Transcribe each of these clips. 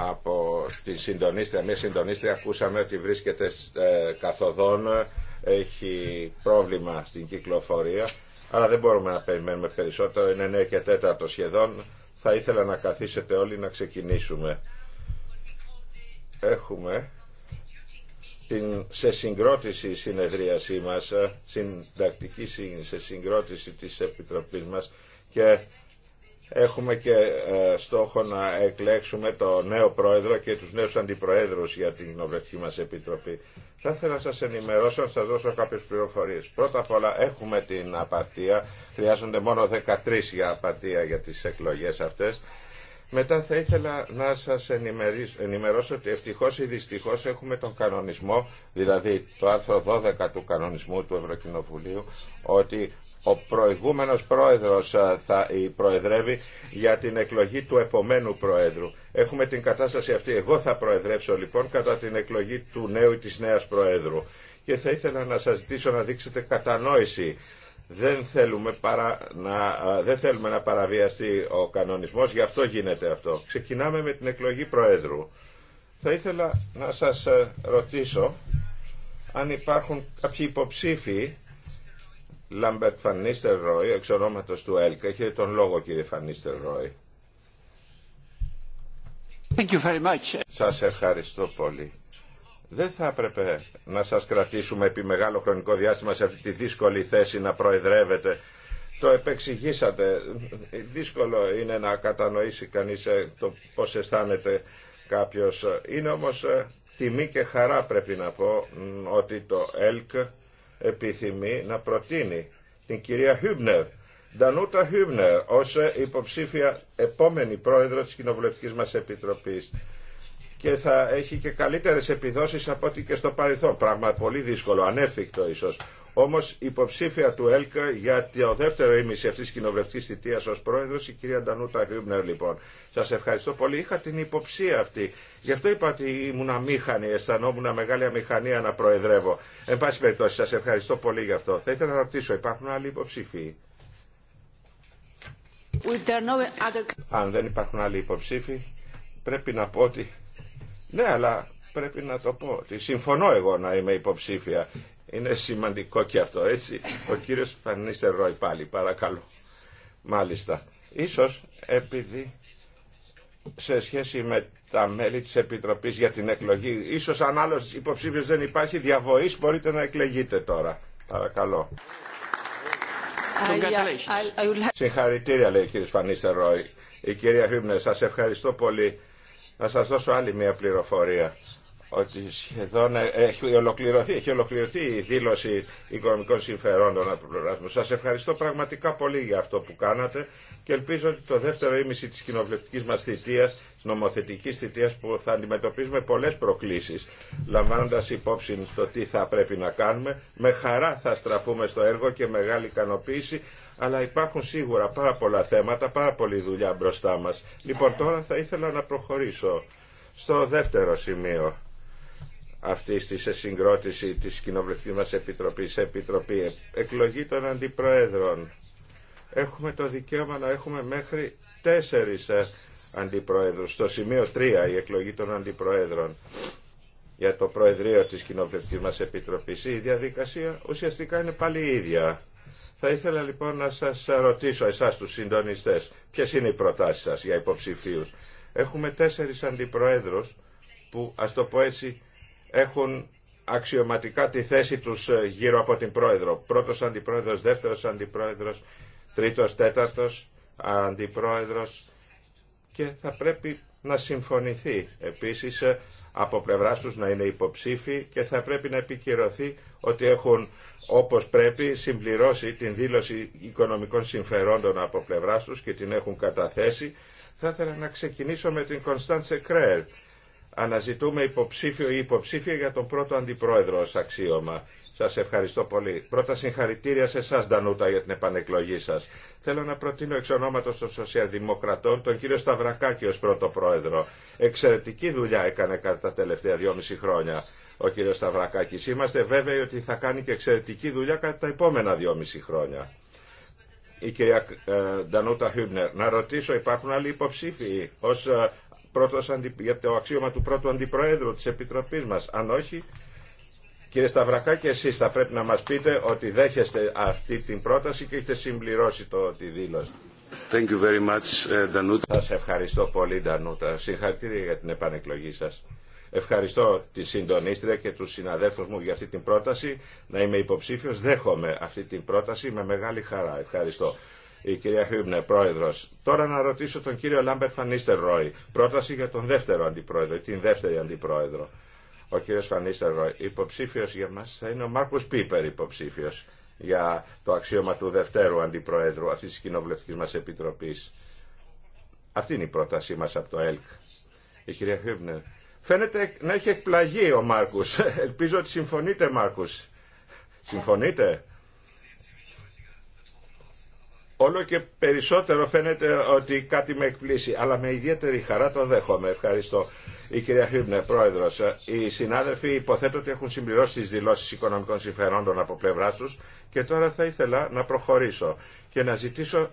από τη συντονίστρια, μια συντονίστρια ακούσαμε ότι βρίσκεται ε, καθοδόν, έχει πρόβλημα στην κυκλοφορία, αλλά δεν μπορούμε να περιμένουμε περισσότερο, είναι 9 και 4 σχεδόν. Θα ήθελα να καθίσετε όλοι να ξεκινήσουμε. Έχουμε την σε συγκρότηση συνεδρίασή μας, ε, συντακτική σε συγκρότηση της Επιτροπής μας και Έχουμε και ε, στόχο να εκλέξουμε το νέο πρόεδρο και τους νέους αντιπροέδρους για την Κοινοβουλευτική μας Επιτροπή. Θα ήθελα να σας ενημερώσω, να σας δώσω κάποιες πληροφορίες. Πρώτα απ' όλα έχουμε την απαρτία, χρειάζονται μόνο 13 για απαρτία για τις εκλογές αυτές μετά θα ήθελα να σας ενημερώσω ότι ευτυχώς ή δυστυχώς έχουμε τον κανονισμό, δηλαδή το άρθρο 12 του κανονισμού του Ευρωκοινοβουλίου, ότι ο προηγούμενος πρόεδρος θα προεδρεύει για την εκλογή του επομένου πρόεδρου. Έχουμε την κατάσταση αυτή. Εγώ θα προεδρεύσω λοιπόν κατά την εκλογή του νέου ή της νέας πρόεδρου. Και θα ήθελα να σας ζητήσω να δείξετε κατανόηση δεν θέλουμε, παρα, να, δεν θέλουμε να παραβιαστεί ο κανονισμός, γι' αυτό γίνεται αυτό. Ξεκινάμε με την εκλογή Προέδρου. Θα ήθελα να σας ε, ρωτήσω αν υπάρχουν κάποιοι υποψήφοι Λάμπερτ Φανίστερ Ρόι, εξ ονόματος του ΕΛΚΑ. Έχετε τον λόγο κύριε Φανίστερ Ρόι. Σας ευχαριστώ πολύ δεν θα έπρεπε να σας κρατήσουμε επί μεγάλο χρονικό διάστημα σε αυτή τη δύσκολη θέση να προεδρεύετε. Το επεξηγήσατε. Δύσκολο είναι να κατανοήσει κανείς ε, το πώς αισθάνεται κάποιος. Είναι όμως ε, τιμή και χαρά πρέπει να πω ότι το ΕΛΚ επιθυμεί να προτείνει την κυρία Χιμπνερ, Ντανούτα Χούμνερ ως ε, υποψήφια επόμενη πρόεδρο της Κοινοβουλευτικής μας Επιτροπής και θα έχει και καλύτερες επιδόσεις από ό,τι και στο παρελθόν. Πράγμα πολύ δύσκολο, ανέφικτο ίσως. Όμως υποψήφια του ΕΛΚΑ για το δεύτερο ήμιση αυτής της κοινοβουλευτικής θητείας ως πρόεδρος, η κυρία Ντανούτα Χιούμπνερ λοιπόν. Σας ευχαριστώ πολύ. Είχα την υποψία αυτή. Γι' αυτό είπα ότι ήμουν αμήχανη, αισθανόμουν μεγάλη αμηχανία να προεδρεύω. Εν πάση περιπτώσει, σας ευχαριστώ πολύ γι' αυτό. Θα ήθελα να ρωτήσω, υπάρχουν άλλοι υποψήφοι. Αν δεν υπάρχουν άλλοι υποψήφοι, πρέπει να πω ότι ναι, αλλά πρέπει να το πω ότι συμφωνώ εγώ να είμαι υποψήφια. Είναι σημαντικό και αυτό, έτσι. Ο κύριος Φανίστερ Ρόι πάλι, παρακαλώ. Μάλιστα. Ίσως επειδή σε σχέση με τα μέλη της Επιτροπής για την εκλογή, ίσως αν άλλος υποψήφιος δεν υπάρχει διαβοής, μπορείτε να εκλεγείτε τώρα. Παρακαλώ. Συγχαρητήρια λέει ο κύριος Φανίστερ Ρόι. Η κυρία Χίμνε, σας ευχαριστώ πολύ να σας δώσω άλλη μια πληροφορία ότι σχεδόν έχει ολοκληρωθεί, έχει ολοκληρωθεί η δήλωση οικονομικών συμφερόντων από πλευρά μου. Σας ευχαριστώ πραγματικά πολύ για αυτό που κάνατε και ελπίζω ότι το δεύτερο ήμιση της κοινοβουλευτικής μας θητείας, της νομοθετικής θητείας που θα αντιμετωπίζουμε πολλές προκλήσεις, λαμβάνοντας υπόψη το τι θα πρέπει να κάνουμε, με χαρά θα στραφούμε στο έργο και μεγάλη ικανοποίηση αλλά υπάρχουν σίγουρα πάρα πολλά θέματα, πάρα πολλή δουλειά μπροστά μας. Λοιπόν, τώρα θα ήθελα να προχωρήσω στο δεύτερο σημείο αυτή τη συγκρότηση της κοινοβουλευτικής μας επιτροπής, επιτροπή ε, εκλογή των αντιπροέδρων. Έχουμε το δικαίωμα να έχουμε μέχρι τέσσερις ε, αντιπροέδρους. Στο σημείο τρία η εκλογή των αντιπροέδρων για το Προεδρείο της Κοινοβουλευτικής μας Επιτροπής. Η διαδικασία ουσιαστικά είναι πάλι ίδια. Θα ήθελα λοιπόν να σας ρωτήσω εσάς τους συντονιστές ποιες είναι οι προτάσεις σας για υποψηφίους. Έχουμε τέσσερις αντιπροέδρους που ας το πω έτσι έχουν αξιωματικά τη θέση τους ε, γύρω από την πρόεδρο. Πρώτος αντιπρόεδρος, δεύτερος αντιπρόεδρος, τρίτος, τέταρτος αντιπρόεδρος και θα πρέπει να συμφωνηθεί επίσης ε, από πλευρά τους να είναι υποψήφοι και θα πρέπει να επικυρωθεί ότι έχουν όπως πρέπει συμπληρώσει την δήλωση οικονομικών συμφερόντων από πλευράς τους και την έχουν καταθέσει. Θα ήθελα να ξεκινήσω με την Κωνσταντσε Κρέλ. Αναζητούμε υποψήφιο ή υποψήφια για τον πρώτο αντιπρόεδρο ως αξίωμα. Σα ευχαριστώ πολύ. Πρώτα συγχαρητήρια σε εσά, Ντανούτα, για την επανεκλογή σα. Θέλω να προτείνω εξ ονόματο των Σοσιαδημοκρατών τον κύριο Σταυρακάκη ω πρώτο πρόεδρο. Εξαιρετική δουλειά έκανε κατά τα τελευταία δυόμιση χρόνια ο κύριο Σταυρακάκη. Είμαστε βέβαιοι ότι θα κάνει και εξαιρετική δουλειά κατά τα επόμενα δυόμιση χρόνια. Η κυρία ε, Ντανούτα Χιούμπνερ, να ρωτήσω, υπάρχουν άλλοι υποψήφοι ως ε, πρώτος, για το αξίωμα του πρώτου αντιπροέδρου τη Επιτροπή μα, Αν όχι, Κύριε Σταυρακάκη, εσείς θα πρέπει να μας πείτε ότι δέχεστε αυτή την πρόταση και έχετε συμπληρώσει το, τη δήλωση. Thank you very much, ε, Σας ευχαριστώ πολύ Ντανούτα. Συγχαρητήρια για την επανεκλογή σας. Ευχαριστώ τη συντονίστρια και τους συναδέλφους μου για αυτή την πρόταση. Να είμαι υποψήφιος, δέχομαι αυτή την πρόταση με μεγάλη χαρά. Ευχαριστώ. Η κυρία Χρύμπνε, πρόεδρο. Τώρα να ρωτήσω τον κύριο Λάμπερ Φανίστερ Ρόι. Πρόταση για τον δεύτερο αντιπρόεδρο, την δεύτερη αντιπρόεδρο ο κύριος Φανίστερο. Υποψήφιος για μας θα είναι ο Μάρκο Πίπερ υποψήφιος για το αξίωμα του Δευτέρου Αντιπροέδρου αυτής της κοινοβουλευτική μα επιτροπής. Αυτή είναι η πρότασή μα από το ΕΛΚ. Η κυρία Χίβνερ. Φαίνεται να έχει εκπλαγεί ο Μάρκο. Ελπίζω ότι συμφωνείτε Μάρκο. Συμφωνείτε. Όλο και περισσότερο φαίνεται ότι κάτι με εκπλήσει, αλλά με ιδιαίτερη χαρά το δέχομαι. Ευχαριστώ. Η κυρία Χίμπνε, πρόεδρο. Οι συνάδελφοι υποθέτω ότι έχουν συμπληρώσει τι δηλώσει οικονομικών συμφερόντων από πλευρά του και τώρα θα ήθελα να προχωρήσω και να ζητήσω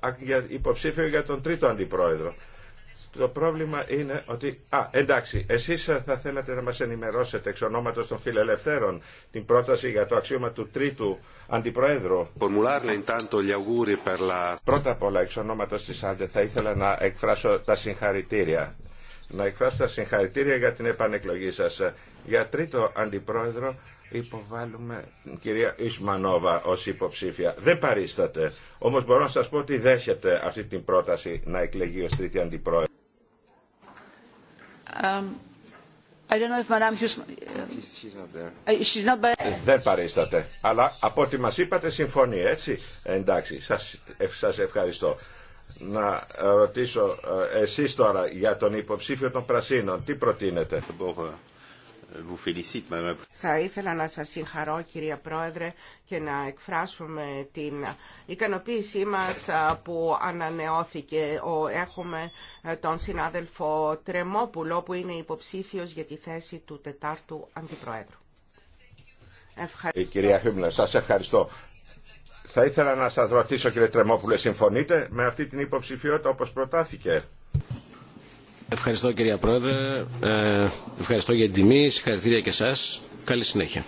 υποψήφιο για τον τρίτο αντιπρόεδρο το πρόβλημα είναι ότι... Α, εντάξει, εσείς θα θέλατε να μας ενημερώσετε εξ ονόματος των φιλελευθέρων την πρόταση για το αξίωμα του τρίτου αντιπροέδρου. Πρώτα απ' όλα, εξ ονόματος της Άντε, θα ήθελα να εκφράσω τα συγχαρητήρια να εκφράσω τα συγχαρητήρια για την επανεκλογή σας. Για τρίτο αντιπρόεδρο υποβάλλουμε την κυρία Ισμανόβα ως υποψήφια. Δεν παρίσταται. Όμως μπορώ να σας πω ότι δέχεται αυτή την πρόταση να εκλεγεί ως τρίτη αντιπρόεδρο. Δεν παρίσταται. Αλλά από ό,τι μας είπατε συμφωνεί, έτσι. Εντάξει, σας, ε, σας ευχαριστώ να ρωτήσω ε, εσείς τώρα για τον υποψήφιο των Πρασίνων. Τι προτείνετε. Euh, Θα ήθελα να σας συγχαρώ κυρία Πρόεδρε και να εκφράσουμε την ικανοποίησή μας ε, που ανανεώθηκε. Έχουμε ε, τον συνάδελφο Τρεμόπουλο που είναι υποψήφιος για τη θέση του τετάρτου αντιπρόεδρου. Ευχαριστώ. Η κυρία Χίμνερ, σας ευχαριστώ. Θα ήθελα να σας ρωτήσω κύριε Τρεμόπουλε, συμφωνείτε με αυτή την υποψηφιότητα όπως προτάθηκε. Ευχαριστώ κυρία Πρόεδρε, ε, ευχαριστώ για την τιμή, συγχαρητήρια και εσάς. Καλή συνέχεια.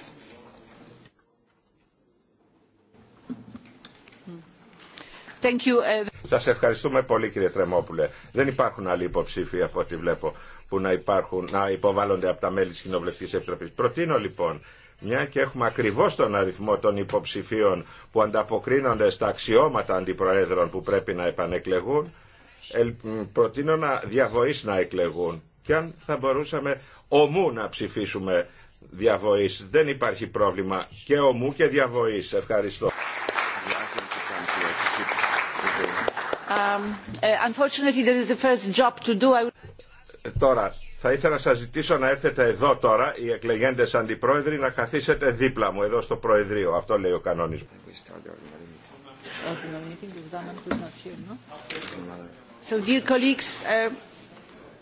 Thank you. Ε, σας ευχαριστούμε πολύ κύριε Τρεμόπουλε. Δεν υπάρχουν άλλοι υποψήφοι από ό,τι βλέπω που να, υπάρχουν, να υποβάλλονται από τα μέλη της Κοινοβουλευτικής Επιτροπής. Προτείνω λοιπόν, μια και έχουμε ακριβώς τον αριθμό των υποψηφίων που ανταποκρίνονται στα αξιώματα αντιπροέδρων που πρέπει να επανεκλεγούν, προτείνω να διαβοήσουν να εκλεγούν. Και αν θα μπορούσαμε ομού να ψηφίσουμε διαβοής. Δεν υπάρχει πρόβλημα και ομού και διαβοής. Ευχαριστώ. Um, uh, unfortunately, there is the first job to do. Τώρα, θα ήθελα να σας ζητήσω να έρθετε εδώ τώρα, οι εκλεγέντες αντιπρόεδροι, να καθίσετε δίπλα μου εδώ στο Προεδρείο. Αυτό λέει ο κανόνισμος. So, dear colleagues, uh,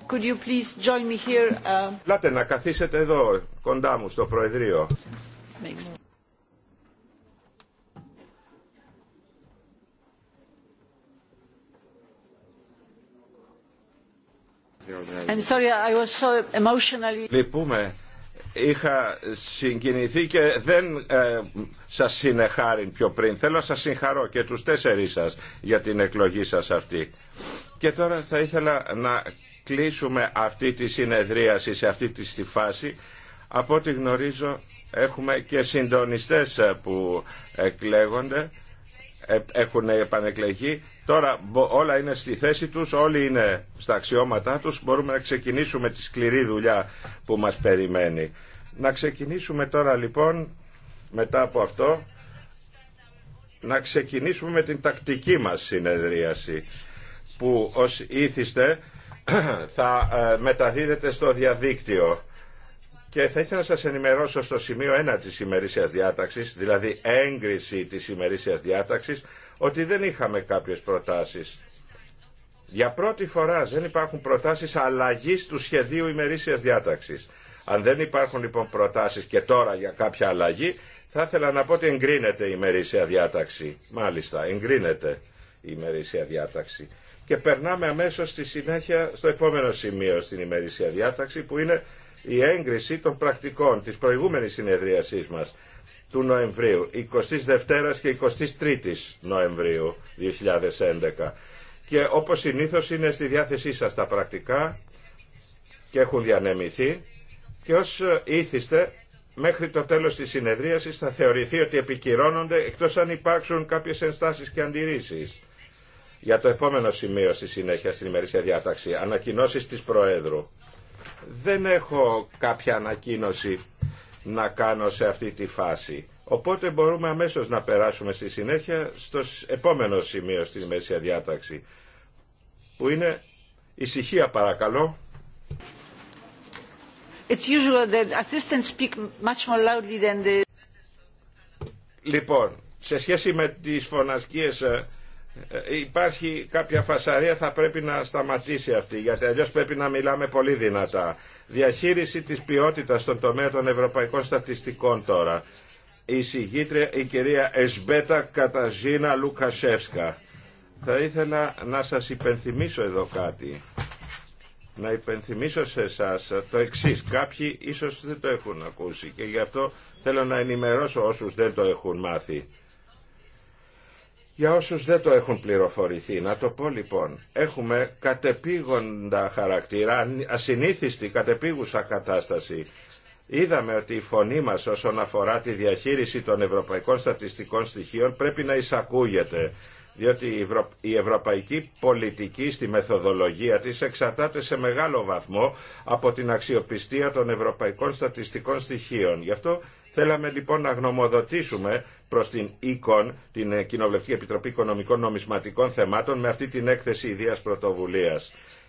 could you please join me here? Uh, Λάτε να καθίσετε εδώ, κοντά μου στο Προεδρείο. Thanks. Λυπούμε. Είχα συγκινηθεί και δεν ε, σας συνεχάριν πιο πριν. Θέλω να σας συγχαρώ και τους τέσσερις σας για την εκλογή σας αυτή. Και τώρα θα ήθελα να κλείσουμε αυτή τη συνεδρίαση σε αυτή τη στη φάση. Από ό,τι γνωρίζω έχουμε και συντονιστές που εκλέγονται, ε, έχουν επανεκλεγεί. Τώρα όλα είναι στη θέση τους, όλοι είναι στα αξιώματά τους, μπορούμε να ξεκινήσουμε τη σκληρή δουλειά που μας περιμένει. Να ξεκινήσουμε τώρα λοιπόν, μετά από αυτό, να ξεκινήσουμε με την τακτική μας συνεδρίαση, που ως ήθιστε θα ε, μεταδίδεται στο διαδίκτυο. Και θα ήθελα να σας ενημερώσω στο σημείο 1 της ημερήσιας διάταξης, δηλαδή έγκριση της ημερήσιας διάταξης, ότι δεν είχαμε κάποιες προτάσεις. Για πρώτη φορά δεν υπάρχουν προτάσεις αλλαγής του σχεδίου ημερήσιας διάταξης. Αν δεν υπάρχουν λοιπόν προτάσεις και τώρα για κάποια αλλαγή, θα ήθελα να πω ότι εγκρίνεται η ημερήσια διάταξη. Μάλιστα, εγκρίνεται η ημερήσια διάταξη. Και περνάμε αμέσως στη συνέχεια στο επόμενο σημείο στην ημερήσια διάταξη που είναι η έγκριση των πρακτικών της προηγούμενης συνεδρίασής μας του Νοεμβρίου, 22ης και 23 η Νοεμβρίου 2011. Και όπως συνήθως είναι στη διάθεσή σας τα πρακτικά και έχουν διανεμηθεί και ως ήθιστε μέχρι το τέλος της συνεδρίασης θα θεωρηθεί ότι επικυρώνονται εκτός αν υπάρξουν κάποιες ενστάσεις και αντιρρήσεις. Για το επόμενο σημείο στη συνέχεια στην ημερήσια διάταξη, ανακοινώσεις της Προέδρου. Δεν έχω κάποια ανακοίνωση να κάνω σε αυτή τη φάση. Οπότε μπορούμε αμέσως να περάσουμε στη συνέχεια στο επόμενο σημείο στη Μέση Διάταξη, που είναι ησυχία παρακαλώ. It's usual that assistants speak much more loudly than the... Λοιπόν, σε σχέση με τις φωνασκίες ε, ε, υπάρχει κάποια φασαρία θα πρέπει να σταματήσει αυτή γιατί αλλιώς πρέπει να μιλάμε πολύ δυνατά. Διαχείριση της ποιότητας στον τομέα των ευρωπαϊκών στατιστικών τώρα. Η συγγήτρια η κυρία Εσμπέτα Καταζίνα Λουκασεύσκα. Θα ήθελα να σας υπενθυμίσω εδώ κάτι. Να υπενθυμίσω σε εσά το εξή. Κάποιοι ίσως δεν το έχουν ακούσει και γι' αυτό θέλω να ενημερώσω όσους δεν το έχουν μάθει. Για όσους δεν το έχουν πληροφορηθεί, να το πω λοιπόν, έχουμε κατεπήγοντα χαρακτήρα, ασυνήθιστη κατεπήγουσα κατάσταση. Είδαμε ότι η φωνή μας όσον αφορά τη διαχείριση των ευρωπαϊκών στατιστικών στοιχείων πρέπει να εισακούγεται, διότι η ευρωπαϊκή πολιτική στη μεθοδολογία της εξαρτάται σε μεγάλο βαθμό από την αξιοπιστία των ευρωπαϊκών στατιστικών στοιχείων. Γι' αυτό Θέλαμε λοιπόν να γνωμοδοτήσουμε προ την ΕΚΟΝ, την ε, Κοινοβουλευτική Επιτροπή Οικονομικών Νομισματικών Θεμάτων, με αυτή την έκθεση ιδίας πρωτοβουλία.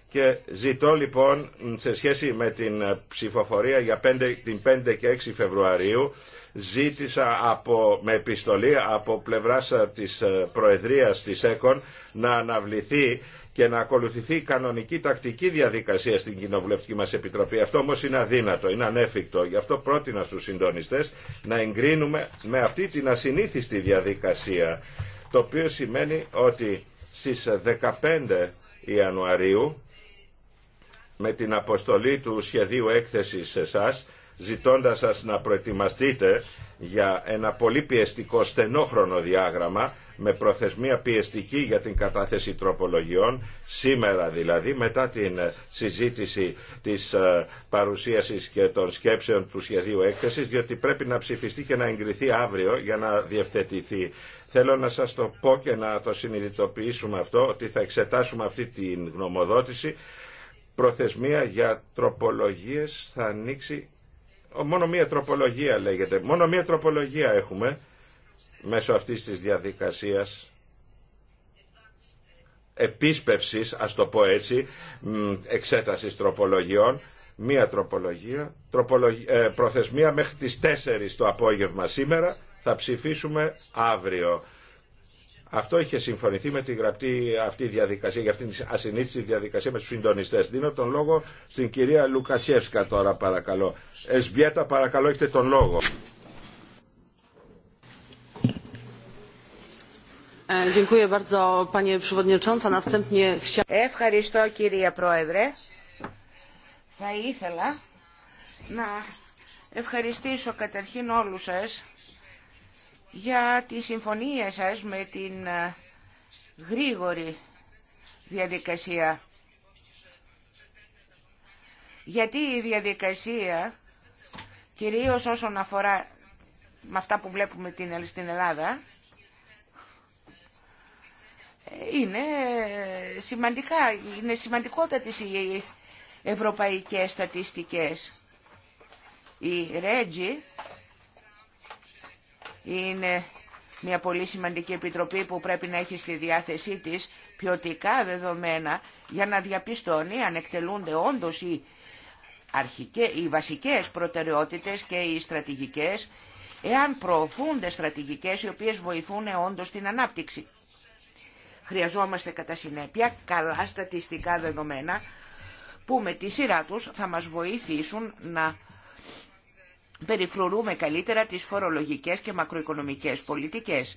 Και ζητώ λοιπόν σε σχέση με την ε, ψηφοφορία για την 5 και 6 Φεβρουαρίου ζήτησα από, με επιστολή από πλευράς ε, της Προεδρίας της ΕΚΟΝ να αναβληθεί και να ακολουθηθεί η κανονική τακτική διαδικασία στην κοινοβουλευτική μα επιτροπή. Αυτό όμω είναι αδύνατο, είναι ανέφικτο. Γι' αυτό πρότεινα στου συντονιστέ να εγκρίνουμε με αυτή την ασυνήθιστη διαδικασία, το οποίο σημαίνει ότι στις 15 Ιανουαρίου, με την αποστολή του σχεδίου έκθεσης σε εσά, ζητώντας σας να προετοιμαστείτε για ένα πολύ πιεστικό στενόχρονο διάγραμμα, με προθεσμία πιεστική για την κατάθεση τροπολογιών σήμερα δηλαδή μετά την ε, συζήτηση της ε, παρουσίασης και των σκέψεων του σχεδίου έκθεσης διότι πρέπει να ψηφιστεί και να εγκριθεί αύριο για να διευθετηθεί. Θέλω να σας το πω και να το συνειδητοποιήσουμε αυτό ότι θα εξετάσουμε αυτή την γνωμοδότηση προθεσμία για τροπολογίες θα ανοίξει μόνο μία τροπολογία λέγεται μόνο μία τροπολογία έχουμε μέσω αυτής της διαδικασίας επίσπευσης, ας το πω έτσι, εξέτασης τροπολογιών, μία τροπολογία, ε, προθεσμία μέχρι τις 4 το απόγευμα σήμερα, θα ψηφίσουμε αύριο. Αυτό είχε συμφωνηθεί με τη γραπτή αυτή διαδικασία, για αυτήν την ασυνήθιστη διαδικασία με τους συντονιστές. Δίνω τον λόγο στην κυρία Λουκασιεύσκα τώρα παρακαλώ. Εσμπιέτα παρακαλώ έχετε τον λόγο. Ε, Ευχαριστώ κυρία Πρόεδρε. Θα ήθελα να ευχαριστήσω καταρχήν όλους σας για τη συμφωνία σας με την ε, γρήγορη διαδικασία. Γιατί η διαδικασία, κυρίως όσον αφορά με αυτά που βλέπουμε στην Ελλάδα, είναι σημαντικά, είναι σημαντικότατες οι ευρωπαϊκές στατιστικές. Η Ρέτζι είναι μια πολύ σημαντική επιτροπή που πρέπει να έχει στη διάθεσή της ποιοτικά δεδομένα για να διαπιστώνει αν εκτελούνται όντως οι, αρχικές, οι βασικές προτεραιότητες και οι στρατηγικές εάν προωθούνται στρατηγικές οι οποίες βοηθούν όντως την ανάπτυξη. Χρειαζόμαστε κατά συνέπεια καλά στατιστικά δεδομένα που με τη σειρά τους θα μας βοηθήσουν να περιφρουρούμε καλύτερα τις φορολογικές και μακροοικονομικές πολιτικές.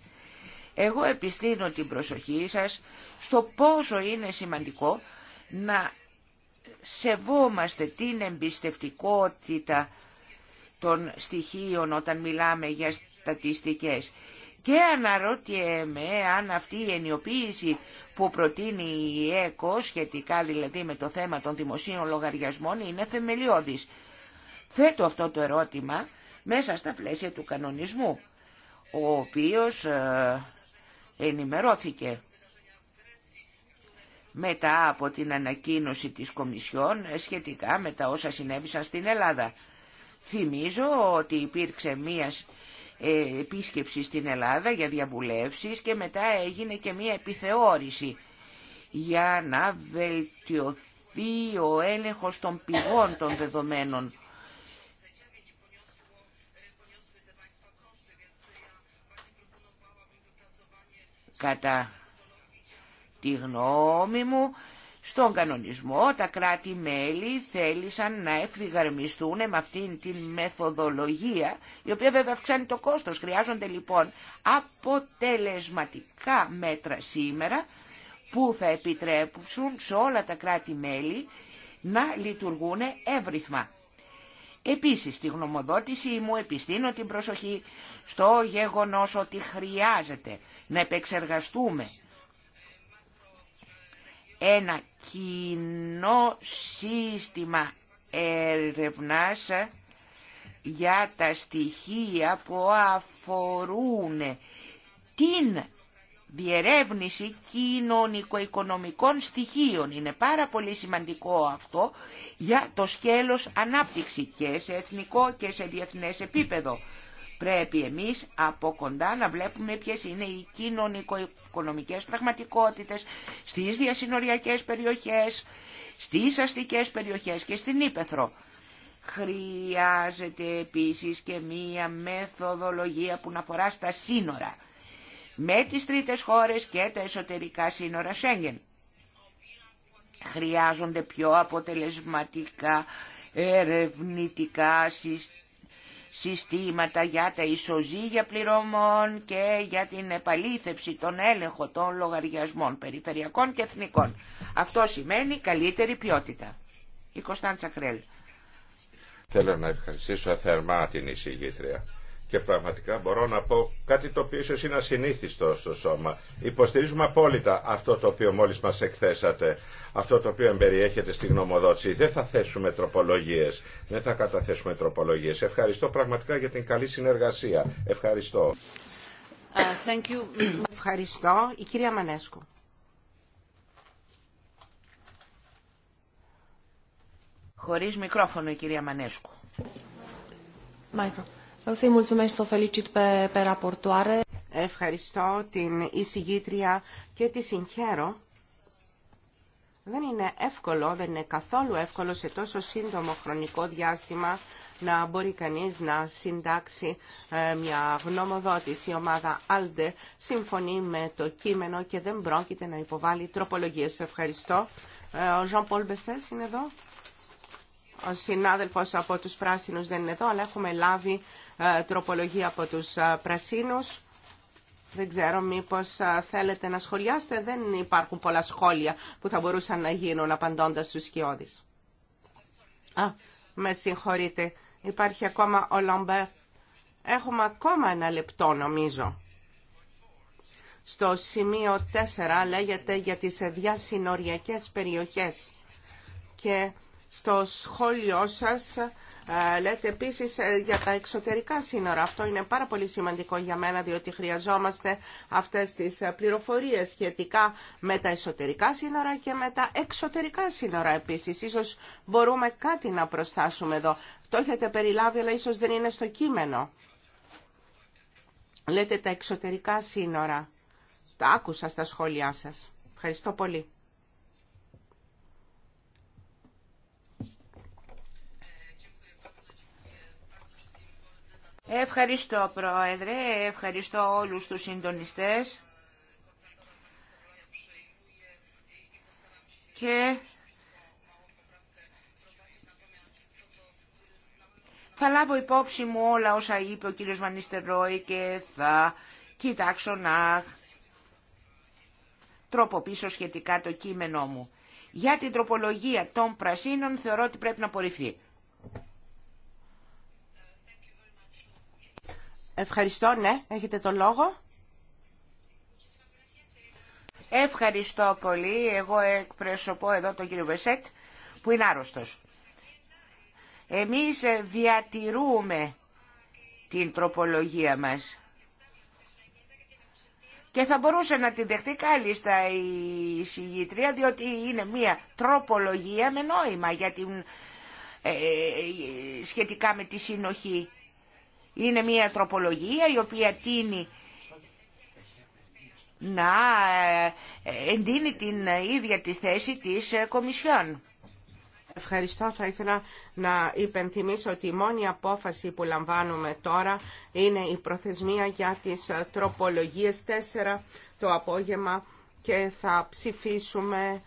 Εγώ επιστήνω την προσοχή σας στο πόσο είναι σημαντικό να σεβόμαστε την εμπιστευτικότητα των στοιχείων όταν μιλάμε για στατιστικές. Και αναρωτιέμαι αν αυτή η ενιοποίηση που προτείνει η ΕΚΟ σχετικά δηλαδή με το θέμα των δημοσίων λογαριασμών είναι θεμελιώδης. Θέτω αυτό το ερώτημα μέσα στα πλαίσια του κανονισμού, ο οποίος ε, ενημερώθηκε μετά από την ανακοίνωση της Κομισιόν σχετικά με τα όσα συνέβησαν στην Ελλάδα. Θυμίζω ότι υπήρξε μία ε, επίσκεψη στην Ελλάδα για διαβουλεύσεις και μετά έγινε και μία επιθεώρηση για να βελτιωθεί ο έλεγχος των πηγών των δεδομένων. Κατά τη γνώμη μου στον κανονισμό τα κράτη-μέλη θέλησαν να ευθυγαρμιστούν με αυτήν την μεθοδολογία, η οποία βέβαια αυξάνει το κόστος. Χρειάζονται λοιπόν αποτελεσματικά μέτρα σήμερα που θα επιτρέψουν σε όλα τα κράτη-μέλη να λειτουργούν εύρυθμα. Επίσης, στη γνωμοδότησή μου επιστήνω την προσοχή στο γεγονός ότι χρειάζεται να επεξεργαστούμε ένα κοινό σύστημα έρευνας για τα στοιχεία που αφορούν την διερεύνηση κοινωνικο-οικονομικών στοιχείων. Είναι πάρα πολύ σημαντικό αυτό για το σκέλος ανάπτυξη και σε εθνικό και σε διεθνές επίπεδο. Πρέπει εμείς από κοντά να βλέπουμε ποιες είναι οι κοινωνικο οικονομικές πραγματικότητες, στις διασυνοριακές περιοχές, στις αστικές περιοχές και στην Ήπεθρο. Χρειάζεται επίσης και μία μεθοδολογία που να αφορά στα σύνορα, με τις τρίτες χώρες και τα εσωτερικά σύνορα Σέγγεν. Χρειάζονται πιο αποτελεσματικά ερευνητικά συστήματα συστήματα για τα ισοζύγια πληρωμών και για την επαλήθευση, των έλεγχο των λογαριασμών περιφερειακών και εθνικών. Αυτό σημαίνει καλύτερη ποιότητα. Η Κωνσταντσα Κρέλ. Θέλω να ευχαριστήσω θερμά την εισηγήτρια και πραγματικά μπορώ να πω κάτι το οποίο ίσως είναι ασυνήθιστο στο σώμα. Υποστηρίζουμε απόλυτα αυτό το οποίο μόλις μας εκθέσατε, αυτό το οποίο εμπεριέχεται στη γνωμοδότηση. Δεν θα θέσουμε τροπολογίες, δεν θα καταθέσουμε τροπολογίες. Ευχαριστώ πραγματικά για την καλή συνεργασία. Ευχαριστώ. Ε, thank you. Ευχαριστώ. Η κυρία Μανέσκου. Χωρίς μικρόφωνο η κυρία Μανέσκου. Μάικρο. Ευχαριστώ την εισηγήτρια και τη συγχαίρω. Δεν είναι εύκολο, δεν είναι καθόλου εύκολο σε τόσο σύντομο χρονικό διάστημα να μπορεί κανείς να συντάξει ε, μια γνωμοδότηση. Η ομάδα ALDE συμφωνεί με το κείμενο και δεν πρόκειται να υποβάλει τροπολογίες. Ευχαριστώ. Ε, ο Ζων Πολ είναι εδώ. Ο συνάδελφος από τους Πράσινους δεν είναι εδώ, αλλά έχουμε λάβει ε, τροπολογία από τους ε, πρασίνους. Δεν ξέρω μήπως ε, θέλετε να σχολιάσετε. Δεν υπάρχουν πολλά σχόλια που θα μπορούσαν να γίνουν απαντώντας στους σκιώδεις. Α, με συγχωρείτε. Υπάρχει ακόμα ο Λόμπερ. Έχουμε ακόμα ένα λεπτό νομίζω. Στο σημείο 4 λέγεται για τις διασυνοριακές περιοχές και στο σχόλιο σας ε, λέτε επίσης ε, για τα εξωτερικά σύνορα. Αυτό είναι πάρα πολύ σημαντικό για μένα διότι χρειαζόμαστε αυτές τις ε, πληροφορίες σχετικά με τα εσωτερικά σύνορα και με τα εξωτερικά σύνορα επίσης. Ίσως μπορούμε κάτι να προστάσουμε εδώ. Το έχετε περιλάβει αλλά ίσως δεν είναι στο κείμενο. Λέτε τα εξωτερικά σύνορα. Τα άκουσα στα σχόλιά σας. Ευχαριστώ πολύ. Ευχαριστώ Πρόεδρε, ευχαριστώ όλους τους συντονιστές και θα λάβω υπόψη μου όλα όσα είπε ο κύριος Βανίστερόη και θα κοιτάξω να τροποποιήσω σχετικά το κείμενό μου. Για την τροπολογία των πρασίνων θεωρώ ότι πρέπει να απορριφθεί. Ευχαριστώ, ναι. Έχετε το λόγο. Ευχαριστώ πολύ. Εγώ εκπροσωπώ εδώ τον κύριο Βεσέτ που είναι άρρωστος. Εμείς διατηρούμε την τροπολογία μας. Και θα μπορούσε να την δεχτεί κάλλιστα η συγγήτρια, διότι είναι μια τροπολογία με νόημα για ε, ε, σχετικά με τη συνοχή. Είναι μια τροπολογία η οποία τίνει να ε, ε, εντείνει την ίδια τη θέση της ε, Κομισιόν. Ευχαριστώ. Θα ήθελα να υπενθυμίσω ότι η μόνη απόφαση που λαμβάνουμε τώρα είναι η προθεσμία για τις τροπολογίες 4 το απόγευμα και θα ψηφίσουμε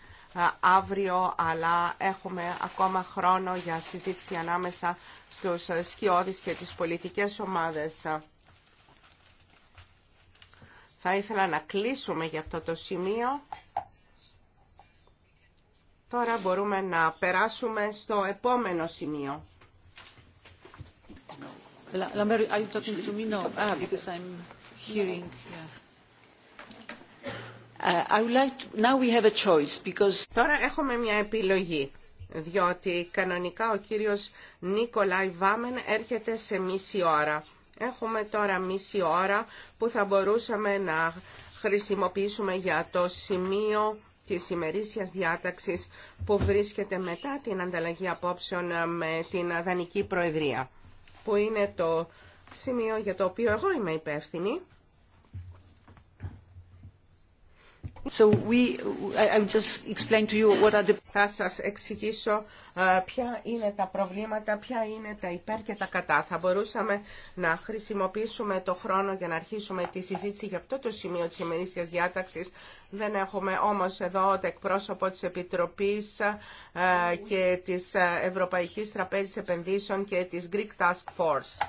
αύριο, αλλά έχουμε ακόμα χρόνο για συζήτηση ανάμεσα στους σκιώδεις και τις πολιτικές ομάδες. Θα ήθελα να κλείσουμε για αυτό το σημείο. Τώρα μπορούμε να περάσουμε στο επόμενο σημείο. Τώρα έχουμε μια επιλογή διότι κανονικά ο κύριος Νίκολάι Βάμεν έρχεται σε μισή ώρα. Έχουμε τώρα μισή ώρα που θα μπορούσαμε να χρησιμοποιήσουμε για το σημείο της ημερήσιας διάταξης που βρίσκεται μετά την ανταλλαγή απόψεων με την Δανική Προεδρία, που είναι το σημείο για το οποίο εγώ είμαι υπεύθυνη. So we, I just explain to you what are the... Θα σας εξηγήσω ε, ποια είναι τα προβλήματα, ποια είναι τα υπέρ και τα κατά. Θα μπορούσαμε να χρησιμοποιήσουμε το χρόνο για να αρχίσουμε τη συζήτηση για αυτό το σημείο της ημερήσιας διάταξης. Δεν έχουμε όμως εδώ το εκπρόσωπο της Επιτροπής ε, και της Ευρωπαϊκής Τραπέζης Επενδύσεων και της Greek Task Force.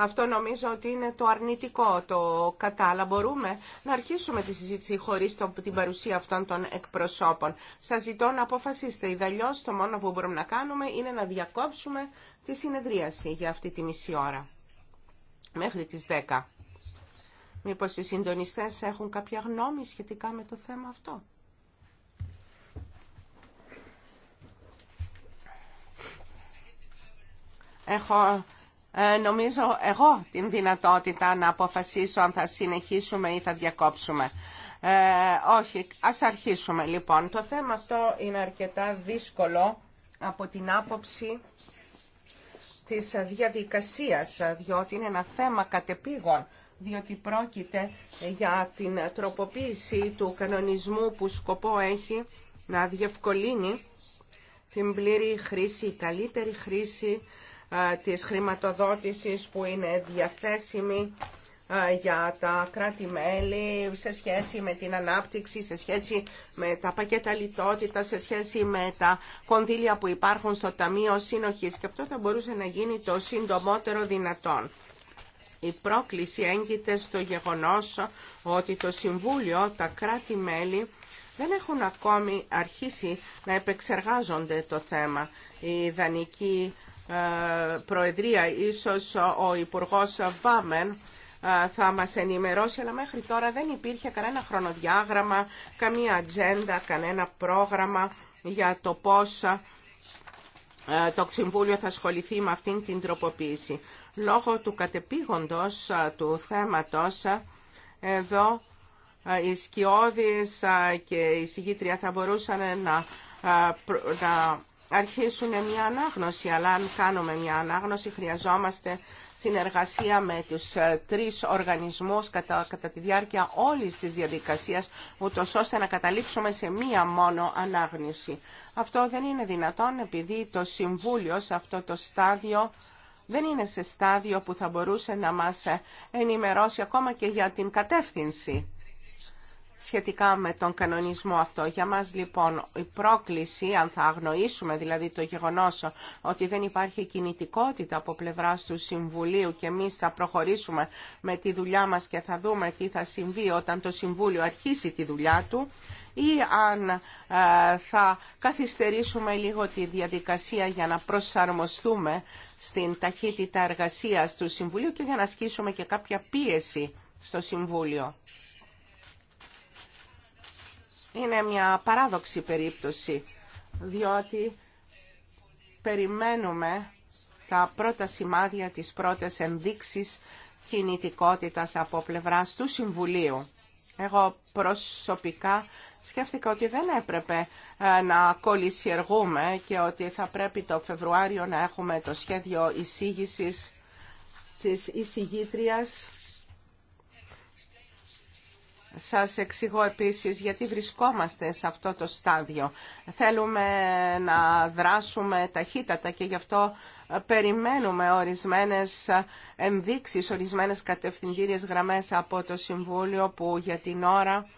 Αυτό νομίζω ότι είναι το αρνητικό, το κατά. Αλλά μπορούμε να αρχίσουμε τη συζήτηση χωρίς την παρουσία αυτών των εκπροσώπων. Σας ζητώ να αποφασίσετε. Ιδαλλιώς το μόνο που μπορούμε να κάνουμε είναι να διακόψουμε τη συνεδρίαση για αυτή τη μισή ώρα. Μέχρι τις 10. Μήπως οι συντονιστές έχουν κάποια γνώμη σχετικά με το θέμα αυτό. Έχω ε, νομίζω εγώ την δυνατότητα να αποφασίσω αν θα συνεχίσουμε ή θα διακόψουμε. Ε, όχι, ας αρχίσουμε λοιπόν. Το θέμα αυτό είναι αρκετά δύσκολο από την άποψη της διαδικασίας, διότι είναι ένα θέμα κατεπήγων, διότι πρόκειται για την τροποποίηση του κανονισμού που σκοπό έχει να διευκολύνει την πλήρη χρήση, η καλύτερη χρήση της χρηματοδότησης που είναι διαθέσιμη για τα κράτη-μέλη σε σχέση με την ανάπτυξη, σε σχέση με τα πακέτα λιτότητα, σε σχέση με τα κονδύλια που υπάρχουν στο Ταμείο Σύνοχης και αυτό θα μπορούσε να γίνει το συντομότερο δυνατόν. Η πρόκληση έγκυται στο γεγονός ότι το Συμβούλιο, τα κράτη-μέλη δεν έχουν ακόμη αρχίσει να επεξεργάζονται το θέμα. Η ιδανική Προεδρία, ίσως ο Υπουργός Βάμεν θα μας ενημερώσει, αλλά μέχρι τώρα δεν υπήρχε κανένα χρονοδιάγραμμα, καμία ατζέντα, κανένα πρόγραμμα για το πώς το Ξυμβούλιο θα ασχοληθεί με αυτήν την τροποποίηση. Λόγω του κατεπήγοντος του θέματος, εδώ οι σκιώδεις και η συγγήτρια θα μπορούσαν να, να αρχίσουν μια ανάγνωση, αλλά αν κάνουμε μια ανάγνωση χρειαζόμαστε συνεργασία με τους ε, τρεις οργανισμούς κατά, κατά τη διάρκεια όλης της διαδικασίας, ούτως ώστε να καταλήξουμε σε μία μόνο ανάγνωση. Αυτό δεν είναι δυνατόν επειδή το Συμβούλιο σε αυτό το στάδιο δεν είναι σε στάδιο που θα μπορούσε να μας ε, ενημερώσει ακόμα και για την κατεύθυνση σχετικά με τον κανονισμό αυτό. Για μας λοιπόν η πρόκληση, αν θα αγνοήσουμε δηλαδή το γεγονός ότι δεν υπάρχει κινητικότητα από πλευράς του Συμβουλίου και εμείς θα προχωρήσουμε με τη δουλειά μας και θα δούμε τι θα συμβεί όταν το Συμβούλιο αρχίσει τη δουλειά του ή αν ε, θα καθυστερήσουμε λίγο τη διαδικασία για να προσαρμοστούμε στην ταχύτητα εργασίας του Συμβουλίου και για να ασκήσουμε και κάποια πίεση στο Συμβούλιο είναι μια παράδοξη περίπτωση, διότι περιμένουμε τα πρώτα σημάδια, της πρώτες ενδείξεις κινητικότητας από πλευράς του Συμβουλίου. Εγώ προσωπικά σκέφτηκα ότι δεν έπρεπε ε, να κολλησιεργούμε και ότι θα πρέπει το Φεβρουάριο να έχουμε το σχέδιο εισήγησης της εισηγήτριας σας εξηγώ επίσης γιατί βρισκόμαστε σε αυτό το στάδιο. Θέλουμε να δράσουμε ταχύτατα και γι' αυτό περιμένουμε ορισμένες ενδείξεις, ορισμένες κατευθυντήριες γραμμές από το Συμβούλιο που για την ώρα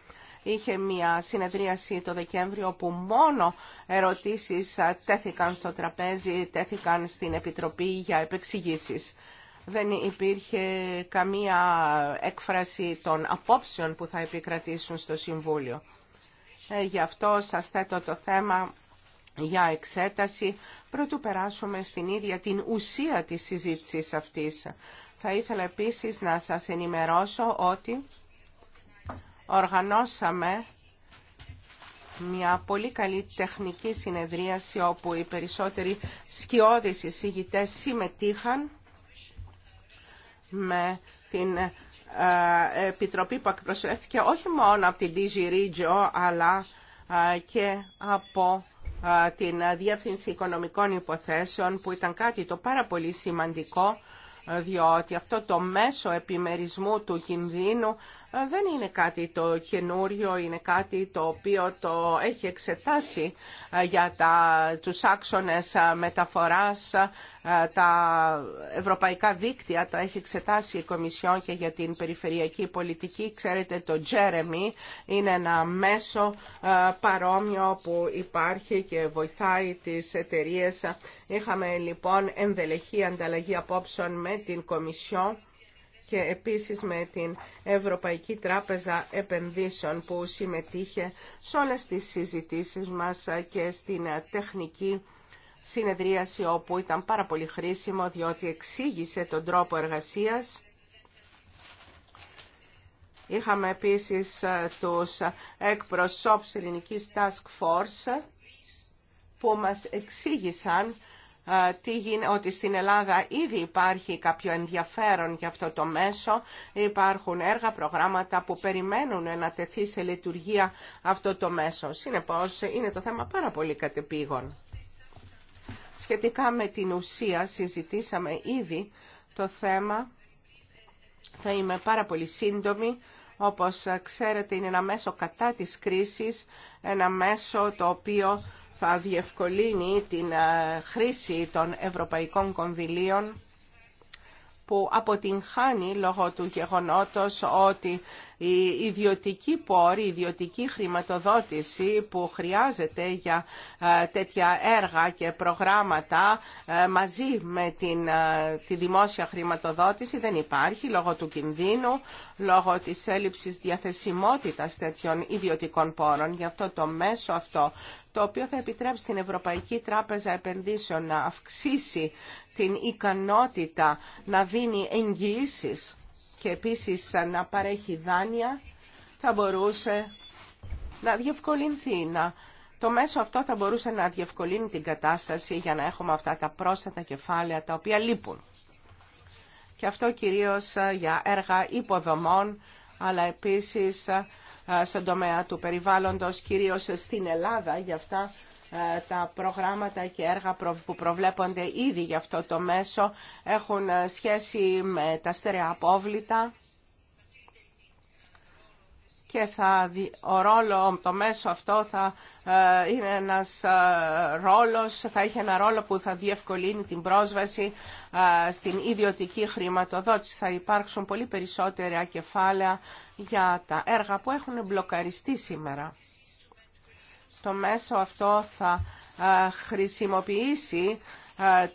είχε μια συνεδρίαση το Δεκέμβριο που μόνο ερωτήσεις τέθηκαν στο τραπέζι, τέθηκαν στην Επιτροπή για επεξηγήσεις δεν υπήρχε καμία έκφραση των απόψεων που θα επικρατήσουν στο Συμβούλιο. Ε, γι' αυτό σας θέτω το θέμα για εξέταση, πρωτού περάσουμε στην ίδια την ουσία της συζήτησης αυτής. Θα ήθελα επίσης να σας ενημερώσω ότι οργανώσαμε μια πολύ καλή τεχνική συνεδρίαση όπου οι περισσότεροι σκιώδεις εισηγητές συμμετείχαν με την ε, επιτροπή που εκπροσωπήθηκε όχι μόνο από την DG Regio αλλά ε, και από ε, την Διεύθυνση Οικονομικών Υποθέσεων που ήταν κάτι το πάρα πολύ σημαντικό διότι αυτό το μέσο επιμερισμού του κινδύνου ε, δεν είναι κάτι το καινούριο, είναι κάτι το οποίο το έχει εξετάσει ε, για τα, τους άξονες ε, μεταφοράς, τα ευρωπαϊκά δίκτυα το έχει εξετάσει η Κομισιόν και για την περιφερειακή πολιτική. Ξέρετε το Jeremy είναι ένα μέσο παρόμοιο που υπάρχει και βοηθάει τις εταιρείες. Είχαμε λοιπόν ενδελεχή ανταλλαγή απόψεων με την Κομισιόν και επίσης με την Ευρωπαϊκή Τράπεζα Επενδύσεων που συμμετείχε σε όλες τις συζητήσεις μας και στην τεχνική συνεδρίαση όπου ήταν πάρα πολύ χρήσιμο διότι εξήγησε τον τρόπο εργασίας. Είχαμε επίσης ε, τους εκπροσώπους ελληνικής Task Force που μας εξήγησαν ότι στην Ελλάδα ήδη υπάρχει κάποιο ενδιαφέρον για αυτό το μέσο. Υπάρχουν έργα, προγράμματα που περιμένουν να τεθεί σε λειτουργία αυτό το μέσο. Συνεπώς είναι το θέμα πάρα πολύ κατεπήγον. Σχετικά με την ουσία συζητήσαμε ήδη το θέμα. Θα είμαι πάρα πολύ σύντομη. Όπως ξέρετε είναι ένα μέσο κατά της κρίσης, ένα μέσο το οποίο θα διευκολύνει την ε, χρήση των ευρωπαϊκών κονδυλίων που αποτυγχάνει λόγω του γεγονότος ότι η ιδιωτική πόρη, η ιδιωτική χρηματοδότηση που χρειάζεται για ε, τέτοια έργα και προγράμματα ε, μαζί με την, τη δημόσια χρηματοδότηση δεν υπάρχει λόγω του κινδύνου, λόγω της έλλειψης διαθεσιμότητας τέτοιων ιδιωτικών πόρων. Γι' αυτό το μέσο αυτό το οποίο θα επιτρέψει στην Ευρωπαϊκή Τράπεζα Επενδύσεων να αυξήσει την ικανότητα να δίνει εγγυήσει και επίσης να παρέχει δάνεια, θα μπορούσε να διευκολυνθεί, να το μέσο αυτό θα μπορούσε να διευκολύνει την κατάσταση για να έχουμε αυτά τα πρόσθετα κεφάλαια τα οποία λείπουν. Και αυτό κυρίως ε, για έργα υποδομών, αλλά επίσης ε, ε, στον τομέα του περιβάλλοντος, κυρίως στην Ελλάδα, Γι' αυτά ε, τα προγράμματα και έργα που προβλέπονται ήδη για αυτό το μέσο έχουν ε, σχέση με τα στερεά απόβλητα και θα, ο ρόλο, το μέσο αυτό θα ε, είναι ένας ε, ρόλος, θα έχει ένα ρόλο που θα διευκολύνει την πρόσβαση ε, στην ιδιωτική χρηματοδότηση. Θα υπάρξουν πολύ περισσότερα κεφάλαια για τα έργα που έχουν μπλοκαριστεί σήμερα. Το μέσο αυτό θα χρησιμοποιήσει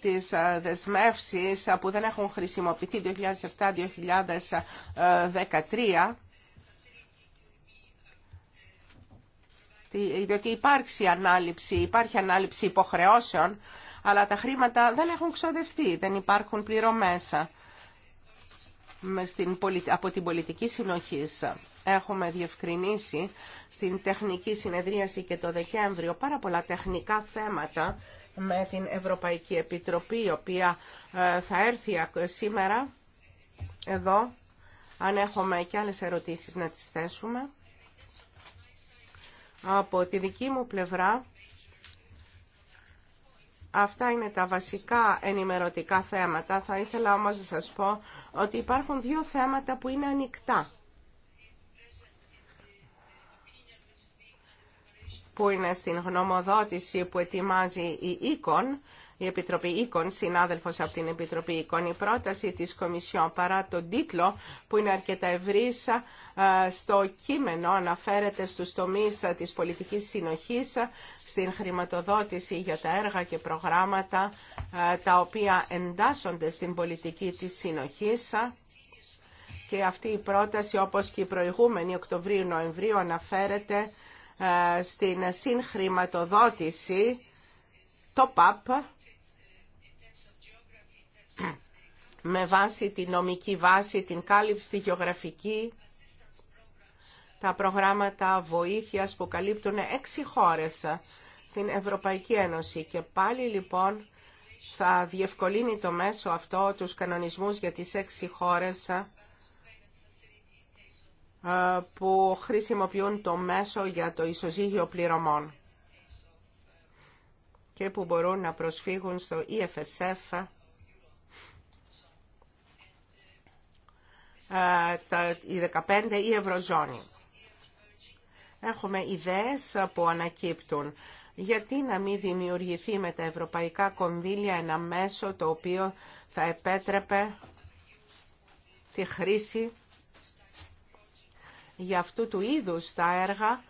τις δεσμεύσεις που δεν έχουν χρησιμοποιηθεί 2007-2013 διότι υπάρχει ανάληψη, υπάρχει ανάληψη υποχρεώσεων, αλλά τα χρήματα δεν έχουν ξοδευτεί, δεν υπάρχουν πληρωμές από την πολιτική συνοχή. Έχουμε διευκρινίσει στην τεχνική συνεδρίαση και το Δεκέμβριο πάρα πολλά τεχνικά θέματα με την Ευρωπαϊκή Επιτροπή, η οποία ε, θα έρθει σήμερα εδώ. Αν έχουμε και άλλες ερωτήσεις να τις θέσουμε. Από τη δική μου πλευρά, αυτά είναι τα βασικά ενημερωτικά θέματα. Θα ήθελα όμως να σας πω ότι υπάρχουν δύο θέματα που είναι ανοιχτά. που είναι στην γνωμοδότηση που ετοιμάζει η ΕΚΟΝ η Επιτροπή Οίκων, συνάδελφο από την Επιτροπή Οίκων. Η πρόταση της Κομισιόν παρά τον τίτλο που είναι αρκετά ευρύσα στο κείμενο αναφέρεται στους τομείς της πολιτικής συνοχής στην χρηματοδότηση για τα έργα και προγράμματα τα οποία εντάσσονται στην πολιτική της συνοχής και αυτή η πρόταση όπως και η προηγούμενη Οκτωβρίου-Νοεμβρίου αναφέρεται στην συγχρηματοδότηση το ΠΑΠ με βάση τη νομική βάση, την κάλυψη γεωγραφική, τα προγράμματα βοήθειας που καλύπτουν έξι χώρες στην Ευρωπαϊκή Ένωση. Και πάλι λοιπόν θα διευκολύνει το μέσο αυτό τους κανονισμούς για τις έξι χώρες ε, που χρησιμοποιούν το μέσο για το ισοζύγιο πληρωμών και που μπορούν να προσφύγουν στο EFSF οι 15 η Ευρωζώνη. Έχουμε ιδέες που ανακύπτουν. Γιατί να μην δημιουργηθεί με τα ευρωπαϊκά κονδύλια ένα μέσο το οποίο θα επέτρεπε τη χρήση για αυτού του είδους τα έργα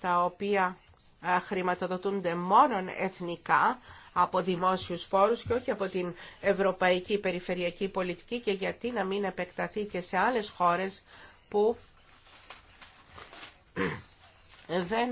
τα οποία χρηματοδοτούνται μόνον εθνικά από δημόσιους πόρους και όχι από την ευρωπαϊκή περιφερειακή πολιτική και γιατί να μην επεκταθεί και σε άλλες χώρες που δεν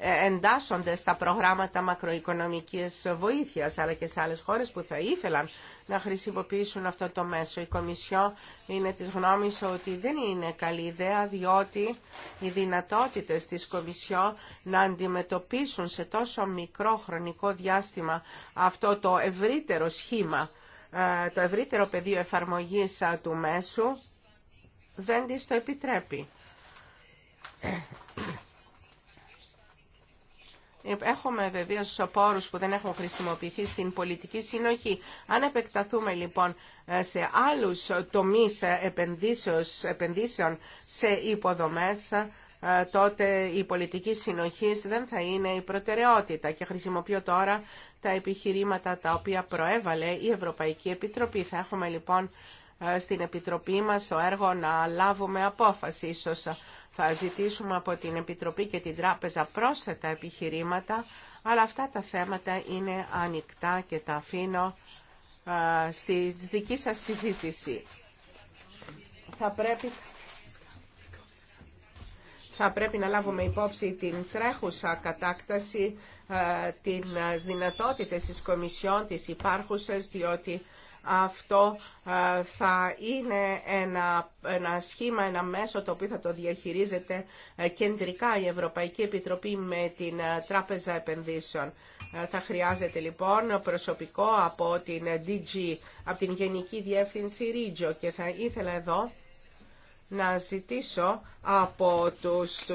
εντάσσονται στα προγράμματα μακροοικονομικής βοήθειας, αλλά και σε άλλες χώρες που θα ήθελαν να χρησιμοποιήσουν αυτό το μέσο. Η Κομισιό είναι της γνώμης ότι δεν είναι καλή ιδέα, διότι οι δυνατότητες της Κομισιό να αντιμετωπίσουν σε τόσο μικρό χρονικό διάστημα αυτό το ευρύτερο σχήμα, ε, το ευρύτερο πεδίο εφαρμογής του μέσου, δεν της το επιτρέπει. Έχουμε βεβαίω πόρου που δεν έχουν χρησιμοποιηθεί στην πολιτική συνοχή. Αν επεκταθούμε λοιπόν ε, σε άλλου τομεί ε, επενδύσεων σε υποδομές, ε, τότε η πολιτική συνοχή δεν θα είναι η προτεραιότητα. Και χρησιμοποιώ τώρα τα επιχειρήματα τα οποία προέβαλε η Ευρωπαϊκή Επιτροπή. Θα έχουμε λοιπόν ε, στην Επιτροπή μας το έργο να λάβουμε απόφαση. Ίσως θα ζητήσουμε από την Επιτροπή και την Τράπεζα πρόσθετα επιχειρήματα, αλλά αυτά τα θέματα είναι ανοιχτά και τα αφήνω ε, στη δική σας συζήτηση. Θα πρέπει... Θα πρέπει να λάβουμε υπόψη την τρέχουσα κατάκταση, ε, την δυνατότητες της Κομισιόν, της υπάρχουσες, διότι αυτό ε, θα είναι ένα, ένα σχήμα, ένα μέσο το οποίο θα το διαχειρίζεται ε, κεντρικά η Ευρωπαϊκή Επιτροπή με την ε, Τράπεζα Επενδύσεων. Θα χρειάζεται λοιπόν προσωπικό από την DG, από την Γενική Διεύθυνση Ρίτζο και θα ήθελα εδώ να ζητήσω από, τους,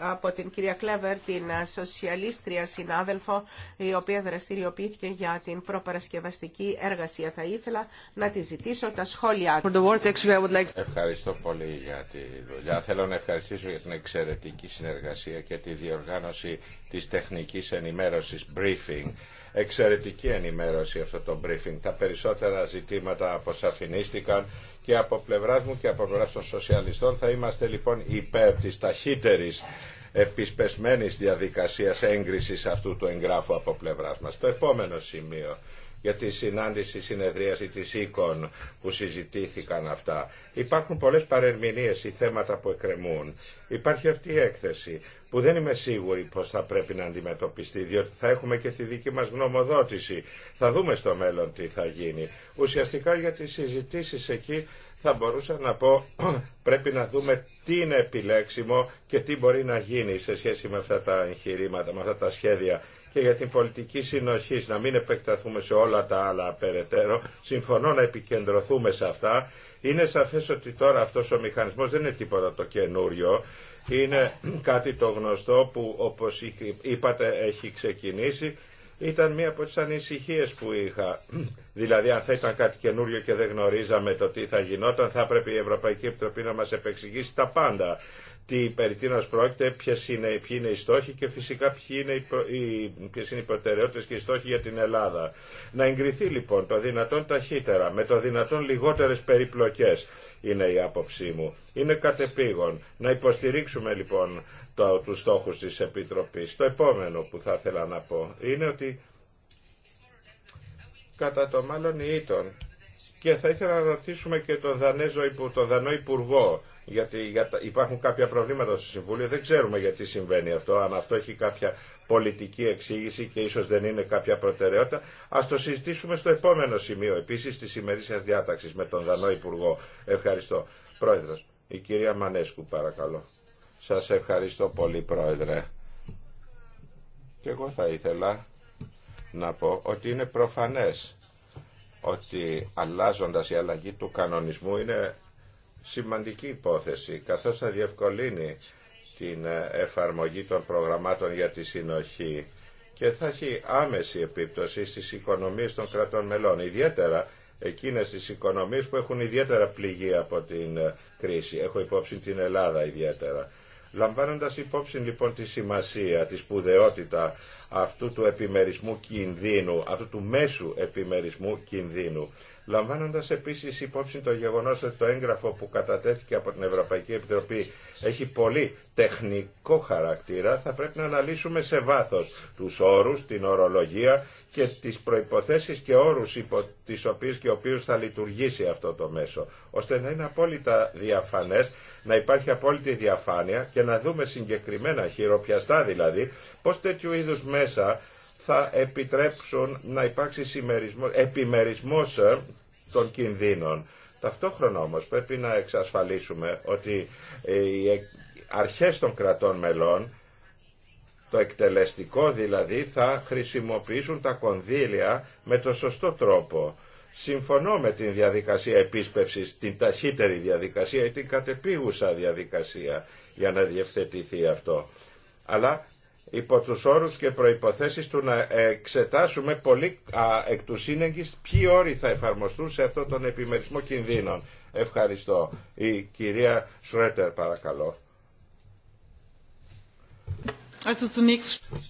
από την κυρία Κλέβερ, την σοσιαλίστρια συνάδελφο, η οποία δραστηριοποιήθηκε για την προπαρασκευαστική εργασία. Θα ήθελα να τη ζητήσω τα σχόλια. Ευχαριστώ πολύ για τη δουλειά. Θέλω να ευχαριστήσω για την εξαιρετική συνεργασία και τη διοργάνωση της τεχνικής ενημέρωσης briefing εξαιρετική ενημέρωση αυτό το briefing. Τα περισσότερα ζητήματα αποσαφινίστηκαν και από πλευρά μου και από πλευρά των σοσιαλιστών θα είμαστε λοιπόν υπέρ της ταχύτερης επισπεσμένης διαδικασίας έγκρισης αυτού του εγγράφου από πλευρά μας. Το επόμενο σημείο για τη συνάντηση συνεδρίαση της οικων που συζητήθηκαν αυτά. Υπάρχουν πολλές παρερμηνίες ή θέματα που εκκρεμούν. Υπάρχει αυτή η έκθεση που δεν είμαι σίγουρη πώς θα πρέπει να αντιμετωπιστεί, διότι θα έχουμε και τη δική μας γνωμοδότηση. Θα δούμε στο μέλλον τι θα γίνει. Ουσιαστικά για τις συζητήσεις εκεί θα μπορούσα να πω πρέπει να δούμε τι είναι επιλέξιμο και τι μπορεί να γίνει σε σχέση με αυτά τα εγχειρήματα, με αυτά τα σχέδια και για την πολιτική συνοχή, να μην επεκταθούμε σε όλα τα άλλα περαιτέρω. Συμφωνώ να επικεντρωθούμε σε αυτά. Είναι σαφές ότι τώρα αυτός ο μηχανισμός δεν είναι τίποτα το καινούριο. Είναι κάτι το γνωστό που όπως είπατε έχει ξεκινήσει. Ήταν μία από τις ανησυχίες που είχα. Δηλαδή αν θα ήταν κάτι καινούριο και δεν γνωρίζαμε το τι θα γινόταν θα πρέπει η Ευρωπαϊκή Επιτροπή να μας επεξηγήσει τα πάντα τι περί τίνος πρόκειται, είναι, ποιοι είναι οι στόχοι και φυσικά ποιοι είναι οι, ποιες είναι οι προτεραιότητες και οι στόχοι για την Ελλάδα. Να εγκριθεί λοιπόν το δυνατόν ταχύτερα, με το δυνατόν λιγότερες περιπλοκές είναι η άποψή μου. Είναι κατεπήγον. Να υποστηρίξουμε λοιπόν το, τους στόχους της Επιτροπής. Το επόμενο που θα ήθελα να πω είναι ότι κατά το μάλλον ήτον. Και θα ήθελα να ρωτήσουμε και τον Δανέζο, τον Δανό Υπουργό γιατί υπάρχουν κάποια προβλήματα στο Συμβούλιο. Δεν ξέρουμε γιατί συμβαίνει αυτό, αν αυτό έχει κάποια πολιτική εξήγηση και ίσως δεν είναι κάποια προτεραιότητα. Ας το συζητήσουμε στο επόμενο σημείο, επίσης της ημερήσιας διάταξης με τον Δανό Υπουργό. Ευχαριστώ. Πρόεδρος, η κυρία Μανέσκου παρακαλώ. Σας ευχαριστώ πολύ Πρόεδρε. Και εγώ θα ήθελα να πω ότι είναι προφανές ότι αλλάζοντας η αλλαγή του κανονισμού είναι σημαντική υπόθεση καθώς θα διευκολύνει την εφαρμογή των προγραμμάτων για τη συνοχή και θα έχει άμεση επίπτωση στις οικονομίες των κρατών μελών, ιδιαίτερα εκείνες τις οικονομίες που έχουν ιδιαίτερα πληγή από την κρίση. Έχω υπόψη την Ελλάδα ιδιαίτερα. Λαμβάνοντας υπόψη λοιπόν τη σημασία, τη σπουδαιότητα αυτού του επιμερισμού κινδύνου, αυτού του μέσου επιμερισμού κινδύνου, λαμβάνοντας επίσης υπόψη το γεγονός ότι το έγγραφο που κατατέθηκε από την Ευρωπαϊκή Επιτροπή έχει πολύ τεχνικό χαρακτήρα, θα πρέπει να αναλύσουμε σε βάθος τους όρους, την ορολογία και τις προϋποθέσεις και όρους υπό τις οποίες και οποίους θα λειτουργήσει αυτό το μέσο, ώστε να είναι απόλυτα διαφανές, να υπάρχει απόλυτη διαφάνεια και να δούμε συγκεκριμένα χειροπιαστά δηλαδή πώς τέτοιου είδους μέσα θα επιτρέψουν να υπάρξει επιμερισμός ε, των κινδύνων. Ταυτόχρονα όμως πρέπει να εξασφαλίσουμε ότι ε, οι αρχές των κρατών μελών, το εκτελεστικό δηλαδή, θα χρησιμοποιήσουν τα κονδύλια με το σωστό τρόπο. Συμφωνώ με την διαδικασία επίσπευσης, την ταχύτερη διαδικασία ή την κατεπίγουσα διαδικασία για να διευθετηθεί αυτό. Αλλά υπό τους όρους και προϋποθέσεις του να εξετάσουμε πολύ α, εκ του σύνεγγις ποιοι όροι θα εφαρμοστούν σε αυτόν τον επιμερισμό κινδύνων. Ευχαριστώ. Η κυρία Σρέτερ παρακαλώ.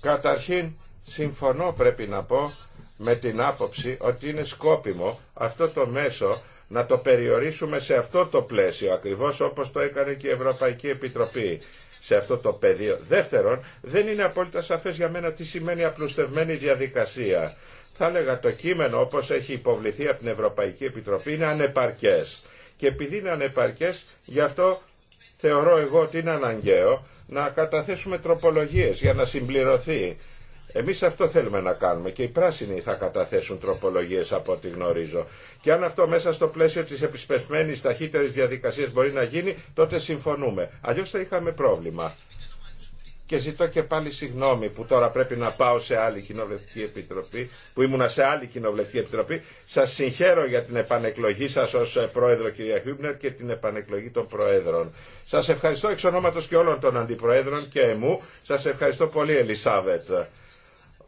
Καταρχήν συμφωνώ πρέπει να πω με την άποψη ότι είναι σκόπιμο αυτό το μέσο να το περιορίσουμε σε αυτό το πλαίσιο, ακριβώς όπως το έκανε και η Ευρωπαϊκή Επιτροπή σε αυτό το πεδίο. Δεύτερον, δεν είναι απόλυτα σαφές για μένα τι σημαίνει απλουστευμένη διαδικασία. Θα έλεγα το κείμενο όπως έχει υποβληθεί από την Ευρωπαϊκή Επιτροπή είναι ανεπαρκές. Και επειδή είναι ανεπαρκές, γι' αυτό θεωρώ εγώ ότι είναι αναγκαίο να καταθέσουμε τροπολογίες για να συμπληρωθεί εμείς αυτό θέλουμε να κάνουμε και οι πράσινοι θα καταθέσουν τροπολογίες από ό,τι γνωρίζω. Και αν αυτό μέσα στο πλαίσιο της επισπευμένης ταχύτερης διαδικασίας μπορεί να γίνει, τότε συμφωνούμε. Αλλιώς θα είχαμε πρόβλημα. Και ζητώ και πάλι συγγνώμη που τώρα πρέπει να πάω σε άλλη κοινοβουλευτική επιτροπή, που ήμουνα σε άλλη κοινοβουλευτική επιτροπή. Σα συγχαίρω για την επανεκλογή σα ω πρόεδρο, κυρία Χούμπνερ, και την επανεκλογή των προέδρων. Σα ευχαριστώ εξ και όλων των αντιπροέδρων και εμού. Σα ευχαριστώ πολύ, Ελισάβετ.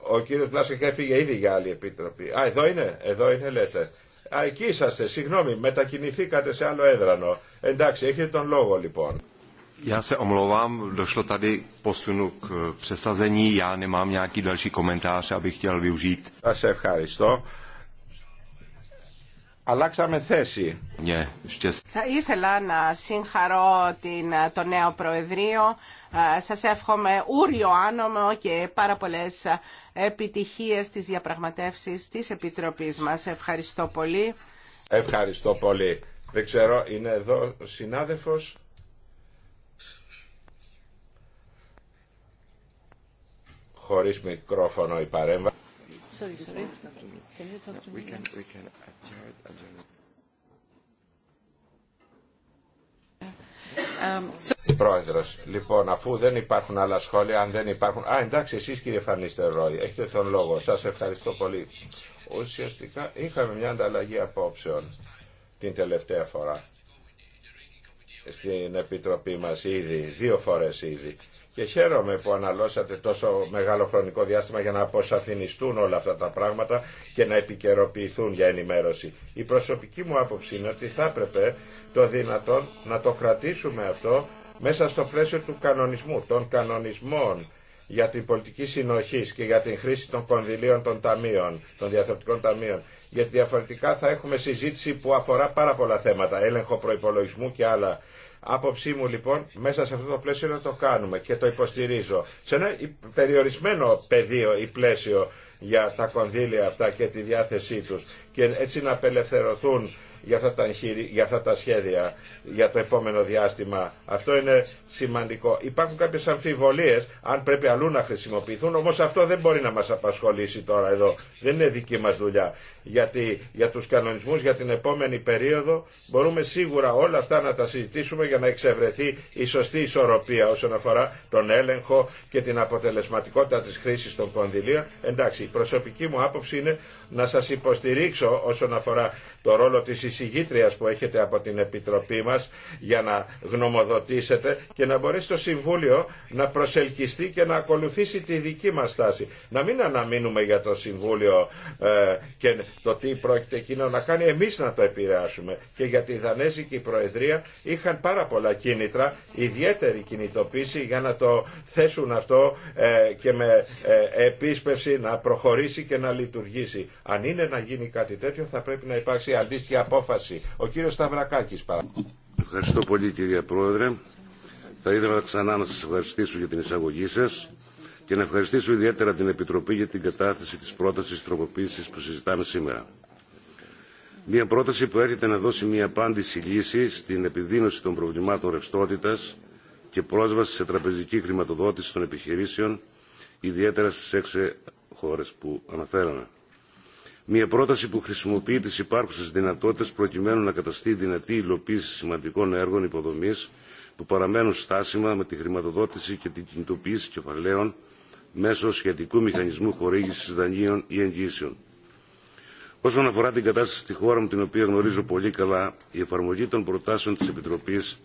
Ο κύριος Μπλάσκεκ έφυγε ήδη για άλλη επιτροπή. Α, εδώ είναι, εδώ είναι λέτε. Α, εκεί είσαστε, συγγνώμη, μετακινηθήκατε σε άλλο έδρανο. Εντάξει, έχετε τον λόγο λοιπόν. Já se omlouvám, došlo tady posunu k eh, přesazení, já nemám nějaký další komentář, abych chtěl využít. se ευχαριστώ. Αλλάξαμε θέση. Yeah, just... Θα ήθελα να συγχαρώ την, το νέο Προεδρείο. Σας εύχομαι ούριο άνομο και πάρα πολλές επιτυχίες στις διαπραγματεύσεις της Επιτροπής μας. Ευχαριστώ πολύ. Ευχαριστώ πολύ. Δεν ξέρω, είναι εδώ ο συνάδελφος. Χωρίς μικρόφωνο η παρέμβαση. Sorry, sorry. Can you Πρόεδρος, λοιπόν, αφού δεν υπάρχουν άλλα σχόλια, αν δεν υπάρχουν... Α, εντάξει, εσείς κύριε Φανίστερ Ρόι, έχετε τον λόγο. Σας ευχαριστώ πολύ. Ουσιαστικά είχαμε μια ανταλλαγή απόψεων την τελευταία φορά στην Επιτροπή μας ήδη, δύο φορές ήδη. Και χαίρομαι που αναλώσατε τόσο μεγάλο χρονικό διάστημα για να αποσαφινιστούν όλα αυτά τα πράγματα και να επικαιροποιηθούν για ενημέρωση. Η προσωπική μου άποψη είναι ότι θα έπρεπε το δυνατόν να το κρατήσουμε αυτό μέσα στο πλαίσιο του κανονισμού, των κανονισμών για την πολιτική συνοχή και για την χρήση των κονδυλίων των ταμείων, των διαθροτικών ταμείων. Γιατί διαφορετικά θα έχουμε συζήτηση που αφορά πάρα πολλά θέματα, έλεγχο προπολογισμού και άλλα. Άποψή μου λοιπόν μέσα σε αυτό το πλαίσιο να το κάνουμε και το υποστηρίζω. Σε ένα περιορισμένο πεδίο ή πλαίσιο για τα κονδύλια αυτά και τη διάθεσή τους και έτσι να απελευθερωθούν για αυτά, τα για τα σχέδια για το επόμενο διάστημα. Αυτό είναι σημαντικό. Υπάρχουν κάποιες αμφιβολίες αν πρέπει αλλού να χρησιμοποιηθούν, όμως αυτό δεν μπορεί να μας απασχολήσει τώρα εδώ. Δεν είναι δική μας δουλειά για, τη, για τους κανονισμούς για την επόμενη περίοδο μπορούμε σίγουρα όλα αυτά να τα συζητήσουμε για να εξευρεθεί η σωστή ισορροπία όσον αφορά τον έλεγχο και την αποτελεσματικότητα της χρήσης των κονδυλίων. Εντάξει, η προσωπική μου άποψη είναι να σας υποστηρίξω όσον αφορά το ρόλο της εισηγήτριας που έχετε από την Επιτροπή μας για να γνωμοδοτήσετε και να μπορέσει το Συμβούλιο να προσελκυστεί και να ακολουθήσει τη δική μας στάση. Να μην αναμείνουμε για το Συμβούλιο ε, και το τι πρόκειται εκείνο να κάνει, εμείς να το επηρεάσουμε. Και για τη Δανέζικη Προεδρία είχαν πάρα πολλά κίνητρα, ιδιαίτερη κινητοποίηση για να το θέσουν αυτό ε, και με ε, επίσπευση να προχωρήσει και να λειτουργήσει. Αν είναι να γίνει κάτι τέτοιο θα πρέπει να υπάρξει αντίστοιχη απόφαση. Ο κύριος Σταυρακάκης παρακαλώ. Ευχαριστώ πολύ κύριε Πρόεδρε. Θα ήθελα ξανά να σας ευχαριστήσω για την εισαγωγή σας και να ευχαριστήσω ιδιαίτερα την Επιτροπή για την κατάθεση της πρότασης τροποποίησης που συζητάμε σήμερα. Μια πρόταση που έρχεται να δώσει μια απάντηση λύση στην επιδείνωση των προβλημάτων ρευστότητα και πρόσβαση σε τραπεζική χρηματοδότηση των επιχειρήσεων, ιδιαίτερα στι έξι χώρε που αναφέραμε. Μια πρόταση που χρησιμοποιεί τι υπάρχουσε δυνατότητε προκειμένου να καταστεί δυνατή υλοποίηση σημαντικών έργων υποδομή που παραμένουν στάσιμα με τη χρηματοδότηση και την κινητοποίηση κεφαλαίων μέσω σχετικού μηχανισμού χορήγησης δανείων ή εγγύσεων. Όσον αφορά την κατάσταση στη χώρα μου, την οποία γνωρίζω πολύ καλά, η εφαρμογή των προτάσεων τη Επιτροπής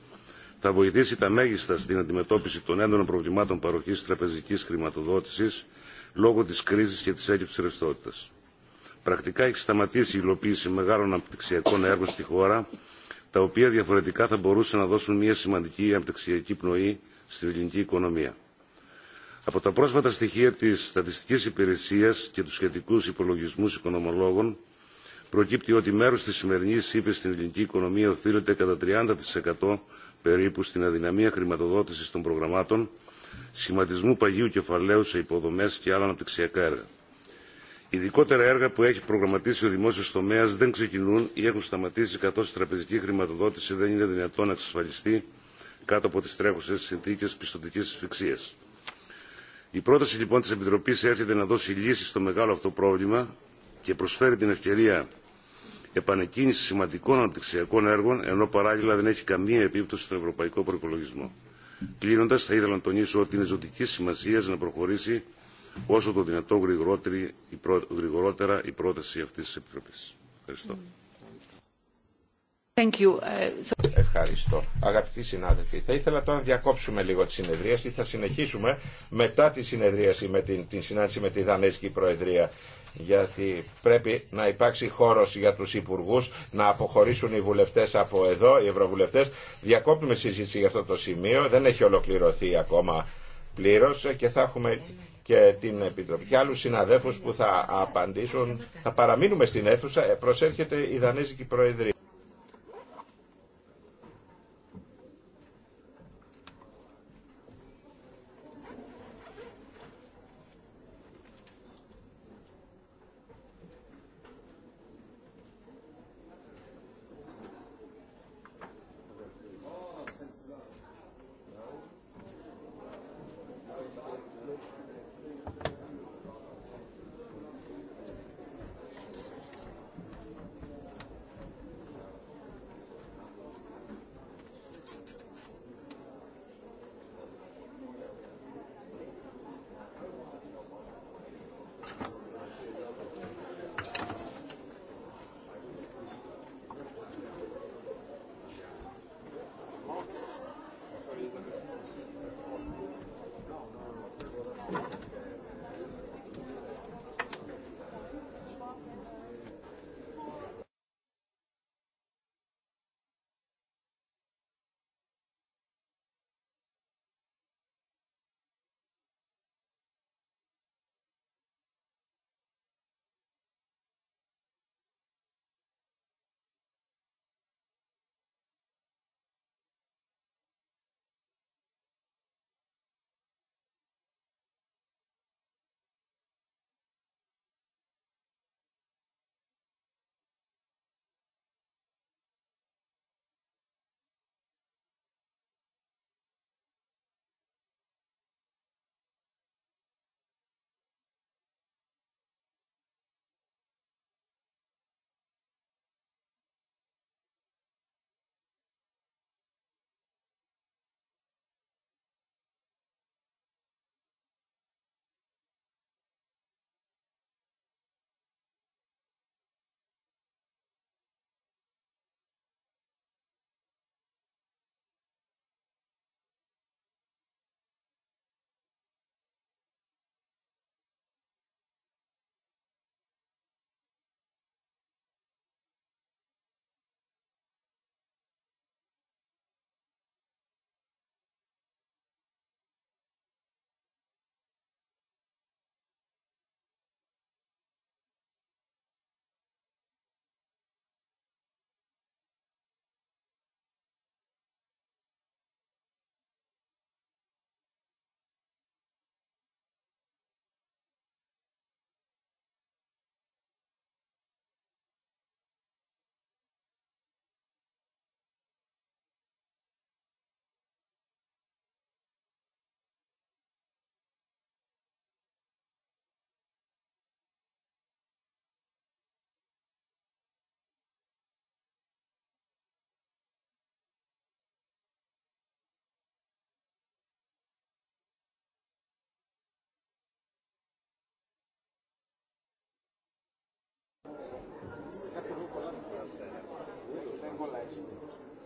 θα βοηθήσει τα μέγιστα στην αντιμετώπιση των έντονων προβλημάτων παροχής τραπεζική χρηματοδότηση λόγω τη κρίση και τη έλλειψη ρευστότητα. Πρακτικά έχει σταματήσει η υλοποίηση μεγάλων αναπτυξιακών έργων στη χώρα, τα οποία διαφορετικά θα μπορούσαν να δώσουν μια σημαντική αναπτυξιακή πνοή στην ελληνική οικονομία. Από τα πρόσφατα στοιχεία της Στατιστικής Υπηρεσίας και του σχετικούς υπολογισμούς οικονομολόγων προκύπτει ότι μέρος της σημερινής ύφης στην ελληνική οικονομία οφείλεται κατά 30% περίπου στην αδυναμία χρηματοδότησης των προγραμμάτων σχηματισμού παγίου κεφαλαίου σε υποδομές και άλλα αναπτυξιακά έργα. Ειδικότερα έργα που έχει προγραμματίσει ο δημόσιο τομέα δεν ξεκινούν ή έχουν σταματήσει καθώ η τραπεζική χρηματοδότηση δεν είναι δυνατόν να εξασφαλιστεί κάτω από τι τρέχουσε συνθήκε πιστοτική η πρόταση λοιπόν της επιτροπής έρχεται να δώσει λύση στο μεγάλο αυτό πρόβλημα και προσφέρει την ευκαιρία επανεκκίνησης σημαντικών αναπτυξιακών έργων ενώ παράλληλα δεν έχει καμία επίπτωση στον ευρωπαϊκό προπολογισμό. κλείνοντα θα ήθελα να τονίσω ότι είναι ζωτική σημασία να προχωρήσει όσο το δυνατόν γρηγορότερα η πρόταση αυτής τη Επιτροπής. ευχαριστώ. Ε, Ευχαριστώ. Αγαπητοί συνάδελφοι, θα ήθελα τώρα να διακόψουμε λίγο τη συνεδρίαση. Θα συνεχίσουμε μετά τη συνεδρίαση, με την, την συνάντηση με τη Δανέζικη Προεδρία. Γιατί πρέπει να υπάρξει χώρο για του υπουργού να αποχωρήσουν οι βουλευτέ από εδώ, οι ευρωβουλευτέ. Διακόπτουμε συζήτηση για αυτό το σημείο. Δεν έχει ολοκληρωθεί ακόμα πλήρω και θα έχουμε και την Επιτροπή και άλλους συναδέφους που θα απαντήσουν. Θα παραμείνουμε στην αίθουσα, ε, προσέρχεται η Δανέζικη Προεδρία.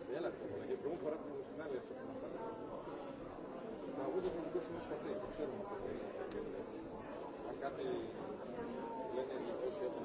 Δεν αλλά για πρώτη φορά που στην άλλη αυτό που Τα το ξέρουμε αυτό. Αν κάτι λένε οι έχουν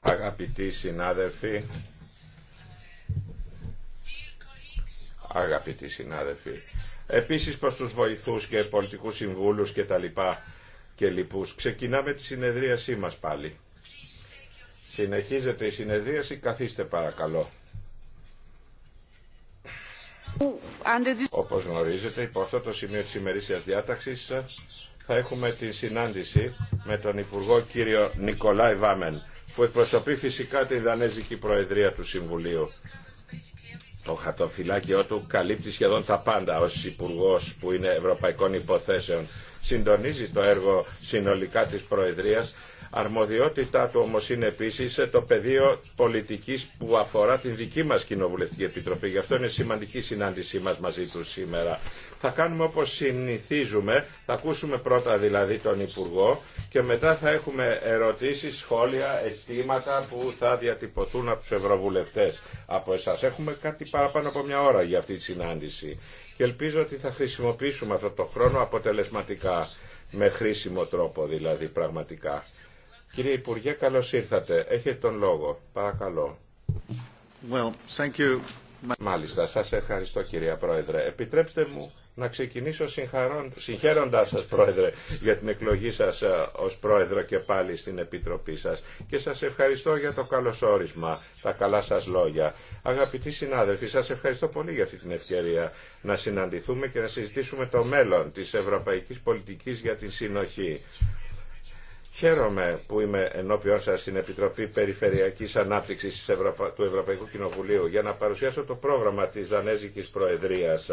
Αγαπητοί συνάδελφοι, αγαπητοί συνάδελφοι, επίσης προς τους βοηθούς και πολιτικούς συμβούλους και τα λοιπά και λοιπούς, ξεκινάμε τη συνεδρίασή μας πάλι. Συνεχίζεται η συνεδρίαση, καθίστε παρακαλώ. Όπως γνωρίζετε, υπό αυτό το σημείο της ημερήσιας διάταξης θα έχουμε τη συνάντηση με τον Υπουργό κύριο Νικολάη Βάμεν που εκπροσωπεί φυσικά την Δανέζικη Προεδρία του Συμβουλίου. Το χατοφυλάκιό του καλύπτει σχεδόν τα πάντα ως υπουργό που είναι Ευρωπαϊκών Υποθέσεων. Συντονίζει το έργο συνολικά της Προεδρίας Αρμοδιότητά του όμως είναι επίσης το πεδίο πολιτικής που αφορά την δική μας Κοινοβουλευτική Επιτροπή. Γι' αυτό είναι σημαντική συνάντησή μας μαζί του σήμερα. Θα κάνουμε όπως συνηθίζουμε, θα ακούσουμε πρώτα δηλαδή τον Υπουργό και μετά θα έχουμε ερωτήσεις, σχόλια, αιτήματα που θα διατυπωθούν από τους Ευρωβουλευτές από εσάς. Έχουμε κάτι παραπάνω από μια ώρα για αυτή τη συνάντηση και ελπίζω ότι θα χρησιμοποιήσουμε αυτό το χρόνο αποτελεσματικά, με χρήσιμο τρόπο δηλαδή πραγματικά. Κύριε Υπουργέ, καλώ ήρθατε. Έχετε τον λόγο. Παρακαλώ. Well, thank you. Μάλιστα, σα ευχαριστώ κυρία Πρόεδρε. Επιτρέψτε μου να ξεκινήσω συγχαίροντά σα Πρόεδρε για την εκλογή σα ε, ω Πρόεδρο και πάλι στην Επιτροπή σα. και σα ευχαριστώ για το καλωσόρισμα, τα καλά σα λόγια. Αγαπητοί συνάδελφοι, σα ευχαριστώ πολύ για αυτή την ευκαιρία να συναντηθούμε και να συζητήσουμε το μέλλον τη Ευρωπαϊκή Πολιτική για την συνοχή. Χαίρομαι που είμαι ενώπιον σας στην Επιτροπή Περιφερειακής Ανάπτυξης του Ευρωπαϊκού Κοινοβουλίου για να παρουσιάσω το πρόγραμμα της Δανέζικης Προεδρίας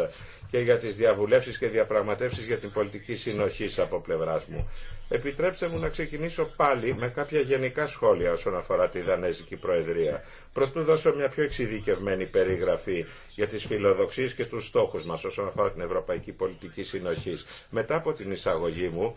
και για τις διαβουλεύσεις και διαπραγματεύσεις για την πολιτική συνοχή από πλευράς μου. Επιτρέψτε μου να ξεκινήσω πάλι με κάποια γενικά σχόλια όσον αφορά τη Δανέζικη Προεδρία. Προτού δώσω μια πιο εξειδικευμένη περιγραφή για τις φιλοδοξίες και τους στόχους μας όσον αφορά την Ευρωπαϊκή Πολιτική Συνοχής. Μετά από την εισαγωγή μου,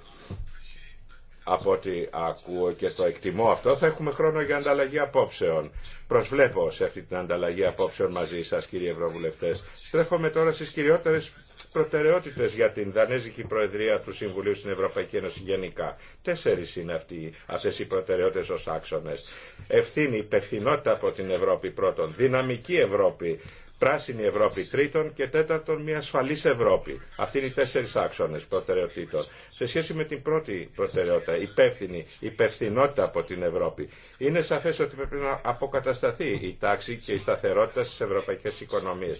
από ό,τι ακούω και το εκτιμώ αυτό, θα έχουμε χρόνο για ανταλλαγή απόψεων. Προσβλέπω σε αυτή την ανταλλαγή απόψεων μαζί σας, κύριοι ευρώβουλευτέ. Στρέφομαι τώρα στις κυριότερες προτεραιότητε για την Δανέζικη Προεδρία του Συμβουλίου στην Ευρωπαϊκή Ένωση γενικά. Τέσσερις είναι αυτοί, αυτές οι προτεραιότητες ω άξονε. Ευθύνη, υπευθυνότητα από την Ευρώπη πρώτον, δυναμική Ευρώπη πράσινη Ευρώπη τρίτον και τέταρτον μια ασφαλή Ευρώπη. Αυτή είναι οι τέσσερι άξονε προτεραιοτήτων. Σε σχέση με την πρώτη προτεραιότητα, υπεύθυνη, υπευθυνότητα από την Ευρώπη, είναι σαφές ότι πρέπει να αποκατασταθεί η τάξη και η σταθερότητα στις ευρωπαϊκές οικονομίες.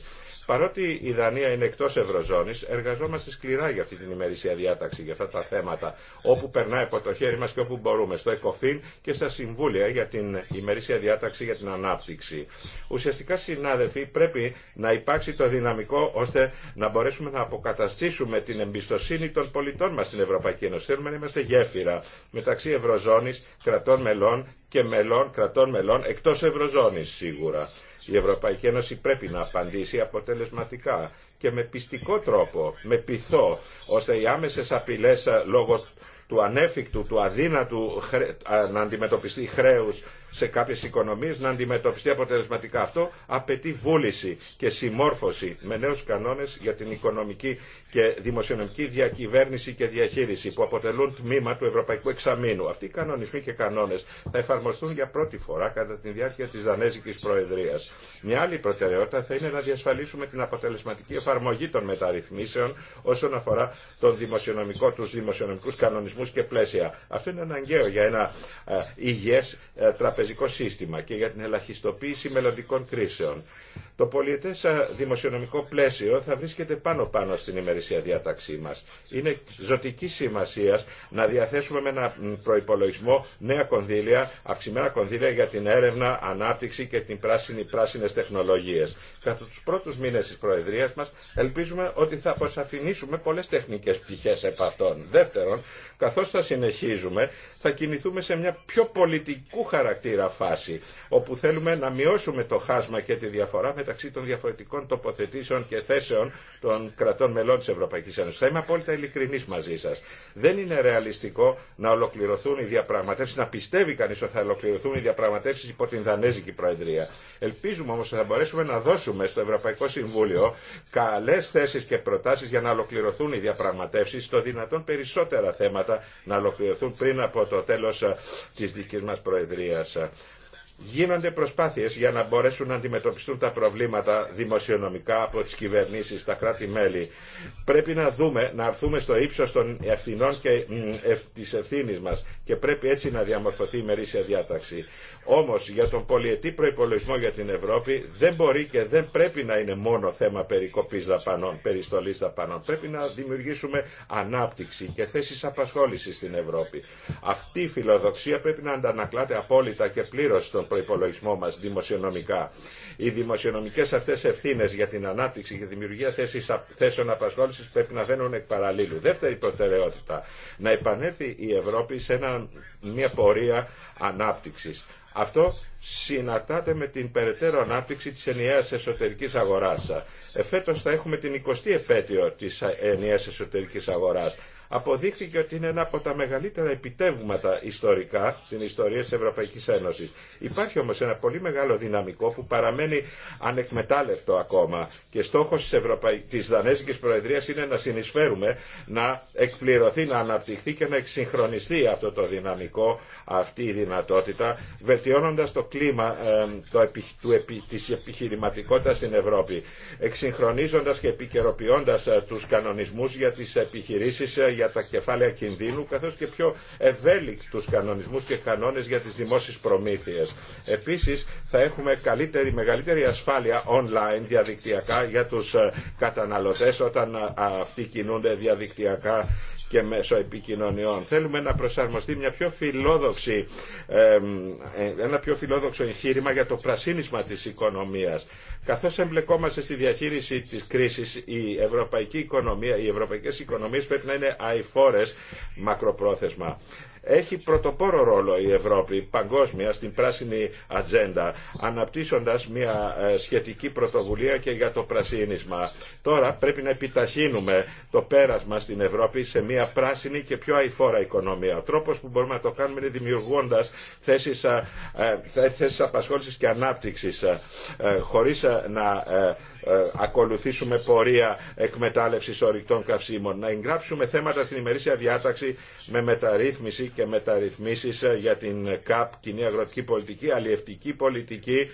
Παρότι η Δανία είναι εκτό Ευρωζώνη, εργαζόμαστε σκληρά για αυτή την ημερήσια διάταξη, για αυτά τα θέματα, όπου περνάει από το χέρι μα και όπου μπορούμε, στο ΕΚΟΦΗΝ και στα Συμβούλια για την ημερήσια διάταξη για την ανάπτυξη. Ουσιαστικά, συνάδελφοι, πρέπει να υπάρξει το δυναμικό ώστε να μπορέσουμε να αποκαταστήσουμε την εμπιστοσύνη των πολιτών μα στην Ευρωπαϊκή Ένωση. Θέλουμε να είμαστε γέφυρα μεταξύ Ευρωζώνη, κρατών μελών και μελών, κρατών μελών εκτό Ευρωζώνη σίγουρα. Η Ευρωπαϊκή Ένωση πρέπει να απαντήσει αποτελεσματικά και με πιστικό τρόπο, με πειθό, ώστε οι άμεσες απειλές ε, λόγω του ανέφικτου, του αδύνατου να αντιμετωπιστεί χρέους σε κάποιες οικονομίες, να αντιμετωπιστεί αποτελεσματικά αυτό, απαιτεί βούληση και συμμόρφωση με νέους κανόνες για την οικονομική και δημοσιονομική διακυβέρνηση και διαχείριση που αποτελούν τμήμα του Ευρωπαϊκού Εξαμήνου. Αυτοί οι κανονισμοί και κανόνες θα εφαρμοστούν για πρώτη φορά κατά τη διάρκεια της Δανέζικης Προεδρίας. Μια άλλη προτεραιότητα θα είναι να διασφαλίσουμε την αποτελεσματική εφαρμογή των μεταρρυθμίσεων όσον αφορά τον δημοσιονομικό, τους δημοσιονομικούς κανονισμούς και Αυτό είναι αναγκαίο για ένα ε, υγιές ε, τραπεζικό σύστημα και για την ελαχιστοποίηση μελλοντικών κρίσεων. Το πολιετέ δημοσιονομικό πλαίσιο θα βρίσκεται πάνω-πάνω στην ημερησία διάταξή μα. Είναι ζωτική σημασία να διαθέσουμε με ένα προπολογισμό νέα κονδύλια, αυξημένα κονδύλια για την έρευνα, ανάπτυξη και την πράσινη, πράσινες τεχνολογίες. Κατά του πρώτου μήνε τη προεδρία μα, ελπίζουμε ότι θα αποσαφηνίσουμε πολλέ τεχνικέ πτυχέ επ' Δεύτερον, καθώ θα συνεχίζουμε, θα κινηθούμε σε μια πιο πολιτικού χαρακτήρα φάση, όπου θέλουμε να μειώσουμε το χάσμα και τη διαφορά μεταξύ των διαφορετικών τοποθετήσεων και θέσεων των κρατών μελών τη Ευρωπαϊκή Ένωση. Θα είμαι απόλυτα ειλικρινή μαζί σα. Δεν είναι ρεαλιστικό να ολοκληρωθούν οι διαπραγματεύσει, να πιστεύει κανεί ότι θα ολοκληρωθούν οι διαπραγματεύσει υπό την Δανέζικη Προεδρία. Ελπίζουμε όμω ότι θα μπορέσουμε να δώσουμε στο Ευρωπαϊκό Συμβούλιο καλέ θέσει και προτάσει για να ολοκληρωθούν οι διαπραγματεύσει, το δυνατόν περισσότερα θέματα να ολοκληρωθούν πριν από το τέλο ε, τη δική μα Προεδρία. Γίνονται προσπάθειες για να μπορέσουν να αντιμετωπιστούν τα προβλήματα δημοσιονομικά από τις κυβερνήσεις, τα κράτη-μέλη. Πρέπει να δούμε, να έρθουμε στο ύψος των ευθυνών και ευ, της ευθύνη μας και πρέπει έτσι να διαμορφωθεί η μερίσια διάταξη. Όμως για τον πολιετή προϋπολογισμό για την Ευρώπη δεν μπορεί και δεν πρέπει να είναι μόνο θέμα περικοπής δαπανών, περιστολής δαπανών. Πρέπει να δημιουργήσουμε ανάπτυξη και θέσεις απασχόλησης στην Ευρώπη. Αυτή η φιλοδοξία πρέπει να αντανακλάται απόλυτα και πλήρως στον προϋπολογισμό μας δημοσιονομικά. Οι δημοσιονομικές αυτές ευθύνες για την ανάπτυξη και δημιουργία θέσεων απασχόλησης πρέπει να βαίνουν εκ παραλίλου. Δεύτερη προτεραιότητα, να επανέλθει η Ευρώπη σε έναν μια πορεία ανάπτυξης. Αυτό συναρτάται με την περαιτέρω ανάπτυξη της ενιαίας εσωτερικής αγοράς. Εφέτος θα έχουμε την 20η επέτειο της ενιαίας εσωτερικής αγοράς αποδείχθηκε ότι είναι ένα από τα μεγαλύτερα επιτεύγματα ιστορικά στην ιστορία της Ευρωπαϊκής Ένωσης. Υπάρχει όμως ένα πολύ μεγάλο δυναμικό που παραμένει ανεκμετάλλευτο ακόμα και στόχος της, Ευρωπαϊ... της Δανέζικης Προεδρίας είναι να συνεισφέρουμε να εκπληρωθεί, να αναπτυχθεί και να εξυγχρονιστεί αυτό το δυναμικό, αυτή η δυνατότητα, βελτιώνοντας το κλίμα ε, το επι... του της επιχειρηματικότητας στην Ευρώπη, εξυγχρονίζοντας και επικαιροποιώντα ε, τους κανονισμούς για τις επιχειρήσεις ε, για τα κεφάλαια κινδύνου, καθώς και πιο ευέλικτους κανονισμούς και κανόνες για τις δημόσιες προμήθειες. Επίσης, θα έχουμε καλύτερη, μεγαλύτερη ασφάλεια online διαδικτυακά για τους ε, καταναλωτές όταν ε, αυτοί κινούνται διαδικτυακά και μέσω επικοινωνιών. Θέλουμε να προσαρμοστεί μια πιο φιλόδοξη, ε, ένα πιο φιλόδοξο εγχείρημα για το πρασίνισμα της οικονομίας. Καθώς εμπλεκόμαστε στη διαχείριση της κρίσης, η ευρωπαϊκή οικονομία, οι ευρωπαϊκές οικονομίες πρέπει να είναι αηφόρες μακροπρόθεσμα έχει πρωτοπόρο ρόλο η Ευρώπη παγκόσμια στην πράσινη ατζέντα, αναπτύσσοντας μια ε, σχετική πρωτοβουλία και για το πρασίνισμα. Τώρα πρέπει να επιταχύνουμε το πέρασμα στην Ευρώπη σε μια πράσινη και πιο αηφόρα οικονομία. Ο τρόπος που μπορούμε να το κάνουμε είναι δημιουργώντας θέσεις, ε, ε, απασχόλησης και ανάπτυξης, χωρίς να ε, ακολουθήσουμε πορεία εκμετάλλευση ορυκτών καυσίμων, να εγγράψουμε θέματα στην ημερήσια διάταξη με μεταρρύθμιση και μεταρρυθμίσει ε, για την ΚΑΠ, κοινή αγροτική πολιτική, αλλιευτική πολιτική,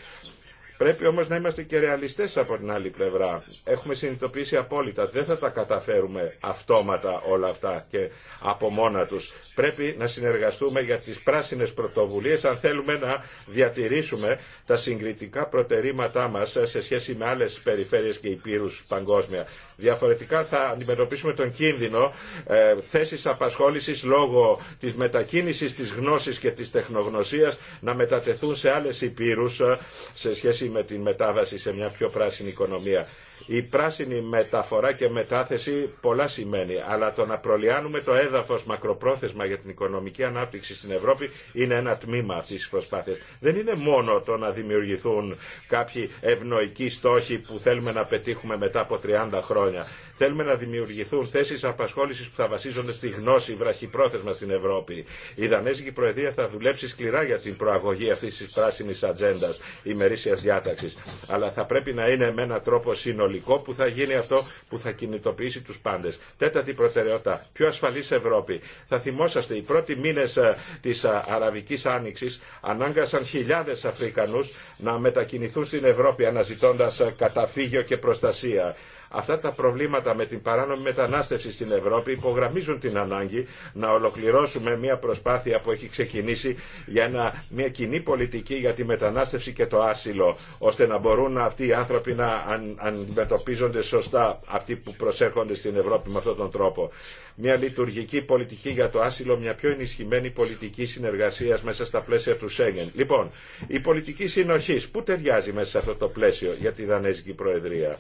Πρέπει όμως να είμαστε και ρεαλιστές από την άλλη πλευρά. Έχουμε συνειδητοποιήσει απόλυτα, δεν θα τα καταφέρουμε αυτόματα όλα αυτά και από μόνα τους. Πρέπει να συνεργαστούμε για τις πράσινες πρωτοβουλίες αν θέλουμε να διατηρήσουμε τα συγκριτικά προτερήματά μας σε σχέση με άλλες περιφέρειες και υπήρους παγκόσμια. Διαφορετικά θα αντιμετωπίσουμε τον κίνδυνο ε, θέσεις απασχόλησης λόγω της μετακίνησης της γνώσης και της τεχνογνωσίας να μετατεθούν σε άλλες υπήρους ε, σε σχέση με την μετάβαση σε μια πιο πράσινη οικονομία. Η πράσινη μεταφορά και μετάθεση πολλά σημαίνει, αλλά το να προλιάνουμε το έδαφος μακροπρόθεσμα για την οικονομική ανάπτυξη στην Ευρώπη είναι ένα τμήμα αυτής της προσπάθειας. Δεν είναι μόνο το να δημιουργηθούν κάποιοι ευνοϊκοί στόχοι που θέλουμε να πετύχουμε μετά από 30 χρόνια. Θέλουμε να δημιουργηθούν θέσεις απασχόλησης που θα βασίζονται στη γνώση βραχυπρόθεσμα στην Ευρώπη. Η Δανέζικη Προεδρία θα δουλέψει σκληρά για την προαγωγή αυτής της πράσινης ατζέντας ημερήσιας διάταξης. Αλλά θα πρέπει να είναι με έναν τρόπο συνολικό συνολικό που θα γίνει αυτό που θα κινητοποιήσει τους πάντες. Τέταρτη προτεραιότητα, πιο ασφαλής Ευρώπη. Θα θυμόσαστε, οι πρώτοι μήνες ε, της ε, Αραβικής Άνοιξης ανάγκασαν χιλιάδες Αφρικανούς να μετακινηθούν στην Ευρώπη αναζητώντας ε, καταφύγιο και προστασία. Αυτά τα προβλήματα με την παράνομη μετανάστευση στην Ευρώπη υπογραμμίζουν την ανάγκη να ολοκληρώσουμε μια προσπάθεια που έχει ξεκινήσει για μια κοινή πολιτική για τη μετανάστευση και το άσυλο, ώστε να μπορούν αυτοί οι άνθρωποι να αντιμετωπίζονται σωστά αυτοί που προσέρχονται στην Ευρώπη με αυτόν τον τρόπο. Μια λειτουργική πολιτική για το άσυλο, μια πιο ενισχυμένη πολιτική συνεργασία μέσα στα πλαίσια του Σέγγεν. Λοιπόν, η πολιτική συνοχή, πού ταιριάζει μέσα σε αυτό το πλαίσιο για τη Δανέζικη Προεδρία.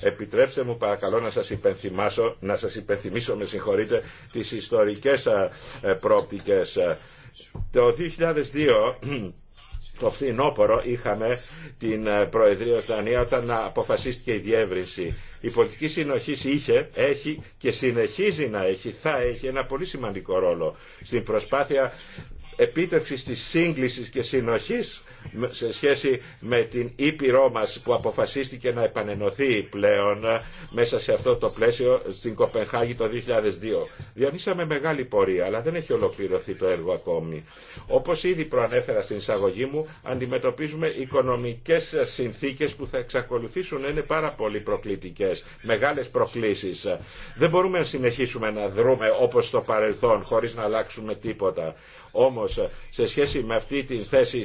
Επιτρέψτε μου παρακαλώ να σας υπενθυμάσω, να σας υπενθυμίσω με συγχωρείτε τις ιστορικές ε, πρόπτικες. Το 2002 το φθινόπωρο είχαμε την ε, Προεδρία Δανία όταν αποφασίστηκε η διεύρυνση. Η πολιτική συνοχή είχε, έχει και συνεχίζει να έχει, θα έχει ένα πολύ σημαντικό ρόλο στην προσπάθεια επίτευξης της σύγκλησης και συνοχής σε σχέση με την Ήπειρό μας που αποφασίστηκε να επανενωθεί πλέον μέσα σε αυτό το πλαίσιο στην Κοπενχάγη το 2002. Διανύσαμε μεγάλη πορεία, αλλά δεν έχει ολοκληρωθεί το έργο ακόμη. Όπως ήδη προανέφερα στην εισαγωγή μου, αντιμετωπίζουμε οικονομικές συνθήκες που θα εξακολουθήσουν να είναι πάρα πολύ προκλητικές, μεγάλες προκλήσεις. Δεν μπορούμε να συνεχίσουμε να δρούμε όπως στο παρελθόν, χωρίς να αλλάξουμε τίποτα. Όμως σε σχέση με αυτή τη θέση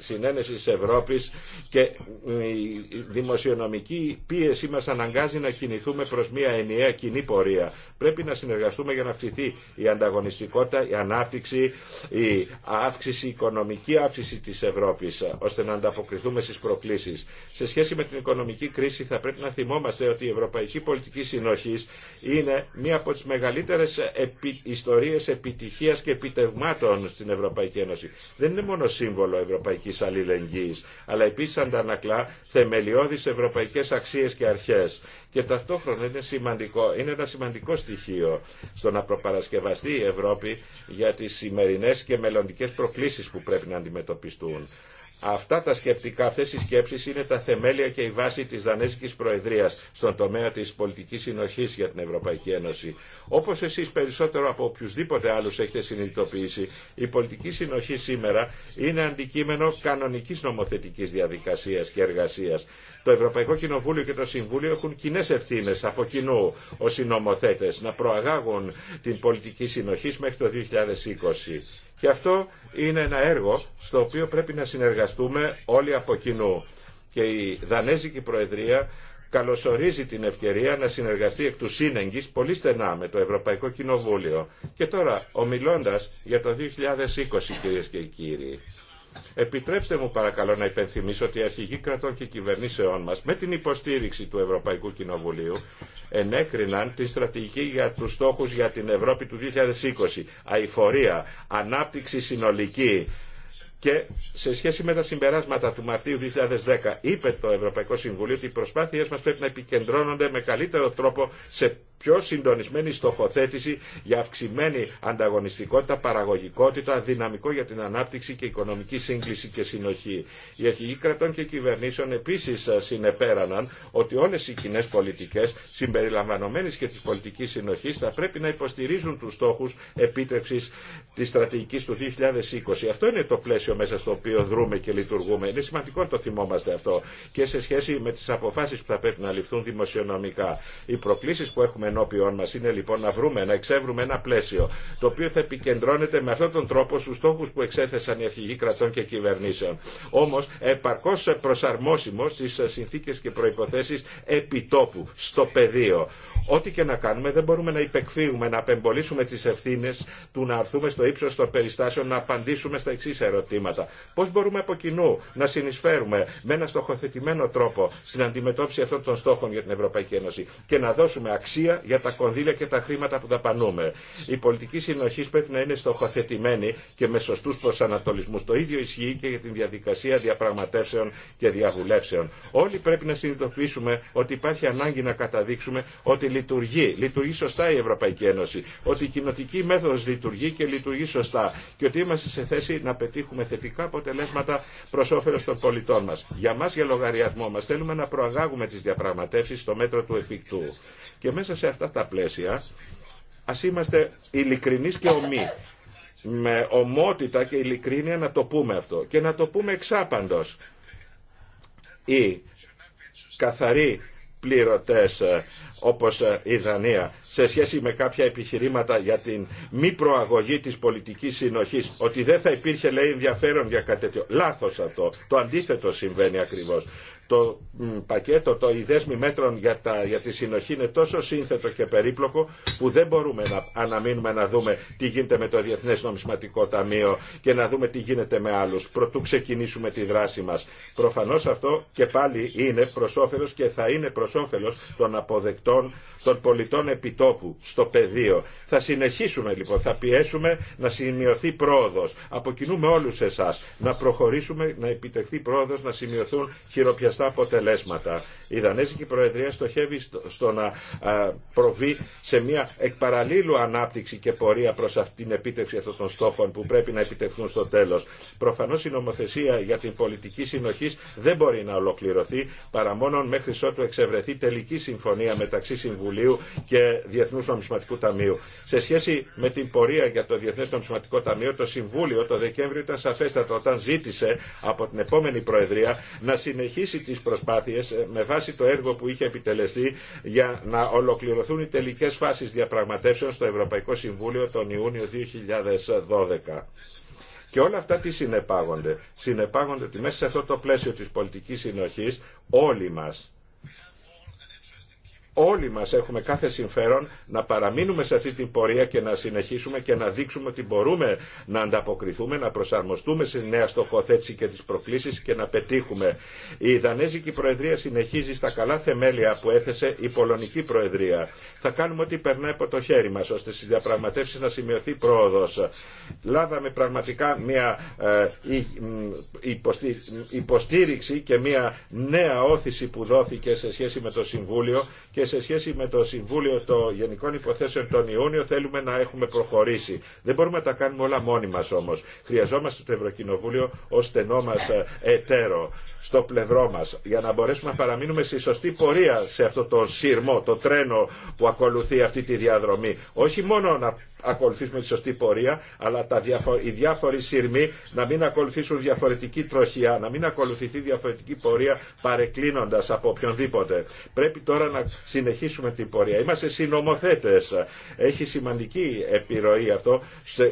συνένεσης Ευρώπης και η δημοσιονομική πίεση μας αναγκάζει να κινηθούμε προς μια ενιαία κοινή πορεία. Πρέπει να συνεργαστούμε για να αυξηθεί η ανταγωνιστικότητα, η ανάπτυξη, η αύξηση, η οικονομική αύξηση της Ευρώπης, ώστε να ανταποκριθούμε στις προκλήσεις. Σε σχέση με την οικονομική κρίση θα πρέπει να θυμόμαστε ότι η Ευρωπαϊκή Πολιτική Συνοχής είναι μία από τις μεγαλύτερες ιστορίες επιτυχίας και επιτευγμάτων στην Ευρωπαϊκή Ένωση. Δεν είναι μόνο σύμβολο ευρωπαϊκής αλληλεγγύης, αλλά επίσης αντανακλά θεμελιώδεις ευρωπαϊκές αξίες και αρχές και ταυτόχρονα είναι ένα σημαντικό στοιχείο στο να προπαρασκευαστεί η Ευρώπη για τις σημερινές και μελλοντικές προκλήσεις που πρέπει να αντιμετωπιστούν. Αυτά τα σκεπτικά, αυτές οι σκέψεις είναι τα θεμέλια και η βάση της Δανέζικης Προεδρίας στον τομέα της πολιτικής συνοχής για την Ευρωπαϊκή Ένωση. Όπως εσείς περισσότερο από οποιουσδήποτε άλλους έχετε συνειδητοποιήσει, η πολιτική συνοχή σήμερα είναι αντικείμενο κανονικής νομοθετικής διαδικασίας και εργασίας. Το Ευρωπαϊκό Κοινοβούλιο και το Συμβούλιο έχουν κοινέ ευθύνε από κοινού ω συνομοθέτε να προαγάγουν την πολιτική συνοχή μέχρι το 2020. Και αυτό είναι ένα έργο στο οποίο πρέπει να συνεργαστούμε όλοι από κοινού. Και η Δανέζικη Προεδρία καλωσορίζει την ευκαιρία να συνεργαστεί εκ του σύνεγγυ πολύ στενά με το Ευρωπαϊκό Κοινοβούλιο. Και τώρα, ομιλώντας για το 2020, κύριε και κύριοι, Επιτρέψτε μου παρακαλώ να υπενθυμίσω ότι οι αρχηγοί κρατών και κυβερνήσεών μας με την υποστήριξη του Ευρωπαϊκού Κοινοβουλίου ενέκριναν τη στρατηγική για τους στόχους για την Ευρώπη του 2020. Αηφορία, ανάπτυξη συνολική, και σε σχέση με τα συμπεράσματα του Μαρτίου 2010 είπε το Ευρωπαϊκό Συμβουλίο ότι οι προσπάθειές μας πρέπει να επικεντρώνονται με καλύτερο τρόπο σε πιο συντονισμένη στοχοθέτηση για αυξημένη ανταγωνιστικότητα, παραγωγικότητα, δυναμικό για την ανάπτυξη και οικονομική σύγκληση και συνοχή. Οι αρχηγοί κρατών και κυβερνήσεων επίσης συνεπέραναν ότι όλε οι κοινέ πολιτικέ, συμπεριλαμβανομένε και τη πολιτική συνοχή, θα πρέπει να υποστηρίζουν του στόχου επίτευξη τη στρατηγική του 2020. Αυτό είναι το πλαίσιο μέσα στο οποίο δρούμε και λειτουργούμε. Είναι σημαντικό να το θυμόμαστε αυτό και σε σχέση με τι αποφάσει που θα πρέπει να ληφθούν δημοσιονομικά. Οι που έχουμε έχουμε ενώπιόν μα είναι λοιπόν να βρούμε, να εξεύρουμε ένα πλαίσιο το οποίο θα επικεντρώνεται με αυτόν τον τρόπο στου στόχου που εξέθεσαν οι αρχηγοί κρατών και κυβερνήσεων. Όμω επαρκώ προσαρμόσιμο στις συνθήκε και προποθέσει επιτόπου, στο πεδίο. Ό,τι και να κάνουμε δεν μπορούμε να υπεκφύγουμε, να απεμπολίσουμε τι ευθύνε του να αρθούμε στο ύψο των περιστάσεων να απαντήσουμε στα εξή ερωτήματα. Πώς μπορούμε από κοινού να συνεισφέρουμε με ένα στοχοθετημένο τρόπο στην αντιμετώπιση αυτών των στόχων για την Ευρωπαϊκή Ένωση και να δώσουμε αξία για τα κονδύλια και τα χρήματα που δαπανούμε. Η πολιτική συνοχή πρέπει να είναι στοχοθετημένη και με σωστού προσανατολισμού. Το ίδιο ισχύει και για την διαδικασία διαπραγματεύσεων και διαβουλεύσεων. Όλοι πρέπει να συνειδητοποιήσουμε ότι υπάρχει ανάγκη να καταδείξουμε ότι λειτουργεί, λειτουργεί σωστά η Ευρωπαϊκή Ένωση, ότι η κοινοτική μέθοδο λειτουργεί και λειτουργεί σωστά και ότι είμαστε σε θέση να πετύχουμε θετικά αποτελέσματα προ όφελο των πολιτών μα. Για μας, για λογαριασμό μα θέλουμε να προαγάγουμε τι διαπραγματεύσει στο μέτρο του εφικτού. Και μέσα αυτά τα πλαίσια ας είμαστε ειλικρινεί και ομοί. Με ομότητα και ειλικρίνεια να το πούμε αυτό και να το πούμε εξάπαντος. Οι καθαροί πληρωτές ε, όπως ε, η Δανία σε σχέση με κάποια επιχειρήματα για την μη προαγωγή της πολιτικής συνοχής ότι δεν θα υπήρχε λέει ενδιαφέρον για κάτι τέτοιο. Λάθος αυτό. Το αντίθετο συμβαίνει ακριβώς το πακέτο, το δέσμη μέτρων για, τα, για τη συνοχή είναι τόσο σύνθετο και περίπλοκο που δεν μπορούμε να αναμείνουμε να δούμε τι γίνεται με το Διεθνές Νομισματικό Ταμείο και να δούμε τι γίνεται με άλλους. Προτού ξεκινήσουμε τη δράση μας. Προφανώς αυτό και πάλι είναι προς όφελος και θα είναι προς όφελος των αποδεκτών των πολιτών επιτόπου στο πεδίο. Θα συνεχίσουμε λοιπόν, θα πιέσουμε να σημειωθεί πρόοδος. Αποκινούμε όλους εσάς να προχωρήσουμε, να επιτευχθεί πρόοδος, να σημειωθούν χειροπιαστές στα αποτελέσματα. Η Δανέζικη Προεδρία στοχεύει στο να προβεί σε μια εκπαραλλήλου ανάπτυξη και πορεία προς αυτή την επίτευξη αυτών των στόχων που πρέπει να επιτευχθούν στο τέλος. Προφανώς η νομοθεσία για την πολιτική συνοχής δεν μπορεί να ολοκληρωθεί παρά μόνο μέχρι ότου εξευρεθεί τελική συμφωνία μεταξύ Συμβουλίου και Διεθνού Νομισματικού Ταμείου. Σε σχέση με την πορεία για το Διεθνέ Νομισματικό Ταμείο, το Συμβούλιο το Δεκέμβριο ήταν σαφέστατο όταν ζήτησε από την επόμενη Προεδρία να συνεχίσει τις προσπάθειες ε, με βάση το έργο που είχε επιτελεστεί για να ολοκληρωθούν οι τελικές φάσεις διαπραγματεύσεων στο Ευρωπαϊκό Συμβούλιο τον Ιούνιο 2012. Και όλα αυτά τι συνεπάγονται. Συνεπάγονται ότι μέσα σε αυτό το πλαίσιο της πολιτικής συνοχής όλοι μας όλοι μας έχουμε κάθε συμφέρον να παραμείνουμε σε αυτή την πορεία και να συνεχίσουμε και να δείξουμε ότι μπορούμε να ανταποκριθούμε, να προσαρμοστούμε σε νέα στοχοθέτηση και τις προκλήσεις και να πετύχουμε. Η Δανέζικη Προεδρία συνεχίζει στα καλά θεμέλια που έθεσε η Πολωνική Προεδρία. Θα κάνουμε ό,τι περνάει από το χέρι μας ώστε στις διαπραγματεύσεις να σημειωθεί πρόοδος. Λάβαμε πραγματικά μια ε, υποστήριξη και μια νέα όθηση που δόθηκε σε σχέση με το Συμβούλιο και σε σχέση με το Συμβούλιο των Γενικών Υποθέσεων τον Ιούνιο θέλουμε να έχουμε προχωρήσει. Δεν μπορούμε να τα κάνουμε όλα μόνοι μας όμως. Χρειαζόμαστε το Ευρωκοινοβούλιο ως στενό μας ε, εταίρο, στο πλευρό μας, για να μπορέσουμε να παραμείνουμε στη σωστή πορεία σε αυτό το σύρμο, το τρένο που ακολουθεί αυτή τη διαδρομή. Όχι μόνο να ακολουθήσουμε τη σωστή πορεία, αλλά τα διαφο οι διάφοροι σειρμοί να μην ακολουθήσουν διαφορετική τροχιά, να μην ακολουθηθεί διαφορετική πορεία παρεκκλίνοντα από οποιονδήποτε. Πρέπει τώρα να συνεχίσουμε την πορεία. Είμαστε συνομοθέτε. Έχει σημαντική επιρροή αυτό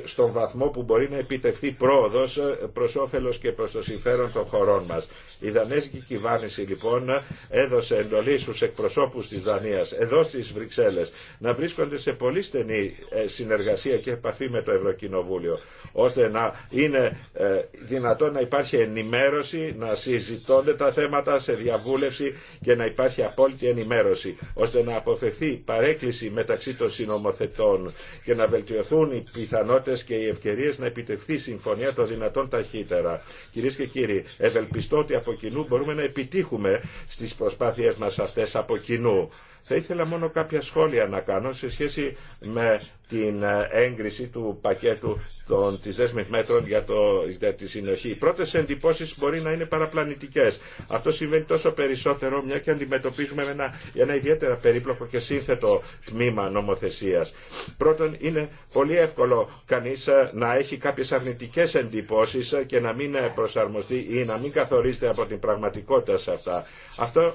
στον βαθμό που μπορεί να επιτευχθεί πρόοδο ε, προ όφελο και προ το συμφέρον των χωρών μα. Η δανέζικη κυβέρνηση λοιπόν έδωσε εντολή στου εκπροσώπου τη Δανία εδώ στι Βρυξέλλε να βρίσκονται σε πολύ στενή ε, συνεργασία συνεργασία και επαφή με το Ευρωκοινοβούλιο, ώστε να είναι ε, δυνατόν να υπάρχει ενημέρωση, να συζητώνται τα θέματα σε διαβούλευση και να υπάρχει απόλυτη ενημέρωση, ώστε να αποφευθεί παρέκκληση μεταξύ των συνομοθετών και να βελτιωθούν οι πιθανότητε και οι ευκαιρίες να επιτευχθεί συμφωνία το δυνατόν ταχύτερα. Κυρίε και κύριοι, ευελπιστώ ότι από κοινού μπορούμε να επιτύχουμε στις προσπάθειές μας αυτές από κοινού. Θα ήθελα μόνο κάποια σχόλια να κάνω σε σχέση με την ε, έγκριση του πακέτου των, της δέσμης μέτρων για, το, για τη συνοχή. Οι πρώτες εντυπώσεις μπορεί να είναι παραπλανητικές. Αυτό συμβαίνει τόσο περισσότερο μια και αντιμετωπίζουμε με ένα, ένα ιδιαίτερα περίπλοκο και σύνθετο τμήμα νομοθεσίας. Πρώτον είναι πολύ εύκολο κανείς ε, να έχει κάποιες αρνητικές εντυπώσεις ε, και να μην προσαρμοστεί ή να μην καθορίζεται από την πραγματικότητα σε αυτά. Αυτό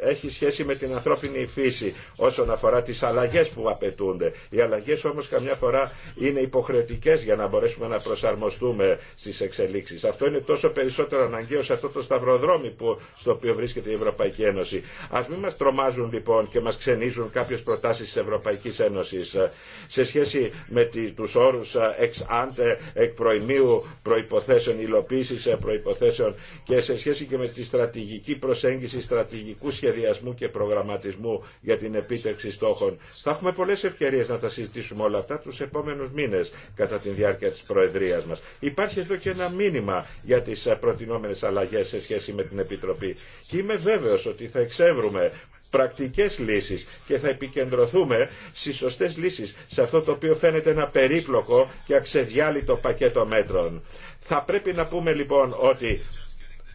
έχει σχέση με την ανθρώπινη φύση όσον αφορά τις αλλαγές που απαιτούνται. Οι αλλαγές οποίες όμως καμιά φορά είναι υποχρεωτικές για να μπορέσουμε να προσαρμοστούμε στις εξελίξεις. Αυτό είναι τόσο περισσότερο αναγκαίο σε αυτό το σταυροδρόμι που, στο οποίο βρίσκεται η Ευρωπαϊκή Ένωση. Ας μην μας τρομάζουν λοιπόν και μας ξενίζουν κάποιες προτάσεις της Ευρωπαϊκής Ένωσης ε, σε σχέση με τους όρους εξ άντε, εκ προημίου προϋποθέσεων, υλοποίησης ε, προϋποθέσεων και σε σχέση και με τη στρατηγική προσέγγιση στρατηγικού σχεδιασμού και προγραμματισμού για την επίτευξη στόχων. Θα έχουμε πολλές ευκαιρίες να τα συζητήσουμε συζητήσουμε όλα αυτά τους επόμενους μήνες κατά τη διάρκεια της Προεδρίας μας. Υπάρχει εδώ και ένα μήνυμα για τις ε, προτινόμενες αλλαγές σε σχέση με την Επιτροπή και είμαι βέβαιος ότι θα εξεύρουμε πρακτικές λύσεις και θα επικεντρωθούμε στις σωστές λύσεις σε αυτό το οποίο φαίνεται ένα περίπλοκο και αξεδιάλειτο πακέτο μέτρων. Θα πρέπει να πούμε λοιπόν ότι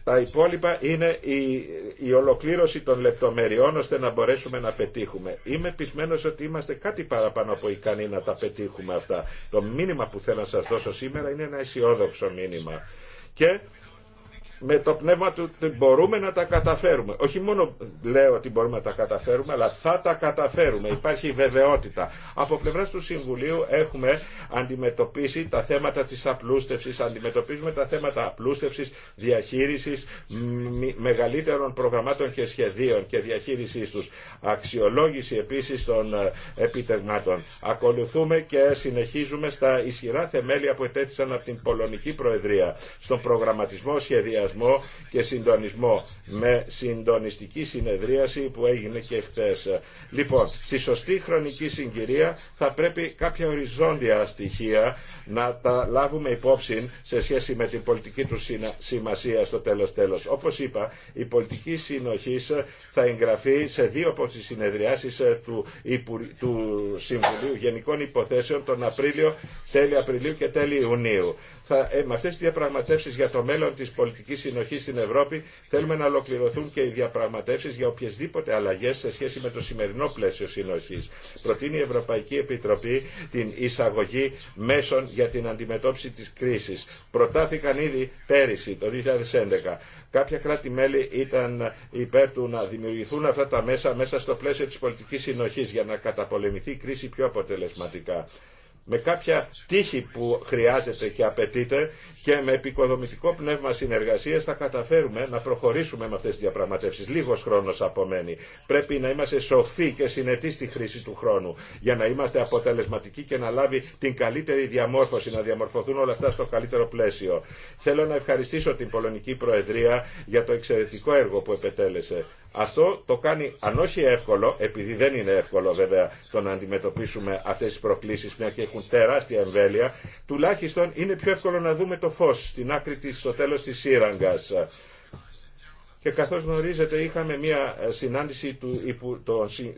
τα υπόλοιπα είναι η, η ολοκλήρωση των λεπτομεριών ώστε να μπορέσουμε να πετύχουμε. Είμαι πεισμένο ότι είμαστε κάτι παραπάνω από ικανοί να τα πετύχουμε αυτά. Το μήνυμα που θέλω να σας δώσω σήμερα είναι ένα αισιόδοξο μήνυμα. Και με το πνεύμα του ότι μπορούμε να τα καταφέρουμε. Όχι μόνο λέω ότι μπορούμε να τα καταφέρουμε, αλλά θα τα καταφέρουμε. Υπάρχει βεβαιότητα. Από πλευρά του Συμβουλίου έχουμε αντιμετωπίσει τα θέματα τη απλούστευση, αντιμετωπίζουμε τα θέματα απλούστευση, διαχείριση μεγαλύτερων προγραμμάτων και σχεδίων και διαχείρισή του. Αξιολόγηση επίση των ε, επιτευγμάτων. Ακολουθούμε και συνεχίζουμε στα ισχυρά θεμέλια που ετέθησαν από την Πολωνική Προεδρία στον προγραμματισμό, σχεδιασμό και συντονισμό με συντονιστική συνεδρίαση που έγινε και χθε. Λοιπόν, στη σωστή χρονική συγκυρία θα πρέπει κάποια οριζόντια στοιχεία να τα λάβουμε υπόψη σε σχέση με την πολιτική του σημασία στο τέλος τέλος. Όπως είπα, η πολιτική συνοχή θα εγγραφεί σε δύο από τις συνεδριάσεις ε, του, του Συμβουλίου Γενικών Υποθέσεων τον Απρίλιο, τέλη Απριλίου και τέλη Ιουνίου. Ε, με αυτές τις διαπραγματεύσεις για το μέλλον της πολιτικής συνοχής στην Ευρώπη θέλουμε να ολοκληρωθούν και οι διαπραγματεύσεις για οποιασδήποτε αλλαγές σε σχέση με το σημερινό πλαίσιο συνοχής. Προτείνει η Ευρωπαϊκή Επιτροπή την εισαγωγή μέσων για την αντιμετώπιση της κρίσης. Προτάθηκαν ήδη πέρυσι, το 2011. Κάποια κράτη-μέλη ήταν υπέρ του να δημιουργηθούν αυτά τα μέσα μέσα στο πλαίσιο της πολιτικής συνοχής για να καταπολεμηθεί η κρίση πιο αποτελεσματικά με κάποια τύχη που χρειάζεται και απαιτείται και με επικοδομητικό πνεύμα συνεργασία θα καταφέρουμε να προχωρήσουμε με αυτέ τι διαπραγματεύσει. Λίγο χρόνο απομένει. Πρέπει να είμαστε σοφοί και συνετοί στη χρήση του χρόνου για να είμαστε αποτελεσματικοί και να λάβει την καλύτερη διαμόρφωση, να διαμορφωθούν όλα αυτά στο καλύτερο πλαίσιο. Θέλω να ευχαριστήσω την Πολωνική Προεδρία για το εξαιρετικό έργο που επετέλεσε. Αυτό το κάνει, αν όχι εύκολο, επειδή δεν είναι εύκολο βέβαια το να αντιμετωπίσουμε αυτέ τι προκλήσει, μια και έχουν τεράστια εμβέλεια, τουλάχιστον είναι πιο εύκολο να δούμε το φω στην άκρη τη στο τέλο τη σύραγγα. Και καθώ γνωρίζετε είχαμε μια ε, συνάντηση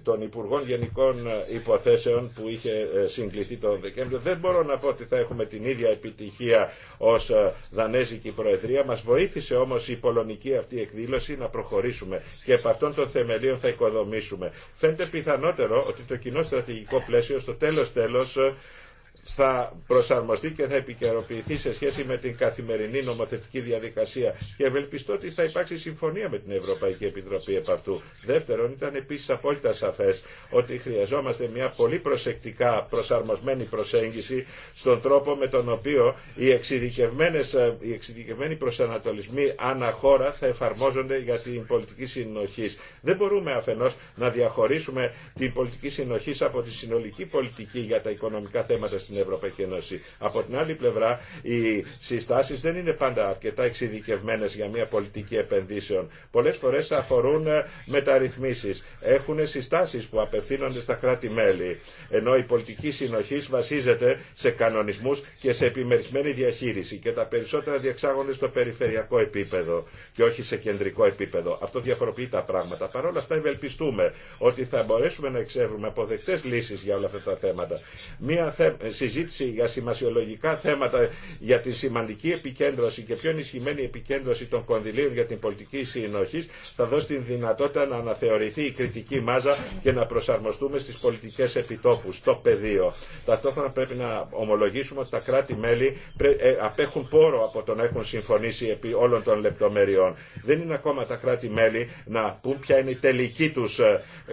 των Υπουργών Γενικών ε, Υποθέσεων που είχε ε, συγκληθεί τον Δεκέμβριο. Δεν μπορώ να πω ότι θα έχουμε την ίδια επιτυχία ως Δανέζικη Προεδρία. Μας βοήθησε όμως η πολωνική αυτή εκδήλωση να προχωρήσουμε και από αυτών των θεμελίων θα οικοδομήσουμε. Φαίνεται πιθανότερο ότι το κοινό στρατηγικό πλαίσιο στο τέλο τέλος θα προσαρμοστεί και θα επικαιροποιηθεί σε σχέση με την καθημερινή νομοθετική διαδικασία και ευελπιστώ ότι θα υπάρξει συμφωνία με την Ευρωπαϊκή Επιτροπή επ' αυτού. Δεύτερον, ήταν επίσης απόλυτα σαφές ότι χρειαζόμαστε μια πολύ προσεκτικά προσαρμοσμένη προσέγγιση στον τρόπο με τον οποίο οι, ε, οι εξειδικευμένοι προσανατολισμοί ανά χώρα θα εφαρμόζονται για την πολιτική συνοχή. Δεν μπορούμε αφενός να διαχωρίσουμε την πολιτική συνοχή από τη συνολική πολιτική για τα οικονομικά θέματα στην Ευρωπαϊκή Ένωση. Από την άλλη πλευρά, οι συστάσει δεν είναι πάντα αρκετά εξειδικευμένε για μια πολιτική επενδύσεων. Πολλέ φορέ αφορούν ε, μεταρρυθμίσει. Έχουν συστάσει που απευθύνονται στα κράτη-μέλη. Ενώ η πολιτική συνοχή βασίζεται σε κανονισμού και σε επιμερισμένη διαχείριση και τα περισσότερα διεξάγονται στο περιφερειακό επίπεδο και όχι σε κεντρικό επίπεδο. Αυτό διαφοροποιεί τα πράγματα. Παρ' όλα αυτά ευελπιστούμε ότι θα μπορέσουμε να εξεύρουμε αποδεκτέ λύσει για όλα αυτά τα θέματα. Μία συζήτηση για σημασιολογικά θέματα για τη σημαντική επικέντρωση και πιο ενισχυμένη επικέντρωση των κονδυλίων για την πολιτική συνοχή θα δώσει την δυνατότητα να αναθεωρηθεί η κριτική μάζα και να προσαρμοστούμε στι πολιτικέ επιτόπου, στο πεδίο. Ταυτόχρονα πρέπει να ομολογήσουμε ότι τα κράτη-μέλη ε, απέχουν πόρο από το να έχουν συμφωνήσει επί όλων των λεπτομεριών. Δεν είναι ακόμα τα κράτη-μέλη να πούν ποια είναι η τελική του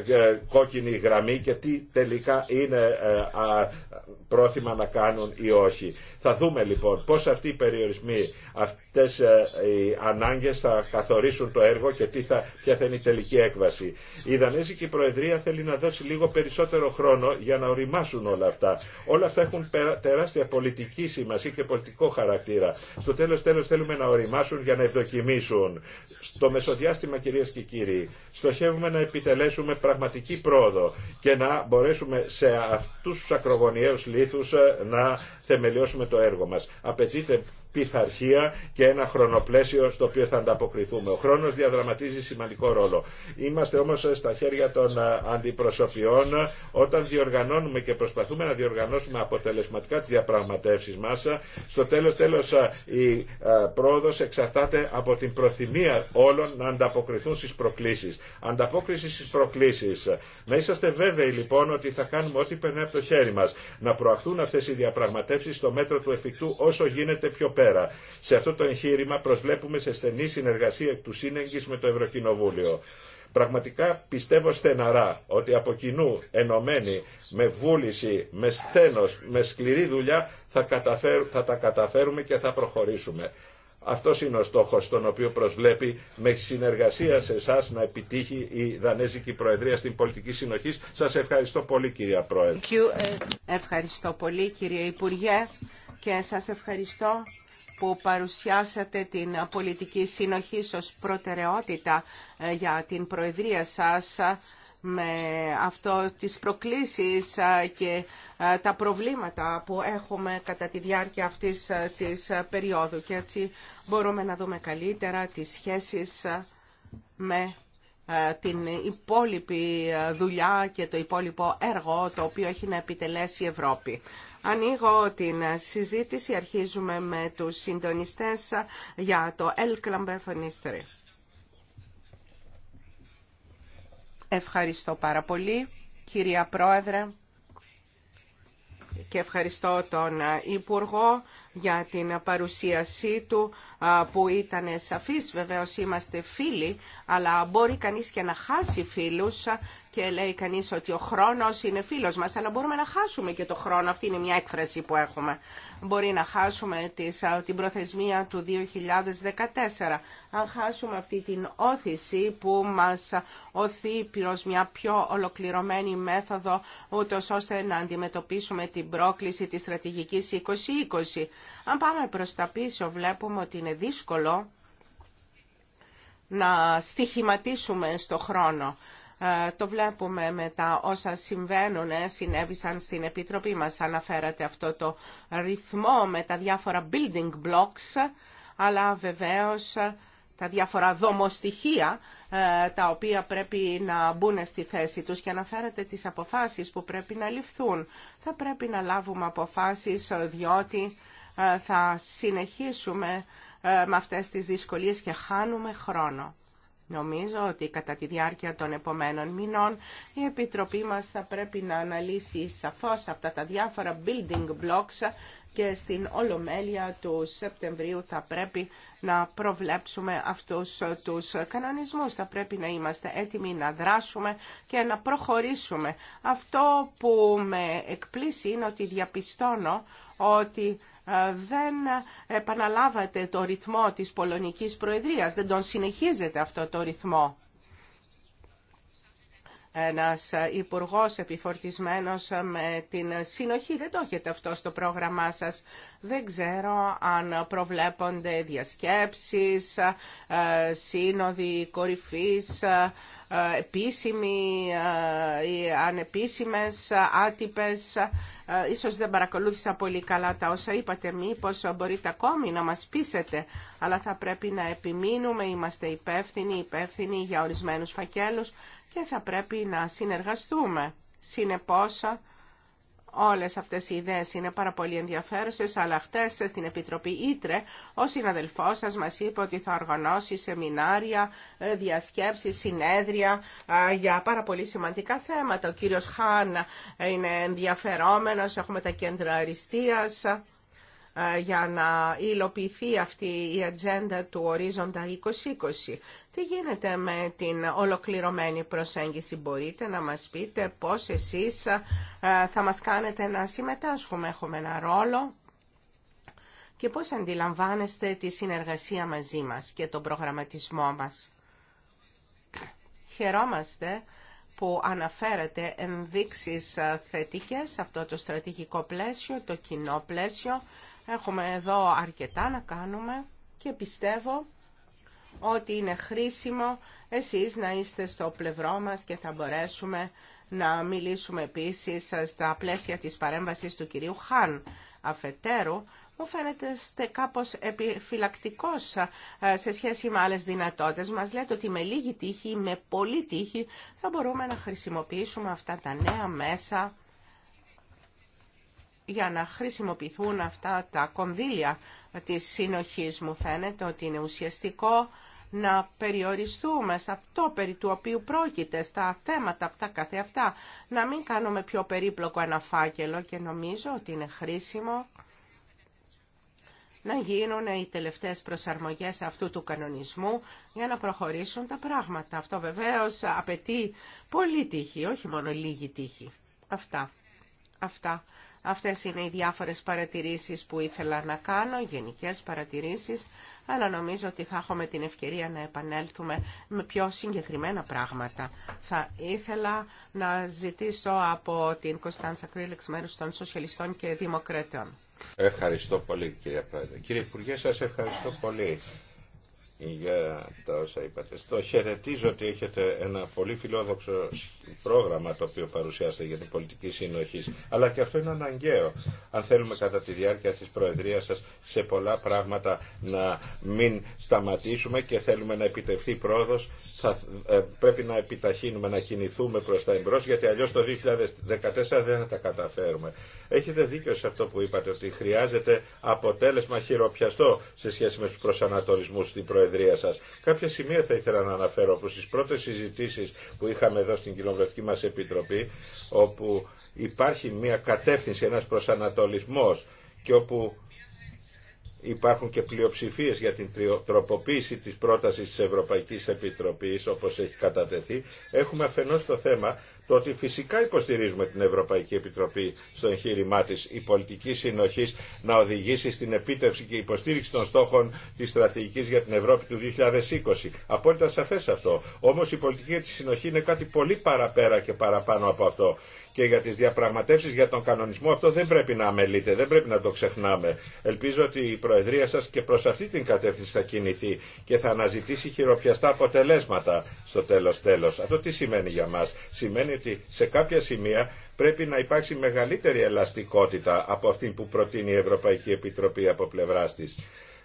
ε, ε, κόκκινη γραμμή και τι τελικά είναι πρόθυμοι να κάνουν ή όχι. Θα δούμε λοιπόν πώς αυτοί οι περιορισμοί, αυτές ε, οι ανάγκες θα καθορίσουν το έργο και τι θα, ποια θα είναι η τελική έκβαση. Η Δανέζικη Προεδρία θέλει να δώσει λίγο περισσότερο χρόνο για να οριμάσουν όλα αυτά. Όλα αυτά έχουν τεράστια πολιτική σημασία και πολιτικό χαρακτήρα. Στο τέλος τέλος θέλουμε να οριμάσουν για να ευδοκιμήσουν. Στο μεσοδιάστημα κυρίες και κύριοι, στοχεύουμε να επιτελέσουμε πραγματική πρόοδο και να μπορέσουμε σε αυτούς τους ακρογωνιαίους λίθους ε, να θεμελιώσουμε το έργο μας. Απαιτείται πειθαρχία και ένα χρονοπλαίσιο στο οποίο θα ανταποκριθούμε. Ο χρόνο διαδραματίζει σημαντικό ρόλο. Είμαστε όμω στα χέρια των αντιπροσωπιών όταν διοργανώνουμε και προσπαθούμε να διοργανώσουμε αποτελεσματικά τι διαπραγματεύσει μα. Στο τέλο τέλος η ε, πρόοδο εξαρτάται από την προθυμία όλων να ανταποκριθούν στι προκλήσει. Ανταπόκριση στι προκλήσει. Να είσαστε βέβαιοι λοιπόν ότι θα κάνουμε ό,τι περνάει από το χέρι μα Να προαχθούν αυτέ οι διαπραγματεύσει στο μέτρο του εφικτού όσο γίνεται πιο σε αυτό το εγχείρημα προσβλέπουμε σε στενή συνεργασία του σύνεγγυς με το Ευρωκοινοβούλιο. Πραγματικά πιστεύω στεναρά ότι από κοινού, ενωμένοι, με βούληση, με σθένος, με σκληρή δουλειά θα, τα καταφέρουμε και θα προχωρήσουμε. Αυτός είναι ο στόχος τον οποίο προσβλέπει με συνεργασία σε εσά να επιτύχει η Δανέζικη Προεδρία στην πολιτική συνοχή. Σας ευχαριστώ πολύ κυρία Πρόεδρε. Ε, ευχαριστώ πολύ κύριε Υπουργέ και σας ευχαριστώ που παρουσιάσατε την πολιτική συνοχή ως προτεραιότητα ε, για την Προεδρία σας ε, με αυτό τις προκλήσεις ε, και τα προβλήματα που έχουμε κατά τη διάρκεια αυτής της περίοδου και έτσι μπορούμε να δούμε καλύτερα τις σχέσεις με την υπόλοιπη δουλειά και το υπόλοιπο έργο το οποίο έχει να επιτελέσει η Ευρώπη. Ανοίγω την συζήτηση. Αρχίζουμε με τους συντονιστές για το El Ευχαριστώ πάρα πολύ, κυρία Πρόεδρε, και ευχαριστώ τον Υπουργό για την παρουσίασή του που ήταν σαφής. Βεβαίως είμαστε φίλοι, αλλά μπορεί κανείς και να χάσει φίλους και λέει κανείς ότι ο χρόνος είναι φίλος μας, αλλά μπορούμε να χάσουμε και το χρόνο. Αυτή είναι μια έκφραση που έχουμε. Μπορεί να χάσουμε την προθεσμία του 2014. Αν χάσουμε αυτή την όθηση που μας οθεί προς μια πιο ολοκληρωμένη μέθοδο, ούτω ώστε να αντιμετωπίσουμε την πρόκληση της στρατηγικής 2020. Αν πάμε προς τα πίσω, βλέπουμε ότι είναι δύσκολο να στοιχηματίσουμε στο χρόνο. Ε, το βλέπουμε με τα όσα συμβαίνουν, ε, συνέβησαν στην Επιτροπή μας. Αναφέρατε αυτό το ρυθμό με τα διάφορα building blocks, αλλά βεβαίως ε, τα διάφορα δομοστοιχεία τα οποία πρέπει να μπουν στη θέση τους και αναφέρατε τις αποφάσεις που πρέπει να ληφθούν. Θα πρέπει να λάβουμε αποφάσεις διότι θα συνεχίσουμε με αυτές τις δυσκολίες και χάνουμε χρόνο. Νομίζω ότι κατά τη διάρκεια των επόμενων μηνών η Επιτροπή μας θα πρέπει να αναλύσει σαφώς αυτά τα διάφορα building blocks και στην Ολομέλεια του Σεπτεμβρίου θα πρέπει να προβλέψουμε αυτούς τους κανονισμούς. Θα πρέπει να είμαστε έτοιμοι να δράσουμε και να προχωρήσουμε. Αυτό που με εκπλήσει είναι ότι διαπιστώνω ότι ε, δεν επαναλάβατε το ρυθμό της Πολωνικής Προεδρίας, δεν τον συνεχίζετε αυτό το ρυθμό. Ένας υπουργός επιφορτισμένος με την συνοχή δεν το έχετε αυτό στο πρόγραμμά σας. Δεν ξέρω αν προβλέπονται διασκέψεις, ε, σύνοδοι κορυφής, ε, επίσημοι ή ανεπίσημες, άτυπες ε, ίσως δεν παρακολούθησα πολύ καλά τα όσα είπατε, μήπως μπορείτε ακόμη να μας πείσετε, αλλά θα πρέπει να επιμείνουμε, είμαστε υπεύθυνοι, υπεύθυνοι για ορισμένους φακέλους και θα πρέπει να συνεργαστούμε. Συνεπώς, Όλες αυτές οι ιδέες είναι πάρα πολύ ενδιαφέρουσες, αλλά χτες στην Επιτροπή Ήτρε ο συναδελφός σας μας είπε ότι θα οργανώσει σεμινάρια, ε, διασκέψεις, συνέδρια για πάρα πολύ σημαντικά θέματα. Ο κύριος Χάν ε, είναι ενδιαφερόμενος, έχουμε τα κέντρα αριστείας. Ε, για να υλοποιηθεί αυτή η ατζέντα του ορίζοντα 2020. Τι γίνεται με την ολοκληρωμένη προσέγγιση, μπορείτε να μας πείτε πώς εσείς ε, θα μας κάνετε να συμμετάσχουμε, έχουμε ένα ρόλο και πώς αντιλαμβάνεστε τη συνεργασία μαζί μας και τον προγραμματισμό μας. Χαιρόμαστε που αναφέρατε ενδείξεις ε, θετικές αυτό το στρατηγικό πλαίσιο, το κοινό πλαίσιο Έχουμε εδώ αρκετά να κάνουμε και πιστεύω ότι είναι χρήσιμο εσείς να είστε στο πλευρό μας και θα μπορέσουμε να μιλήσουμε επίσης στα πλαίσια της παρέμβασης του κυρίου Χαν αφετέρου. Μου φαίνεται κάπως επιφυλακτικός σε σχέση με άλλες δυνατότητες. Μας λέτε ότι με λίγη τύχη ή με πολύ τύχη θα μπορούμε να χρησιμοποιήσουμε αυτά τα νέα μέσα για να χρησιμοποιηθούν αυτά τα κονδύλια της συνοχής μου φαίνεται ότι είναι ουσιαστικό να περιοριστούμε σε αυτό περί του οποίου πρόκειται στα θέματα αυτά καθεαυτά, να μην κάνουμε πιο περίπλοκο ένα φάκελο και νομίζω ότι είναι χρήσιμο να γίνουν οι τελευταίες προσαρμογές αυτού του κανονισμού για να προχωρήσουν τα πράγματα. Αυτό βεβαίως απαιτεί πολλή τύχη, όχι μόνο λίγη τύχη. Αυτά. Αυτά. Αυτές είναι οι διάφορες παρατηρήσεις που ήθελα να κάνω, γενικές παρατηρήσεις, αλλά νομίζω ότι θα έχουμε την ευκαιρία να επανέλθουμε με πιο συγκεκριμένα πράγματα. Θα ήθελα να ζητήσω από την Κωνσταντσα Κρίλεξ μέρους των Σοσιαλιστών και Δημοκρατών. Ευχαριστώ πολύ κύριε Πρόεδρε. Κύριε Υπουργέ, σας ευχαριστώ πολύ για τα όσα είπατε. Το χαιρετίζω ότι έχετε ένα πολύ φιλόδοξο πρόγραμμα το οποίο παρουσιάσατε για την πολιτική συνοχή. Αλλά και αυτό είναι αναγκαίο. Αν θέλουμε κατά τη διάρκεια της Προεδρίας σας σε πολλά πράγματα να μην σταματήσουμε και θέλουμε να επιτευχθεί πρόοδος, ε, πρέπει να επιταχύνουμε, να κινηθούμε προς τα εμπρός, γιατί αλλιώς το 2014 δεν θα τα καταφέρουμε. Έχετε δίκιο σε αυτό που είπατε, ότι χρειάζεται αποτέλεσμα χειροπιαστό σε σχέση με τους προσανατολισμούς στην Προεδρία Κάποια σημεία θα ήθελα να αναφέρω από στις πρώτε συζητήσει που είχαμε εδώ στην Κοινοβουλευτική μα Επιτροπή, όπου υπάρχει μια κατεύθυνση, ένα προσανατολισμό και όπου υπάρχουν και πλειοψηφίες για την τροποποίηση της πρότασης της Ευρωπαϊκής Επιτροπής όπως έχει κατατεθεί, έχουμε αφενός το θέμα το ότι φυσικά υποστηρίζουμε την Ευρωπαϊκή Επιτροπή στο εγχείρημά τη η πολιτική συνοχή να οδηγήσει στην επίτευξη και υποστήριξη των στόχων τη στρατηγική για την Ευρώπη του 2020. Απόλυτα σαφέ αυτό. Όμω η πολιτική τη συνοχή είναι κάτι πολύ παραπέρα και παραπάνω από αυτό και για τις διαπραγματεύσεις για τον κανονισμό αυτό δεν πρέπει να αμελείται, δεν πρέπει να το ξεχνάμε. Ελπίζω ότι η Προεδρία σας και προς αυτή την κατεύθυνση θα κινηθεί και θα αναζητήσει χειροπιαστά αποτελέσματα στο τέλος τέλος. Αυτό τι σημαίνει για μας. Σημαίνει ότι σε κάποια σημεία πρέπει να υπάρξει μεγαλύτερη ελαστικότητα από αυτή που προτείνει η Ευρωπαϊκή Επιτροπή από πλευρά της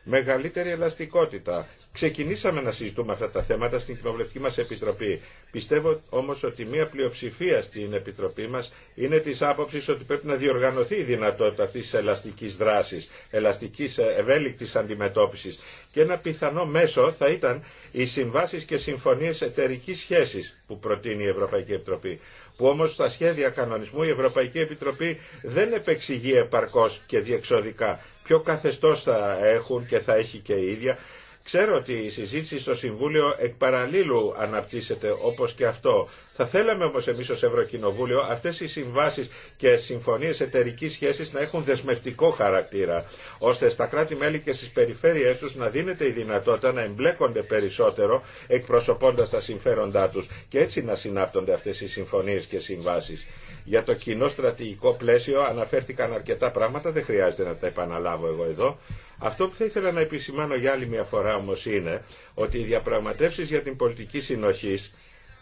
μεγαλύτερη ελαστικότητα. Ξεκινήσαμε να συζητούμε αυτά τα θέματα στην κοινοβουλευτική μας Επιτροπή. Πιστεύω όμως ότι μια πλειοψηφία στην Επιτροπή μας είναι της άποψης ότι πρέπει να διοργανωθεί η δυνατότητα αυτής της ελαστικής δράσης, ελαστικής ε, ευέλικτης αντιμετώπισης. Και ένα πιθανό μέσο θα ήταν οι συμβάσεις και συμφωνίες εταιρικής σχέσης που προτείνει η Ευρωπαϊκή Επιτροπή που όμως στα σχέδια κανονισμού η Ευρωπαϊκή Επιτροπή δεν επεξηγεί επαρκώς και διεξοδικά ποιο καθεστώς θα έχουν και θα έχει και η ίδια Ξέρω ότι η συζήτηση στο Συμβούλιο εκ παραλίλου αναπτύσσεται όπως και αυτό. Θα θέλαμε όμως εμεί ως Ευρωκοινοβούλιο αυτέ οι συμβάσει και συμφωνίε εταιρική σχέση να έχουν δεσμευτικό χαρακτήρα, ώστε στα κράτη-μέλη και στι περιφέρειές του να δίνεται η δυνατότητα να εμπλέκονται περισσότερο εκπροσωπώντα τα συμφέροντά του και έτσι να συνάπτονται αυτέ οι συμφωνίε και συμβάσει. Για το κοινό στρατηγικό πλαίσιο αναφέρθηκαν αρκετά πράγματα, δεν χρειάζεται να τα επαναλάβω εγώ εδώ. Αυτό που θα ήθελα να επισημάνω για άλλη μια φορά όμως είναι ότι οι διαπραγματεύσεις για την πολιτική συνοχή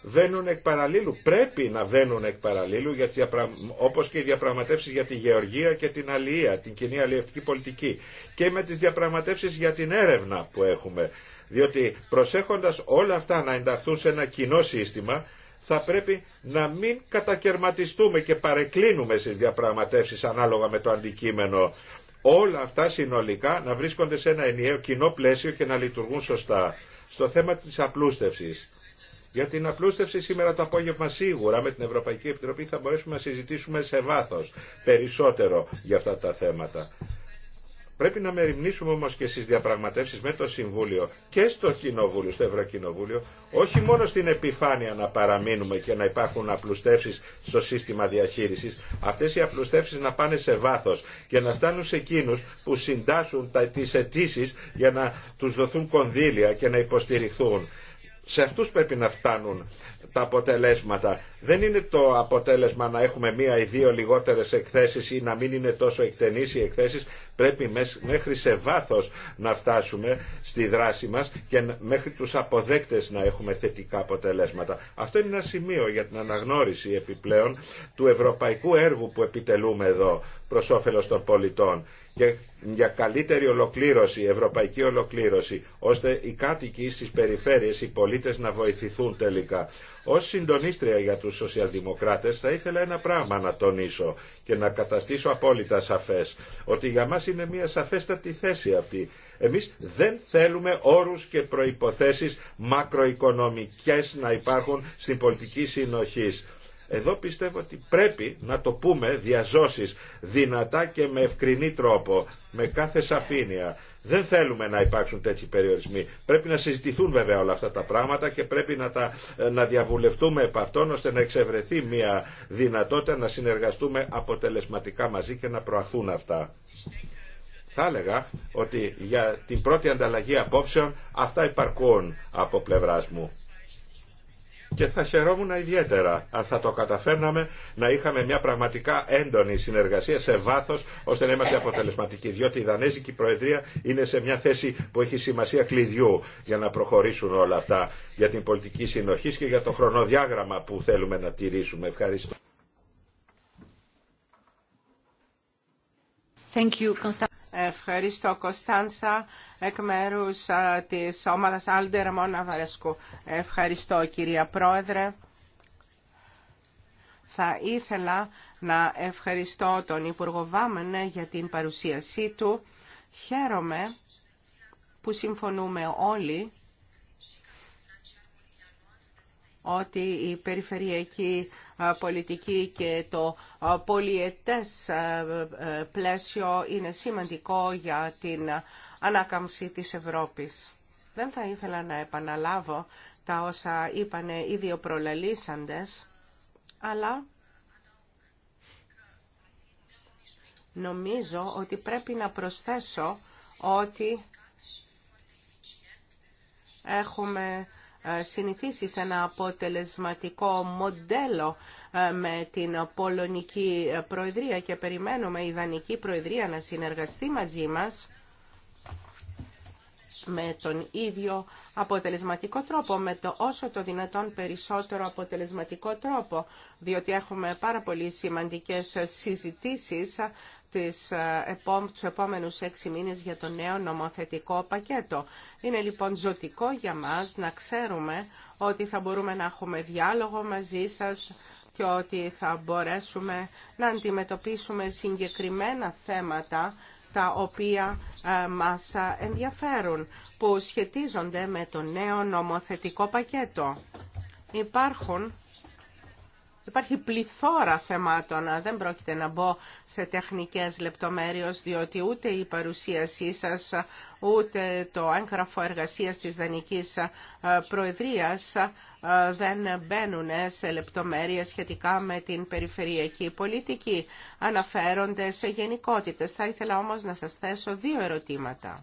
βαίνουν εκ παραλλήλου. πρέπει να βαίνουν εκ παραλίλου όπως και οι διαπραγματεύσεις για τη γεωργία και την αλληλεία, την κοινή αλληλευτική πολιτική και με τις διαπραγματεύσεις για την έρευνα που έχουμε. Διότι προσέχοντας όλα αυτά να ενταχθούν σε ένα κοινό σύστημα, θα πρέπει να μην κατακαιρματιστούμε και παρεκκλίνουμε στις διαπραγματεύσεις ανάλογα με το αντικείμενο όλα αυτά συνολικά να βρίσκονται σε ένα ενιαίο κοινό πλαίσιο και να λειτουργούν σωστά. Στο θέμα της απλούστευσης. Για την απλούστευση σήμερα το απόγευμα σίγουρα με την Ευρωπαϊκή Επιτροπή θα μπορέσουμε να συζητήσουμε σε βάθος περισσότερο για αυτά τα θέματα. Πρέπει να μεριμνήσουμε όμω και στι διαπραγματεύσει με το Συμβούλιο και στο Κοινοβούλιο, στο Ευρωκοινοβούλιο, όχι μόνο στην επιφάνεια να παραμείνουμε και να υπάρχουν απλουστεύσει στο σύστημα διαχείριση, αυτέ οι απλουστεύσει να πάνε σε βάθο και να φτάνουν σε εκείνου που συντάσσουν τι αιτήσει για να του δοθούν κονδύλια και να υποστηριχθούν. Σε αυτούς πρέπει να φτάνουν τα αποτελέσματα. Δεν είναι το αποτέλεσμα να έχουμε μία ή δύο λιγότερες εκθέσεις ή να μην είναι τόσο εκτενείς οι εκθέσεις. Πρέπει μέχρι σε βάθος να φτάσουμε στη δράση μας και μέχρι τους αποδέκτες να έχουμε θετικά αποτελέσματα. Αυτό είναι ένα σημείο για την αναγνώριση επιπλέον του ευρωπαϊκού έργου που επιτελούμε εδώ προς όφελος των πολιτών και για καλύτερη ολοκλήρωση, ευρωπαϊκή ολοκλήρωση, ώστε οι κάτοικοι στις περιφέρειες, οι πολίτες να βοηθηθούν τελικά. Ως συντονίστρια για τους σοσιαλδημοκράτες θα ήθελα ένα πράγμα να τονίσω και να καταστήσω απόλυτα σαφές, ότι για είναι μια σαφέστατη θέση αυτή. Εμείς δεν θέλουμε όρους και προϋποθέσεις μακροοικονομικές να υπάρχουν στην πολιτική συνοχής. Εδώ πιστεύω ότι πρέπει να το πούμε διαζώσεις δυνατά και με ευκρινή τρόπο, με κάθε σαφήνεια. Δεν θέλουμε να υπάρξουν τέτοιοι περιορισμοί. Πρέπει να συζητηθούν βέβαια όλα αυτά τα πράγματα και πρέπει να, τα, ε, διαβουλευτούμε επ' αυτών ώστε να εξευρεθεί μια δυνατότητα να συνεργαστούμε αποτελεσματικά μαζί και να προαθούν αυτά. Θα έλεγα ότι για την πρώτη ανταλλαγή απόψεων αυτά υπαρκούν από πλευράς μου. Και θα χαιρόμουν ιδιαίτερα αν θα το καταφέρναμε να είχαμε μια πραγματικά έντονη συνεργασία σε βάθος ώστε να είμαστε αποτελεσματικοί. Διότι η Δανέζικη Προεδρία είναι σε μια θέση που έχει σημασία κλειδιού για να προχωρήσουν όλα αυτά για την πολιτική συνοχή και για το χρονοδιάγραμμα που θέλουμε να τηρήσουμε. Ευχαριστώ. Ευχαριστώ, Κωνσταντσα εκ μέρου τη ομάδα Άλντε Μόνα Βαρεσκού. Ευχαριστώ, κυρία Πρόεδρε. Θα ήθελα να ευχαριστώ τον Υπουργό Βάμενε για την παρουσίασή του. Χαίρομαι που συμφωνούμε όλοι ότι η περιφερειακή ε, πολιτική και το ε, πολιετές ε, πλαίσιο είναι σημαντικό για την ανάκαμψη της Ευρώπης. Δεν θα ήθελα να επαναλάβω τα όσα είπαν οι δύο προλαλήσαντες, αλλά νομίζω ότι πρέπει να προσθέσω ότι έχουμε ε, συνηθίσει σε ένα αποτελεσματικό μοντέλο ε, με την Πολωνική Προεδρία και περιμένουμε η Δανική Προεδρία να συνεργαστεί μαζί μας με τον ίδιο αποτελεσματικό τρόπο, με το όσο το δυνατόν περισσότερο αποτελεσματικό τρόπο, διότι έχουμε πάρα πολύ σημαντικές συζητήσεις τις, ε, επόμενου επόμενους έξι μήνες για το νέο νομοθετικό πακέτο. Είναι λοιπόν ζωτικό για μας να ξέρουμε ότι θα μπορούμε να έχουμε διάλογο μαζί σας και ότι θα μπορέσουμε να αντιμετωπίσουμε συγκεκριμένα θέματα τα οποία ε, μας ενδιαφέρουν, που σχετίζονται με το νέο νομοθετικό πακέτο. Υπάρχουν Υπάρχει πληθώρα θεμάτων. Δεν πρόκειται να μπω σε τεχνικές λεπτομέρειες, διότι ούτε η παρουσίασή σας, ούτε το έγγραφο εργασίας της Δανικής ε, Προεδρίας ε, δεν μπαίνουν σε λεπτομέρειες σχετικά με την περιφερειακή πολιτική. Αναφέρονται σε γενικότητες. Θα ήθελα όμως να σας θέσω δύο ερωτήματα.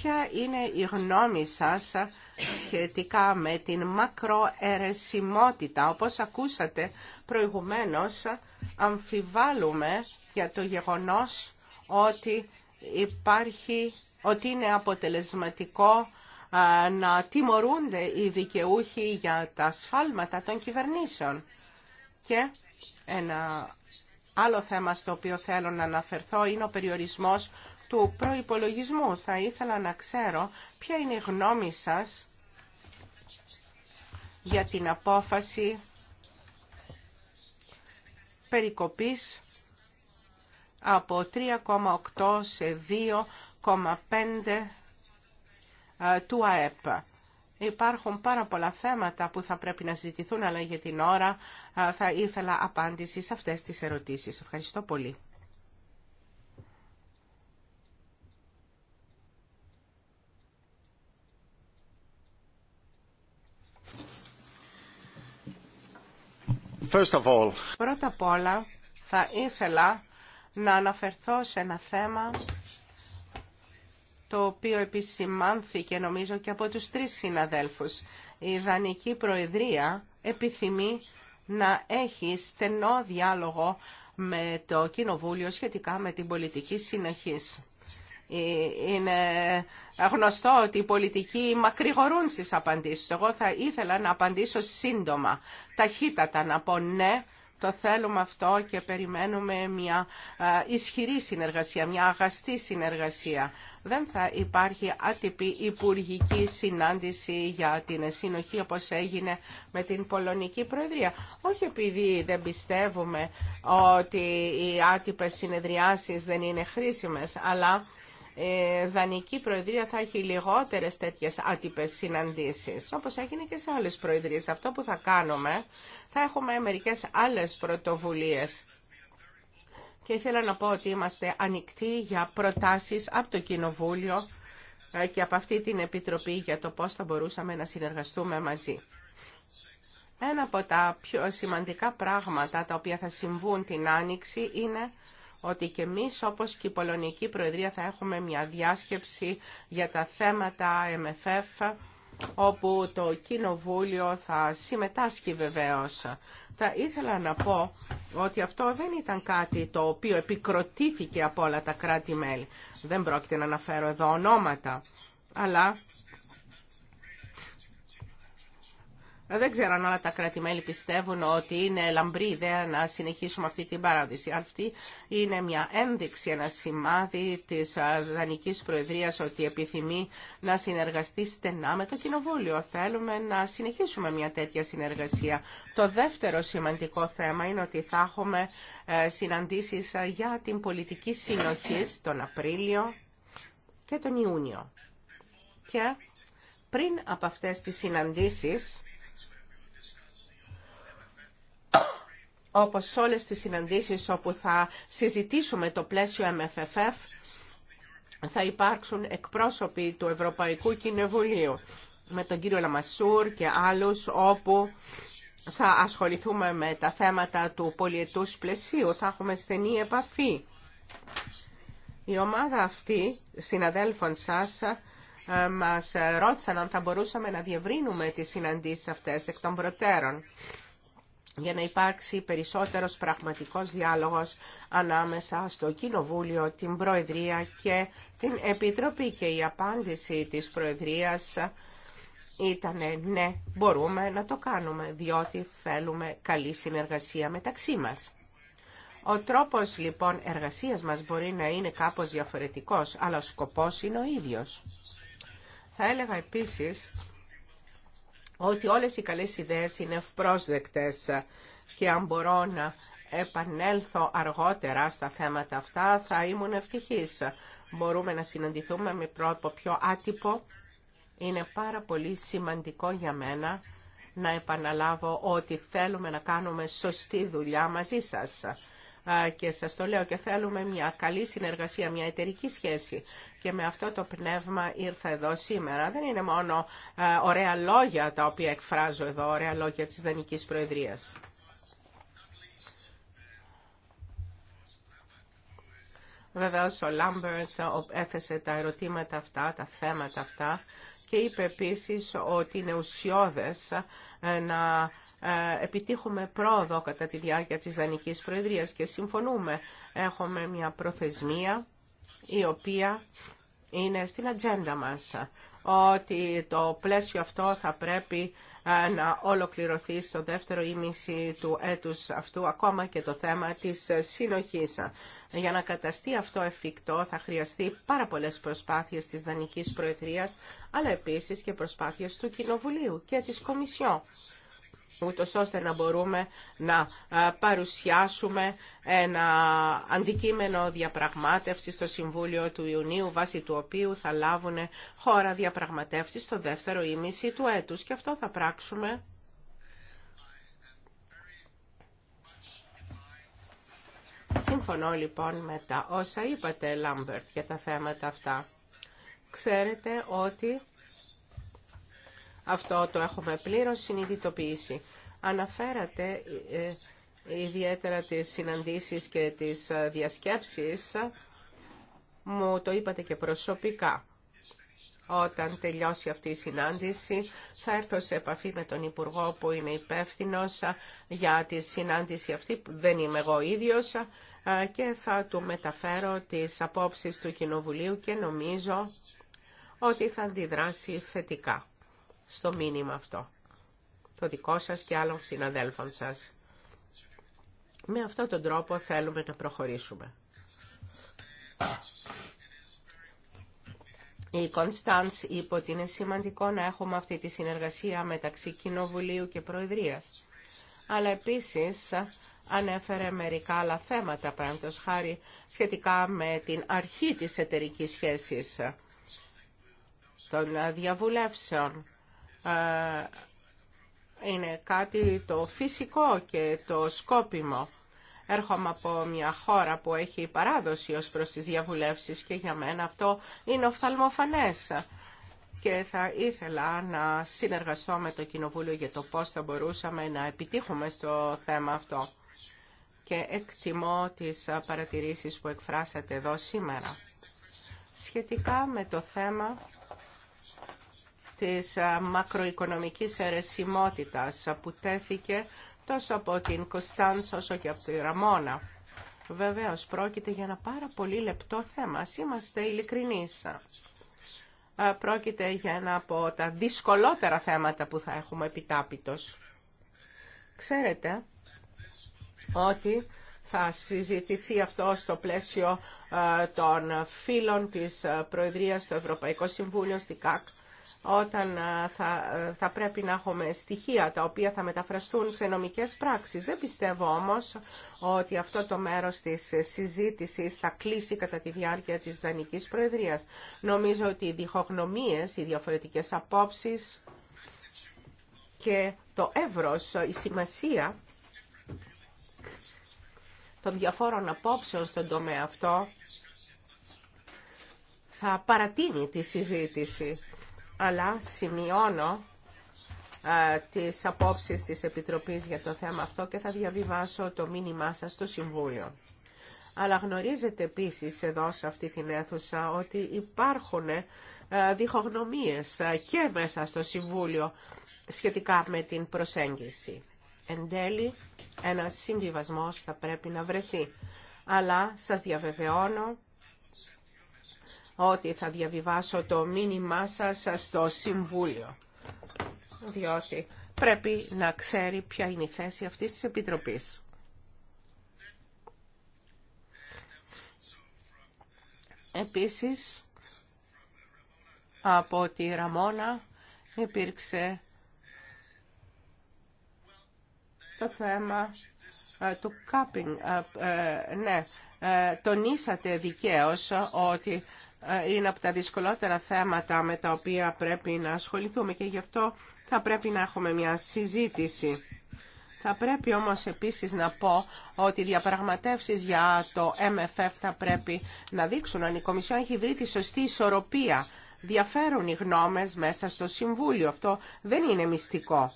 Ποια είναι η γνώμη σας σχετικά με την μακροαιρεσιμότητα. Όπως ακούσατε προηγουμένως, αμφιβάλλουμε για το γεγονός ότι υπάρχει, ότι είναι αποτελεσματικό να τιμωρούνται οι δικαιούχοι για τα σφάλματα των κυβερνήσεων. Και ένα άλλο θέμα στο οποίο θέλω να αναφερθώ είναι ο περιορισμός του προϋπολογισμού. Θα ήθελα να ξέρω ποια είναι η γνώμη σας για την απόφαση περικοπής από 3,8 σε 2,5 ε, του ΑΕΠ. Υπάρχουν πάρα πολλά θέματα που θα πρέπει να συζητηθούν, αλλά για την ώρα ε, θα ήθελα απάντηση σε αυτές τις ερωτήσεις. Ευχαριστώ πολύ. Πρώτα απ' όλα θα ήθελα να αναφερθώ σε ένα θέμα το οποίο επισημάνθηκε νομίζω και από τους τρεις συναδέλφους. Η Ιδανική Προεδρία επιθυμεί να έχει στενό διάλογο με το Κοινοβούλιο σχετικά με την πολιτική συνεχής. Ε, είναι γνωστό ότι οι πολιτικοί μακρηγορούν στις απαντήσεις. Εγώ θα ήθελα να απαντήσω σύντομα, ταχύτατα, να πω ναι, το θέλουμε αυτό και περιμένουμε μια ισχυρή συνεργασία, μια αγαστή συνεργασία. Δεν θα υπάρχει άτυπη υπουργική συνάντηση για την συνοχή όπως έγινε με την Πολωνική Προεδρία. Όχι επειδή δεν πιστεύουμε ότι οι άτυπες συνεδριάσεις δεν είναι χρήσιμες, αλλά ε, Δανική Προεδρία θα έχει λιγότερες τέτοιες άτυπες συναντήσεις, όπως έγινε και σε άλλες προεδρίες. Αυτό που θα κάνουμε, θα έχουμε μερικές άλλες πρωτοβουλίες. Και ήθελα να πω ότι είμαστε ανοιχτοί για προτάσεις από το Κοινοβούλιο ε, και από αυτή την Επιτροπή για το πώς θα μπορούσαμε να συνεργαστούμε μαζί. Ένα από τα πιο σημαντικά πράγματα τα οποία θα συμβούν την Άνοιξη είναι ότι και εμείς όπως και η Πολωνική Προεδρία θα έχουμε μια διάσκεψη για τα θέματα MFF όπου το Κοινοβούλιο θα συμμετάσχει βεβαίως. Θα ήθελα να πω ότι αυτό δεν ήταν κάτι το οποίο επικροτήθηκε από όλα τα κράτη-μέλη. Δεν πρόκειται να αναφέρω εδώ ονόματα, αλλά ε, δεν ξέρω αν όλα τα κράτη-μέλη πιστεύουν ότι είναι λαμπρή ιδέα να συνεχίσουμε αυτή την παράδειση. Αυτή είναι μια ένδειξη, ένα σημάδι της Δανική Προεδρίας ότι επιθυμεί να συνεργαστεί στενά με το Κοινοβούλιο. Θέλουμε να συνεχίσουμε μια τέτοια συνεργασία. Το δεύτερο σημαντικό θέμα είναι ότι θα έχουμε ε, συναντήσεις για την πολιτική συνοχή τον Απρίλιο και τον Ιούνιο. Και πριν από αυτές τις συναντήσεις όπως σε όλες τις συναντήσεις όπου θα συζητήσουμε το πλαίσιο MFFF, θα υπάρξουν εκπρόσωποι του Ευρωπαϊκού Κοινοβουλίου με τον κύριο Λαμασούρ και άλλους όπου θα ασχοληθούμε με τα θέματα του πολιετούς πλαισίου, θα έχουμε στενή επαφή. Η ομάδα αυτή, συναδέλφων σας, ε, μας ρώτησαν αν θα μπορούσαμε να διευρύνουμε τις συναντήσεις αυτές εκ των προτέρων για να υπάρξει περισσότερος πραγματικός διάλογος ανάμεσα στο Κοινοβούλιο, την Προεδρία και την Επιτροπή. Και η απάντηση της Προεδρίας ήταν ναι, μπορούμε να το κάνουμε, διότι θέλουμε καλή συνεργασία μεταξύ μας. Ο τρόπος λοιπόν εργασίας μας μπορεί να είναι κάπως διαφορετικός, αλλά ο σκοπός είναι ο ίδιος. Θα έλεγα επίσης ότι όλες οι καλές ιδέες είναι ευπρόσδεκτες και αν μπορώ να επανέλθω αργότερα στα θέματα αυτά θα ήμουν ευτυχής. Μπορούμε να συναντηθούμε με πρότυπο πιο άτυπο. Είναι πάρα πολύ σημαντικό για μένα να επαναλάβω ότι θέλουμε να κάνουμε σωστή δουλειά μαζί σας. Και σας το λέω και θέλουμε μια καλή συνεργασία, μια εταιρική σχέση και με αυτό το πνεύμα ήρθα εδώ σήμερα. Δεν είναι μόνο ε, ωραία λόγια τα οποία εκφράζω εδώ, ωραία λόγια της Δανικής Προεδρίας. Βεβαίω ο Λάμπερτ έθεσε τα ερωτήματα αυτά, τα θέματα αυτά και είπε επίση ότι είναι ουσιώδε ε, να ε, επιτύχουμε πρόοδο κατά τη διάρκεια της Δανικής Προεδρίας και συμφωνούμε. Έχουμε μια προθεσμία η οποία είναι στην ατζέντα μας ότι το πλαίσιο αυτό θα πρέπει να ολοκληρωθεί στο δεύτερο ήμιση του έτους αυτού, ακόμα και το θέμα της συνοχής. Για να καταστεί αυτό εφικτό θα χρειαστεί πάρα πολλές προσπάθειες της Δανικής Προεδρίας, αλλά επίσης και προσπάθειες του Κοινοβουλίου και της Κομισιόν. Ούτω ώστε να μπορούμε να παρουσιάσουμε ένα αντικείμενο διαπραγμάτευση στο Συμβούλιο του Ιουνίου, βάσει του οποίου θα λάβουν χώρα διαπραγματεύσει στο δεύτερο ήμιση του έτους. Και αυτό θα πράξουμε Συμφωνώ λοιπόν με τα όσα είπατε, Λάμπερτ, για τα θέματα αυτά. Ξέρετε ότι αυτό το έχουμε πλήρως συνειδητοποιήσει. Αναφέρατε ε, ιδιαίτερα τις συναντήσεις και τις ε, διασκέψεις. Μου το είπατε και προσωπικά. Όταν τελειώσει αυτή η συνάντηση θα έρθω σε επαφή με τον Υπουργό που είναι υπεύθυνο για τη συνάντηση αυτή που δεν είμαι εγώ ίδιος ε, και θα του μεταφέρω τις απόψεις του Κοινοβουλίου και νομίζω ότι θα αντιδράσει θετικά στο μήνυμα αυτό. Το δικό σας και άλλων συναδέλφων σας. Με αυτόν τον τρόπο θέλουμε να προχωρήσουμε. Η Κωνσταντς είπε ότι είναι σημαντικό να έχουμε αυτή τη συνεργασία μεταξύ Κοινοβουλίου και Προεδρίας. Αλλά επίσης ανέφερε μερικά άλλα θέματα, παραμπτός χάρη, σχετικά με την αρχή της εταιρικής σχέσης των διαβουλεύσεων είναι κάτι το φυσικό και το σκόπιμο. Έρχομαι από μια χώρα που έχει παράδοση ως προς τις διαβουλεύσεις και για μένα αυτό είναι οφθαλμοφανές. Και θα ήθελα να συνεργαστώ με το Κοινοβούλιο για το πώς θα μπορούσαμε να επιτύχουμε στο θέμα αυτό. Και εκτιμώ τις παρατηρήσεις που εκφράσατε εδώ σήμερα. Σχετικά με το θέμα της ε, μακροοικονομικής αιρεσιμότητας που τέθηκε τόσο από την Κωνσταντς όσο και από τη Ραμόνα. Βεβαίως πρόκειται για ένα πάρα πολύ λεπτό θέμα, ας είμαστε ειλικρινείς. Ε, πρόκειται για ένα από τα δυσκολότερα θέματα που θα έχουμε επιτάπητος. Ξέρετε ότι θα συζητηθεί αυτό στο πλαίσιο ε, των φίλων της Προεδρίας του Ευρωπαϊκού Συμβούλιο στη ΚΑΚ όταν ε, θα, πρέπει να έχουμε στοιχεία τα οποία θα μεταφραστούν σε νομικές πράξεις. Δεν πιστεύω όμως ότι αυτό το μέρος της συζήτησης θα κλείσει κατά τη διάρκεια της Δανικής Προεδρίας. Νομίζω ότι οι διχογνωμίες, οι διαφορετικές απόψεις και το εύρος, η σημασία των διαφόρων απόψεων στον τομέα αυτό θα παρατείνει τη συζήτηση αλλά σημειώνω τις απόψεις της Επιτροπής για το θέμα αυτό και θα διαβιβάσω το μήνυμά σας στο Συμβούλιο. Αλλά γνωρίζετε επίσης εδώ σε αυτή την αίθουσα ότι υπάρχουν διχογνωμίες και μέσα στο Συμβούλιο σχετικά με την προσέγγιση. Εν τέλει, ένας συμβιβασμός θα πρέπει να βρεθεί. Αλλά σας διαβεβαιώνω ότι θα διαβιβάσω το μήνυμά σας στο Συμβούλιο, διότι πρέπει να ξέρει ποια είναι η θέση αυτής της Επιτροπής. Επίσης, από τη Ραμόνα υπήρξε το θέμα ε, του κάπινγκ. Ε, ε, ναι, τονίσατε δικαίως ότι είναι από τα δυσκολότερα θέματα με τα οποία πρέπει να ασχοληθούμε και γι' αυτό θα πρέπει να έχουμε μια συζήτηση. Θα πρέπει όμως επίσης να πω ότι οι διαπραγματεύσεις για το MFF θα πρέπει να δείξουν αν η Κομισιόν έχει βρει τη σωστή ισορροπία. Διαφέρουν οι γνώμες μέσα στο Συμβούλιο. Αυτό δεν είναι μυστικό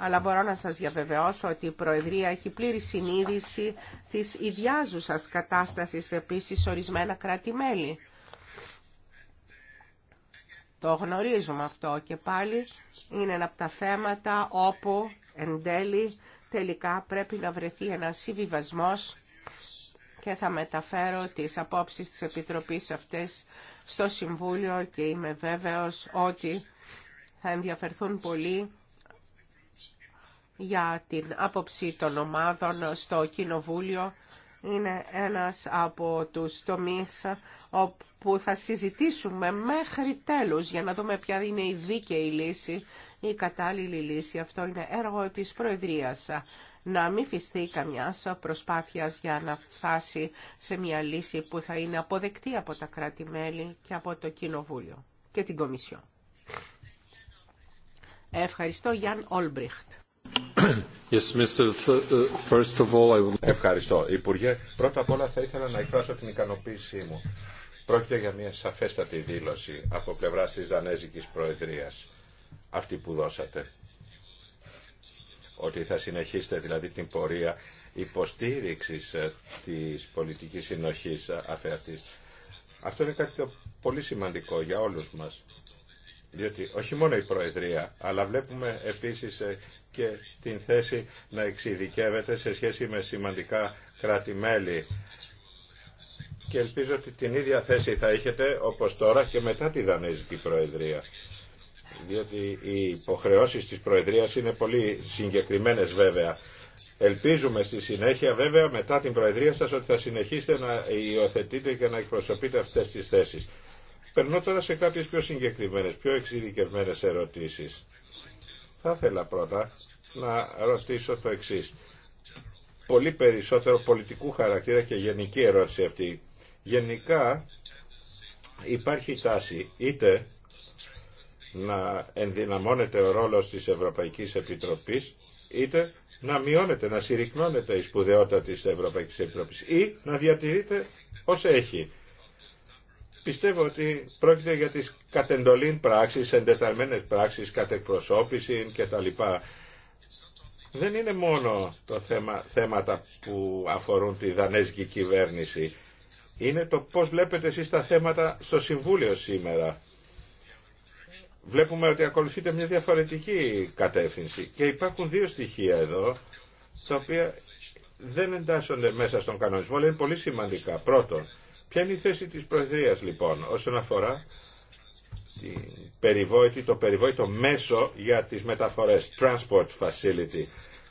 αλλά μπορώ να σας διαβεβαιώσω ότι η Προεδρία έχει πλήρη συνείδηση της ιδιάζουσας κατάστασης επίσης ορισμένα κράτη-μέλη. Το γνωρίζουμε αυτό και πάλι είναι ένα από τα θέματα όπου εν τέλει τελικά πρέπει να βρεθεί ένα συμβιβασμό και θα μεταφέρω τις απόψεις της Επιτροπής αυτές στο Συμβούλιο και είμαι βέβαιος ότι θα ενδιαφερθούν πολύ για την άποψη των ομάδων στο Κοινοβούλιο είναι ένας από τους τομείς όπου θα συζητήσουμε μέχρι τέλους για να δούμε ποια είναι η δίκαιη λύση, η κατάλληλη λύση. Αυτό είναι έργο της Προεδρίας. Να μην φυστεί καμιά προσπάθειας για να φτάσει σε μια λύση που θα είναι αποδεκτή από τα κράτη-μέλη και από το Κοινοβούλιο και την Κομισιόν. Ευχαριστώ Γιάν Όλμπριχτ. Ευχαριστώ. Υπουργέ, πρώτα απ' όλα θα ήθελα να εκφράσω την ικανοποίησή μου. Πρόκειται για μια σαφέστατη δήλωση από πλευρά τη Δανέζικη Προεδρία, αυτή που δώσατε. Ότι θα συνεχίσετε δηλαδή την πορεία υποστήριξη ε, της πολιτική συνοχή ε, αφαιρετή. Αυτό είναι κάτι πολύ σημαντικό για όλου μα διότι όχι μόνο η Προεδρία, αλλά βλέπουμε επίσης ε, και την θέση να εξειδικεύεται σε σχέση με σημαντικά κράτη-μέλη. Και ελπίζω ότι την ίδια θέση θα έχετε όπως τώρα και μετά τη Δανέζικη Προεδρία. Διότι οι υποχρεώσεις της Προεδρίας είναι πολύ συγκεκριμένες βέβαια. Ελπίζουμε στη συνέχεια βέβαια μετά την Προεδρία σας ότι θα συνεχίσετε να υιοθετείτε και να εκπροσωπείτε αυτές τις θέσεις. Περνώ τώρα σε κάποιες πιο συγκεκριμένες, πιο εξειδικευμένες ερωτήσεις. Θα ήθελα πρώτα να ρωτήσω το εξής. Πολύ περισσότερο πολιτικού χαρακτήρα και γενική ερώτηση αυτή. Γενικά υπάρχει τάση είτε να ενδυναμώνεται ο ρόλος της Ευρωπαϊκής Επιτροπής είτε να μειώνεται, να συρρυκνώνεται η σπουδαιότητα της Ευρωπαϊκής Επιτροπής ή να διατηρείται ως έχει. Πιστεύω ότι πρόκειται για τις κατεντολήν πράξεις, εντεταλμένες πράξεις, κατεκπροσώπηση λοιπά. Δεν είναι μόνο το θέμα, θέματα που αφορούν τη δανέζικη κυβέρνηση. Είναι το πώς βλέπετε εσείς τα θέματα στο Συμβούλιο σήμερα. Βλέπουμε ότι ακολουθείται μια διαφορετική κατεύθυνση και υπάρχουν δύο στοιχεία εδώ, τα οποία δεν εντάσσονται μέσα στον κανονισμό, αλλά είναι πολύ σημαντικά. Πρώτον, Ποια είναι η θέση της Προεδρίας λοιπόν όσον αφορά περιβόητη, το περιβόητο μέσο για τις μεταφορές, transport facility,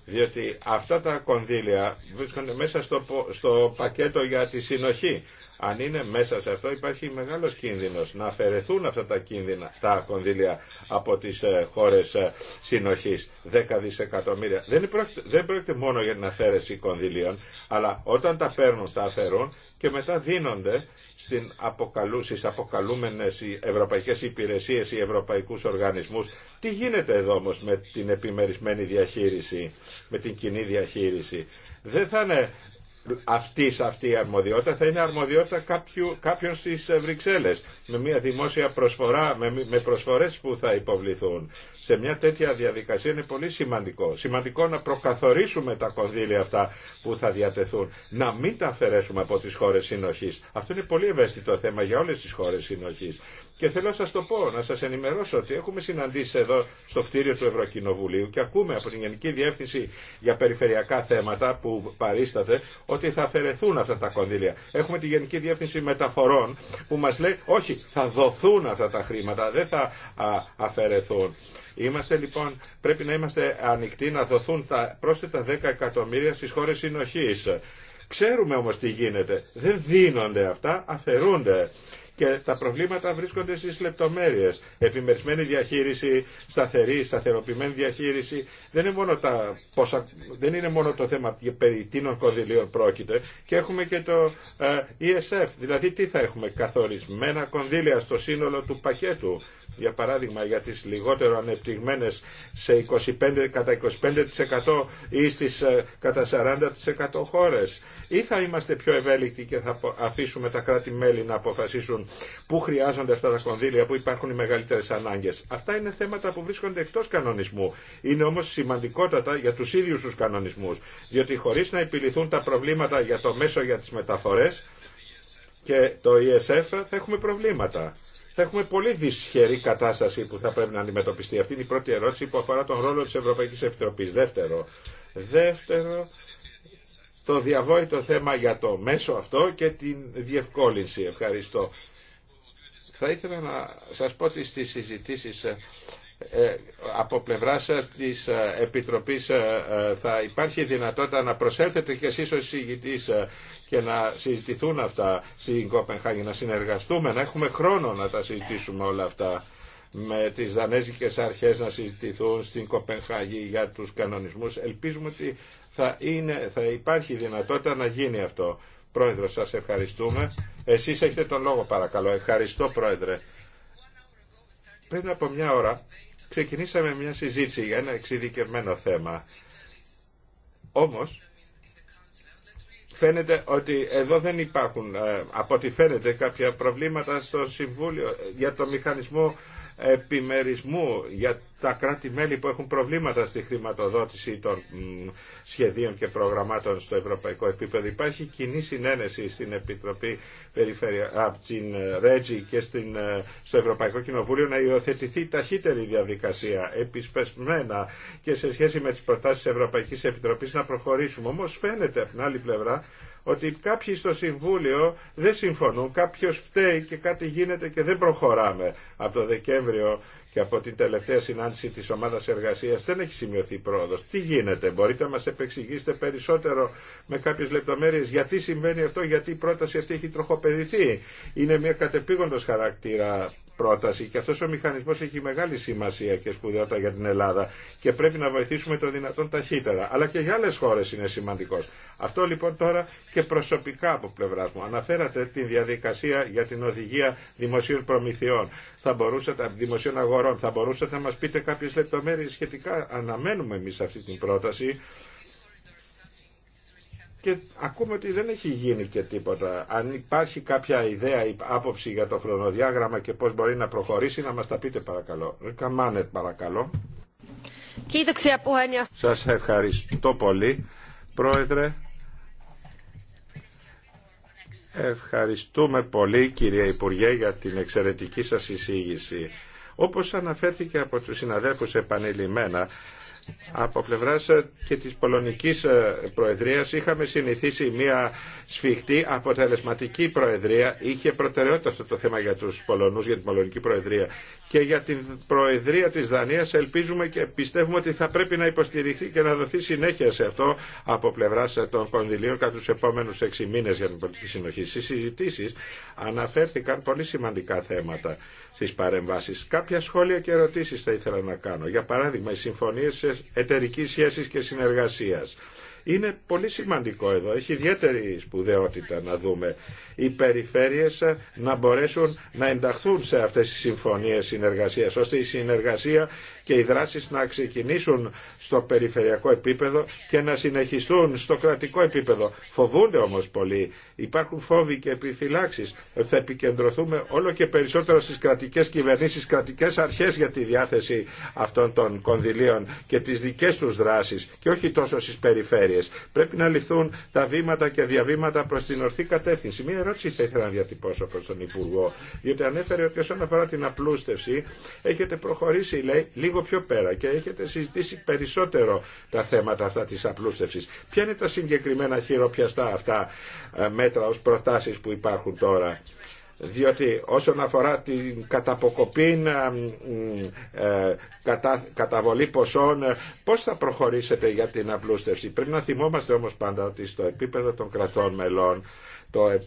διότι αυτά τα κονδύλια βρίσκονται μέσα στο, στο πακέτο για τη συνοχή. Αν είναι μέσα σε αυτό υπάρχει μεγάλος κίνδυνος να αφαιρεθούν αυτά τα, κίνδυνα, τα κονδύλια από τις ε, χώρες ε, συνοχής, 10 δισεκατομμύρια. Δεν πρόκειται, δεν πρόκειται μόνο για την αφαίρεση κονδυλίων, αλλά όταν τα παίρνουν, τα αφαιρούν, και μετά δίνονται στην αποκαλού, αποκαλούμενες οι ευρωπαϊκές υπηρεσίες ή ευρωπαϊκούς οργανισμούς. Τι γίνεται εδώ όμω με την επιμερισμένη διαχείριση, με την κοινή διαχείριση. Δεν θα είναι αυτή αυτή η αρμοδιότητα θα είναι αρμοδιότητα κάποιου, κάποιων στις ε, Βρυξέλλες με μια δημόσια προσφορά, με, με προσφορές που θα υποβληθούν. Σε μια τέτοια διαδικασία είναι πολύ σημαντικό. Σημαντικό να προκαθορίσουμε τα κονδύλια αυτά που θα διατεθούν. Να μην τα αφαιρέσουμε από τις χώρες συνοχής. Αυτό είναι πολύ ευαίσθητο θέμα για όλε τι χώρε συνοχή. Και θέλω να σα το πω, να σα ενημερώσω ότι έχουμε συναντήσει εδώ στο κτίριο του Ευρωκοινοβουλίου και ακούμε από την Γενική Διεύθυνση για Περιφερειακά Θέματα που παρίσταται ότι θα αφαιρεθούν αυτά τα κονδύλια. Έχουμε τη Γενική Διεύθυνση Μεταφορών που μα λέει όχι, θα δοθούν αυτά τα χρήματα, δεν θα αφαιρεθούν. Είμαστε λοιπόν, πρέπει να είμαστε ανοιχτοί να δοθούν τα πρόσθετα 10 εκατομμύρια στι χώρε συνοχή. Ξέρουμε όμω τι γίνεται. Δεν δίνονται αυτά, αφαιρούνται και τα προβλήματα βρίσκονται στις λεπτομέρειες. Επιμερισμένη διαχείριση, σταθερή, σταθεροποιημένη διαχείριση. Δεν είναι μόνο, τα πόσα, δεν είναι μόνο το θέμα περί τίνων κονδυλίων πρόκειται. Και έχουμε και το ε, ESF, δηλαδή τι θα έχουμε καθορισμένα κονδύλια στο σύνολο του πακέτου. Για παράδειγμα για τις λιγότερο ανεπτυγμένες σε 25, κατά 25% ή στις ε, κατά 40% χώρες. Ή θα είμαστε πιο ευέλικτοι και θα αφήσουμε τα κράτη-μέλη να αποφασίσουν που βρίσκονται εκτό κανονισμού. Είναι όμω σημαντικότατα για του ίδιου του κανονισμού. Διότι χωρί να επιληθούν τα προβλήματα για το μέσο για τι μεταφορέ και το ESF θα έχουμε προβλήματα. Θα έχουμε πολύ δυσχερή κατάσταση που θα πρέπει να αντιμετωπιστεί. Αυτή είναι η πρώτη ερώτηση που αφορά τον ρόλο τη Ευρωπαϊκή Επιτροπή. Δεύτερο, δεύτερο το διαβόητο θέμα για το μέσο αυτό και την διευκόλυνση. Ευχαριστώ. Θα ήθελα να σας πω ότι στις συζητήσεις ε, ε, από πλευράς ε, της Επιτροπής θα υπάρχει δυνατότητα να προσέλθετε και εσείς ως συγητής και να συζητηθούν αυτά στην Κοπενχάγη, να συνεργαστούμε, να έχουμε χρόνο να τα συζητήσουμε όλα αυτά με τις δανέζικες αρχές να συζητηθούν στην Κοπενχάγη για τους κανονισμούς. Ελπίζουμε ότι θα, είναι, θα υπάρχει δυνατότητα να γίνει αυτό. Πρόεδρο, σας ευχαριστούμε. Εσείς έχετε τον λόγο παρακαλώ. Ευχαριστώ Πρόεδρε. Πριν από μια ώρα ξεκινήσαμε μια συζήτηση για ένα εξειδικευμένο θέμα. Όμως, φαίνεται ότι εδώ δεν υπάρχουν, ε, από ό,τι φαίνεται, κάποια προβλήματα στο Συμβούλιο για το μηχανισμό επιμερισμού για τα κράτη-μέλη που έχουν προβλήματα στη χρηματοδότηση των σχεδίων και προγραμμάτων στο ευρωπαϊκό επίπεδο. Υπάρχει κοινή συνένεση στην Επιτροπή Περιφερεια... από την ε, Ρέτζι και στην... Ε, στο Ευρωπαϊκό Κοινοβούλιο να υιοθετηθεί ταχύτερη διαδικασία, επισπεσμένα και σε σχέση με τις προτάσεις της Ευρωπαϊκής Επιτροπής να προχωρήσουμε. Όμως φαίνεται από την άλλη πλευρά ότι κάποιοι στο Συμβούλιο δεν συμφωνούν, κάποιος φταίει και κάτι γίνεται και δεν προχωράμε από το Δεκέμβριο και από την τελευταία συνάντηση της ομάδας εργασίας δεν έχει σημειωθεί πρόοδος. Τι γίνεται, μπορείτε να μας επεξηγήσετε περισσότερο με κάποιες λεπτομέρειες γιατί συμβαίνει αυτό, γιατί η πρόταση αυτή έχει τροχοπεδηθεί. Είναι μια κατεπήγοντος χαρακτήρα πρόταση και αυτός ο μηχανισμός έχει μεγάλη σημασία και σπουδαιότητα για την Ελλάδα και πρέπει να βοηθήσουμε το δυνατόν ταχύτερα. Αλλά και για άλλες χώρες είναι σημαντικός. Αυτό λοιπόν τώρα και προσωπικά από πλευρά μου. Αναφέρατε τη διαδικασία για την οδηγία δημοσίων προμηθειών, θα μπορούσατε, δημοσίων αγορών. Θα μπορούσατε να μας πείτε κάποιες λεπτομέρειες σχετικά. Αναμένουμε εμείς αυτή την πρόταση και ακούμε ότι δεν έχει γίνει και τίποτα. Αν υπάρχει κάποια ιδέα ή άποψη για το χρονοδιάγραμμα και πώς μπορεί να προχωρήσει, να μας τα πείτε παρακαλώ. Κοίταξε από παρακαλώ. Σας ευχαριστώ πολύ. Πρόεδρε, ευχαριστούμε πολύ κύριε Υπουργέ για την εξαιρετική σας εισήγηση. Όπως αναφέρθηκε από τους συναδέλφους επανειλημμένα, από πλευράς ε, και της Πολωνικής ε, Προεδρίας είχαμε συνηθίσει μια σφιχτή αποτελεσματική Προεδρία. Είχε προτεραιότητα αυτό το θέμα για τους Πολωνούς, για την Πολωνική Προεδρία. Και για την Προεδρία της Δανίας ελπίζουμε και πιστεύουμε ότι θα πρέπει να υποστηριχθεί και να δοθεί συνέχεια σε αυτό από πλευράς ε, των κονδυλίων κατά τους επόμενους έξι μήνες για την πολιτική συνοχή. Στις συζητήσεις αναφέρθηκαν πολύ σημαντικά θέματα στις παρεμβάσεις. Κάποια σχόλια και ερωτήσεις θα ήθελα να κάνω. Για παράδειγμα, οι συμφωνίες εταιρικής σχέσης και συνεργασίας. Είναι πολύ σημαντικό εδώ. Έχει ιδιαίτερη σπουδαιότητα να δούμε οι περιφέρειες να μπορέσουν να ενταχθούν σε αυτές τις συμφωνίες συνεργασίας, ώστε η συνεργασία και οι δράσεις να ξεκινήσουν στο περιφερειακό επίπεδο και να συνεχιστούν στο κρατικό επίπεδο. Φοβούνται όμως πολύ. Υπάρχουν φόβοι και επιφυλάξεις ότι θα επικεντρωθούμε όλο και περισσότερο στις κρατικές κυβερνήσεις, κρατικές αρχές για τη διάθεση αυτών των κονδυλίων και τις δικές τους δράσεις και όχι τόσο στις περιφέρειες. Πρέπει να λυθούν τα βήματα και διαβήματα προς την ορθή κατεύθυνση. Μία ερώτηση θα ήθελα να διατυπώσω προ τον Υπουργό, διότι ανέφερε ότι όσον αφορά την απλούστευση έχετε προχωρήσει λέει, λίγο πιο πέρα και έχετε συζητήσει περισσότερο τα θέματα αυτά της απλούστευσης. Ποια είναι τα συγκεκριμένα χειροπιαστά αυτά ε, μέτρα ω προτάσει που υπάρχουν τώρα διότι όσον αφορά την καταποκοπή ε, ε, καταβολή ποσών, ε, πώς θα προχωρήσετε για την απλούστευση. Πρέπει να θυμόμαστε όμως πάντα ότι στο επίπεδο των κρατών μελών το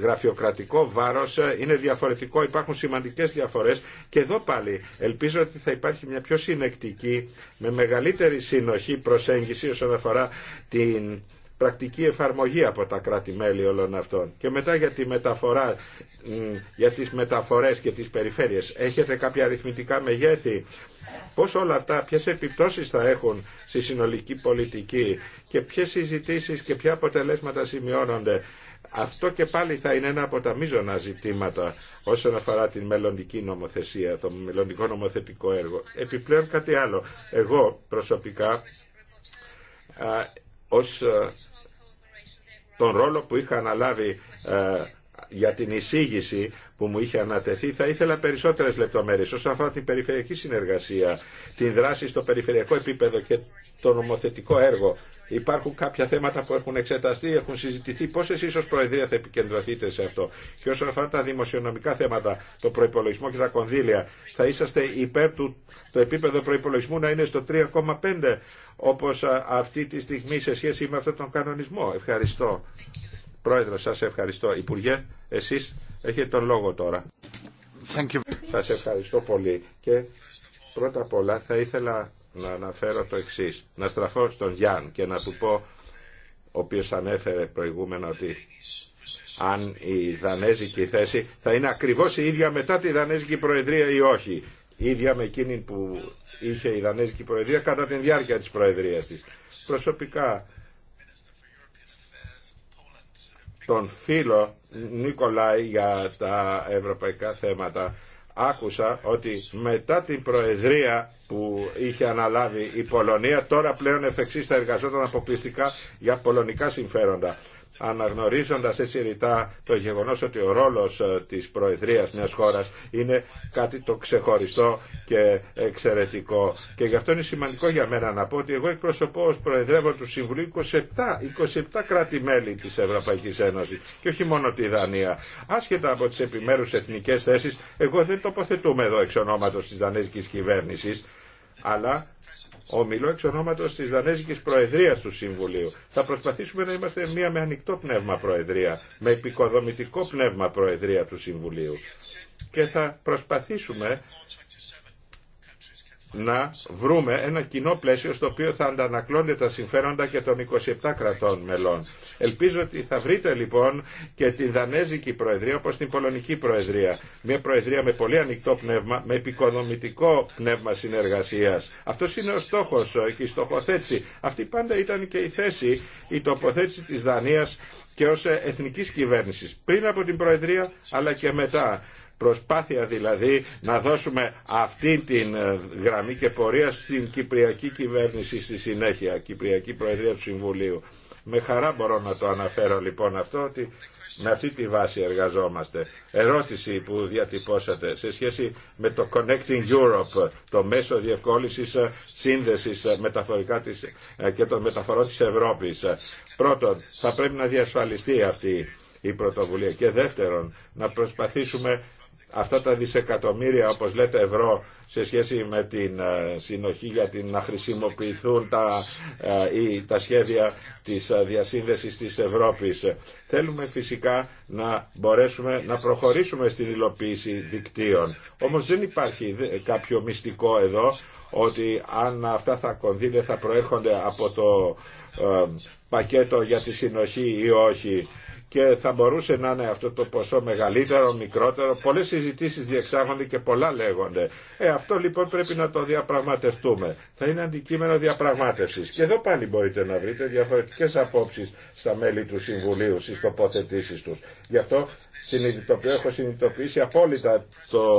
γραφειοκρατικό βάρος είναι διαφορετικό, υπάρχουν σημαντικές διαφορές και εδώ πάλι ελπίζω ότι θα υπάρχει μια πιο συνεκτική, με μεγαλύτερη συνοχή προσέγγιση όσον αφορά την πρακτική εφαρμογή από τα κράτη-μέλη όλων αυτών. Και μετά για, τη μεταφορά, για τις μεταφορές και τις περιφέρειες. Έχετε κάποια αριθμητικά μεγέθη. Πώς όλα αυτά, ποιες επιπτώσεις θα έχουν στη συνολική πολιτική και ποιες συζητήσεις και ποια αποτελέσματα σημειώνονται. Αυτό και πάλι θα είναι ένα από τα μείζωνα ζητήματα όσον αφορά την μελλοντική νομοθεσία, το μελλοντικό νομοθετικό έργο. Επιπλέον κάτι άλλο. Εγώ προσωπικά ως τον ρόλο που είχα αναλάβει ε, για την εισήγηση που μου είχε ανατεθεί, θα ήθελα περισσότερες λεπτομέρειες όσον αφορά την περιφερειακή συνεργασία, την δράση στο περιφερειακό επίπεδο και το νομοθετικό έργο. Υπάρχουν κάποια θέματα που έχουν εξεταστεί, έχουν συζητηθεί. Πώ εσεί ω Προεδρία θα επικεντρωθείτε σε αυτό. Και όσον αφορά τα δημοσιονομικά θέματα, το προπολογισμό και τα κονδύλια, θα είσαστε υπέρ του το επίπεδο προπολογισμού να είναι στο 3,5 όπω αυτή τη στιγμή σε σχέση με αυτόν τον κανονισμό. Ευχαριστώ. Πρόεδρο, σα ευχαριστώ. Υπουργέ, εσεί έχετε τον λόγο τώρα. Σα ευχαριστώ πολύ. Και πρώτα απ' όλα θα ήθελα να αναφέρω το εξή. Να στραφώ στον Γιάν και να του πω, ο οποίο ανέφερε προηγούμενα ότι αν η δανέζικη θέση θα είναι ακριβώς η ίδια μετά τη δανέζικη προεδρία ή όχι. Η ίδια με εκείνη που είχε η δανέζικη προεδρία κατά την διάρκεια τη προεδρίας τη. Προσωπικά τον φίλο Νικολάη για τα ευρωπαϊκά θέματα άκουσα ότι μετά την Προεδρία που είχε αναλάβει η Πολωνία τώρα πλέον εφ' εξής θα εργαζόταν αποκλειστικά για πολωνικά συμφέροντα αναγνωρίζοντας έτσι ρητά το γεγονός ότι ο ρόλος ε, της Προεδρίας μιας χώρας είναι κάτι το ξεχωριστό και εξαιρετικό. Και γι' αυτό είναι σημαντικό για μένα να πω ότι εγώ εκπροσωπώ ως Προεδρεύω του Συμβουλίου 27, 27 κράτη-μέλη της Ευρωπαϊκής Ένωσης και όχι μόνο τη Δανία. Άσχετα από τις επιμέρους εθνικές θέσεις, εγώ δεν τοποθετούμε εδώ εξ ονόματος της δανέζικης κυβέρνησης αλλά Ομιλώ εξ ονόματο τη Δανέζικης Προεδρία του Συμβουλίου. Θα προσπαθήσουμε να είμαστε μια με ανοιχτό πνεύμα Προεδρία, με επικοδομητικό πνεύμα Προεδρία του Συμβουλίου. Και θα προσπαθήσουμε να βρούμε ένα κοινό πλαίσιο στο οποίο θα αντανακλώνει τα συμφέροντα και των 27 κρατών μελών. Ελπίζω ότι θα βρείτε λοιπόν και την Δανέζικη Προεδρία όπως την Πολωνική Προεδρία. Μια Προεδρία με πολύ ανοιχτό πνεύμα, με επικοδομητικό πνεύμα συνεργασίας. Αυτός είναι ο στόχος ε, και η στοχοθέτηση. Αυτή πάντα ήταν και η θέση, η τοποθέτηση της Δανίας και ως εθνικής κυβέρνησης πριν από την Προεδρία αλλά και μετά Προσπάθεια δηλαδή να δώσουμε αυτή την ε, γραμμή και πορεία στην Κυπριακή κυβέρνηση στη συνέχεια, Κυπριακή Προεδρία του Συμβουλίου. Με χαρά μπορώ να το αναφέρω λοιπόν αυτό ότι με αυτή τη βάση εργαζόμαστε. Ερώτηση που διατυπώσατε σε σχέση με το Connecting Europe, το μέσο διευκόλυνσης ε, σύνδεσης ε, μεταφορικά της, και των μεταφορών της Ευρώπης. Πρώτον, θα πρέπει να διασφαλιστεί αυτή η πρωτοβουλία. Και δεύτερον, να προσπαθήσουμε αυτά τα δισεκατομμύρια, όπως λέτε, ευρώ σε σχέση με την ε, συνοχή για την να χρησιμοποιηθούν τα, ε, ή, τα σχέδια της ε, διασύνδεσης της Ευρώπης. Θέλουμε φυσικά να μπορέσουμε να προχωρήσουμε στην υλοποίηση δικτύων. Όμως δεν υπάρχει κάποιο μυστικό εδώ ότι αν αυτά θα κονδύνε, θα προέρχονται από το πακέτο για τη συνοχή ή όχι και θα μπορούσε να είναι αυτό το ποσό μεγαλύτερο, μικρότερο. Πολλέ συζητήσει διεξάγονται και πολλά λέγονται. Ε, αυτό λοιπόν πρέπει να το διαπραγματευτούμε. Θα είναι αντικείμενο διαπραγμάτευση. Και εδώ πάλι μπορείτε να βρείτε διαφορετικέ απόψει στα μέλη του Συμβουλίου στι τοποθετήσει του. Γι' αυτό συνειδητοποιώ, έχω συνειδητοποιήσει απόλυτα το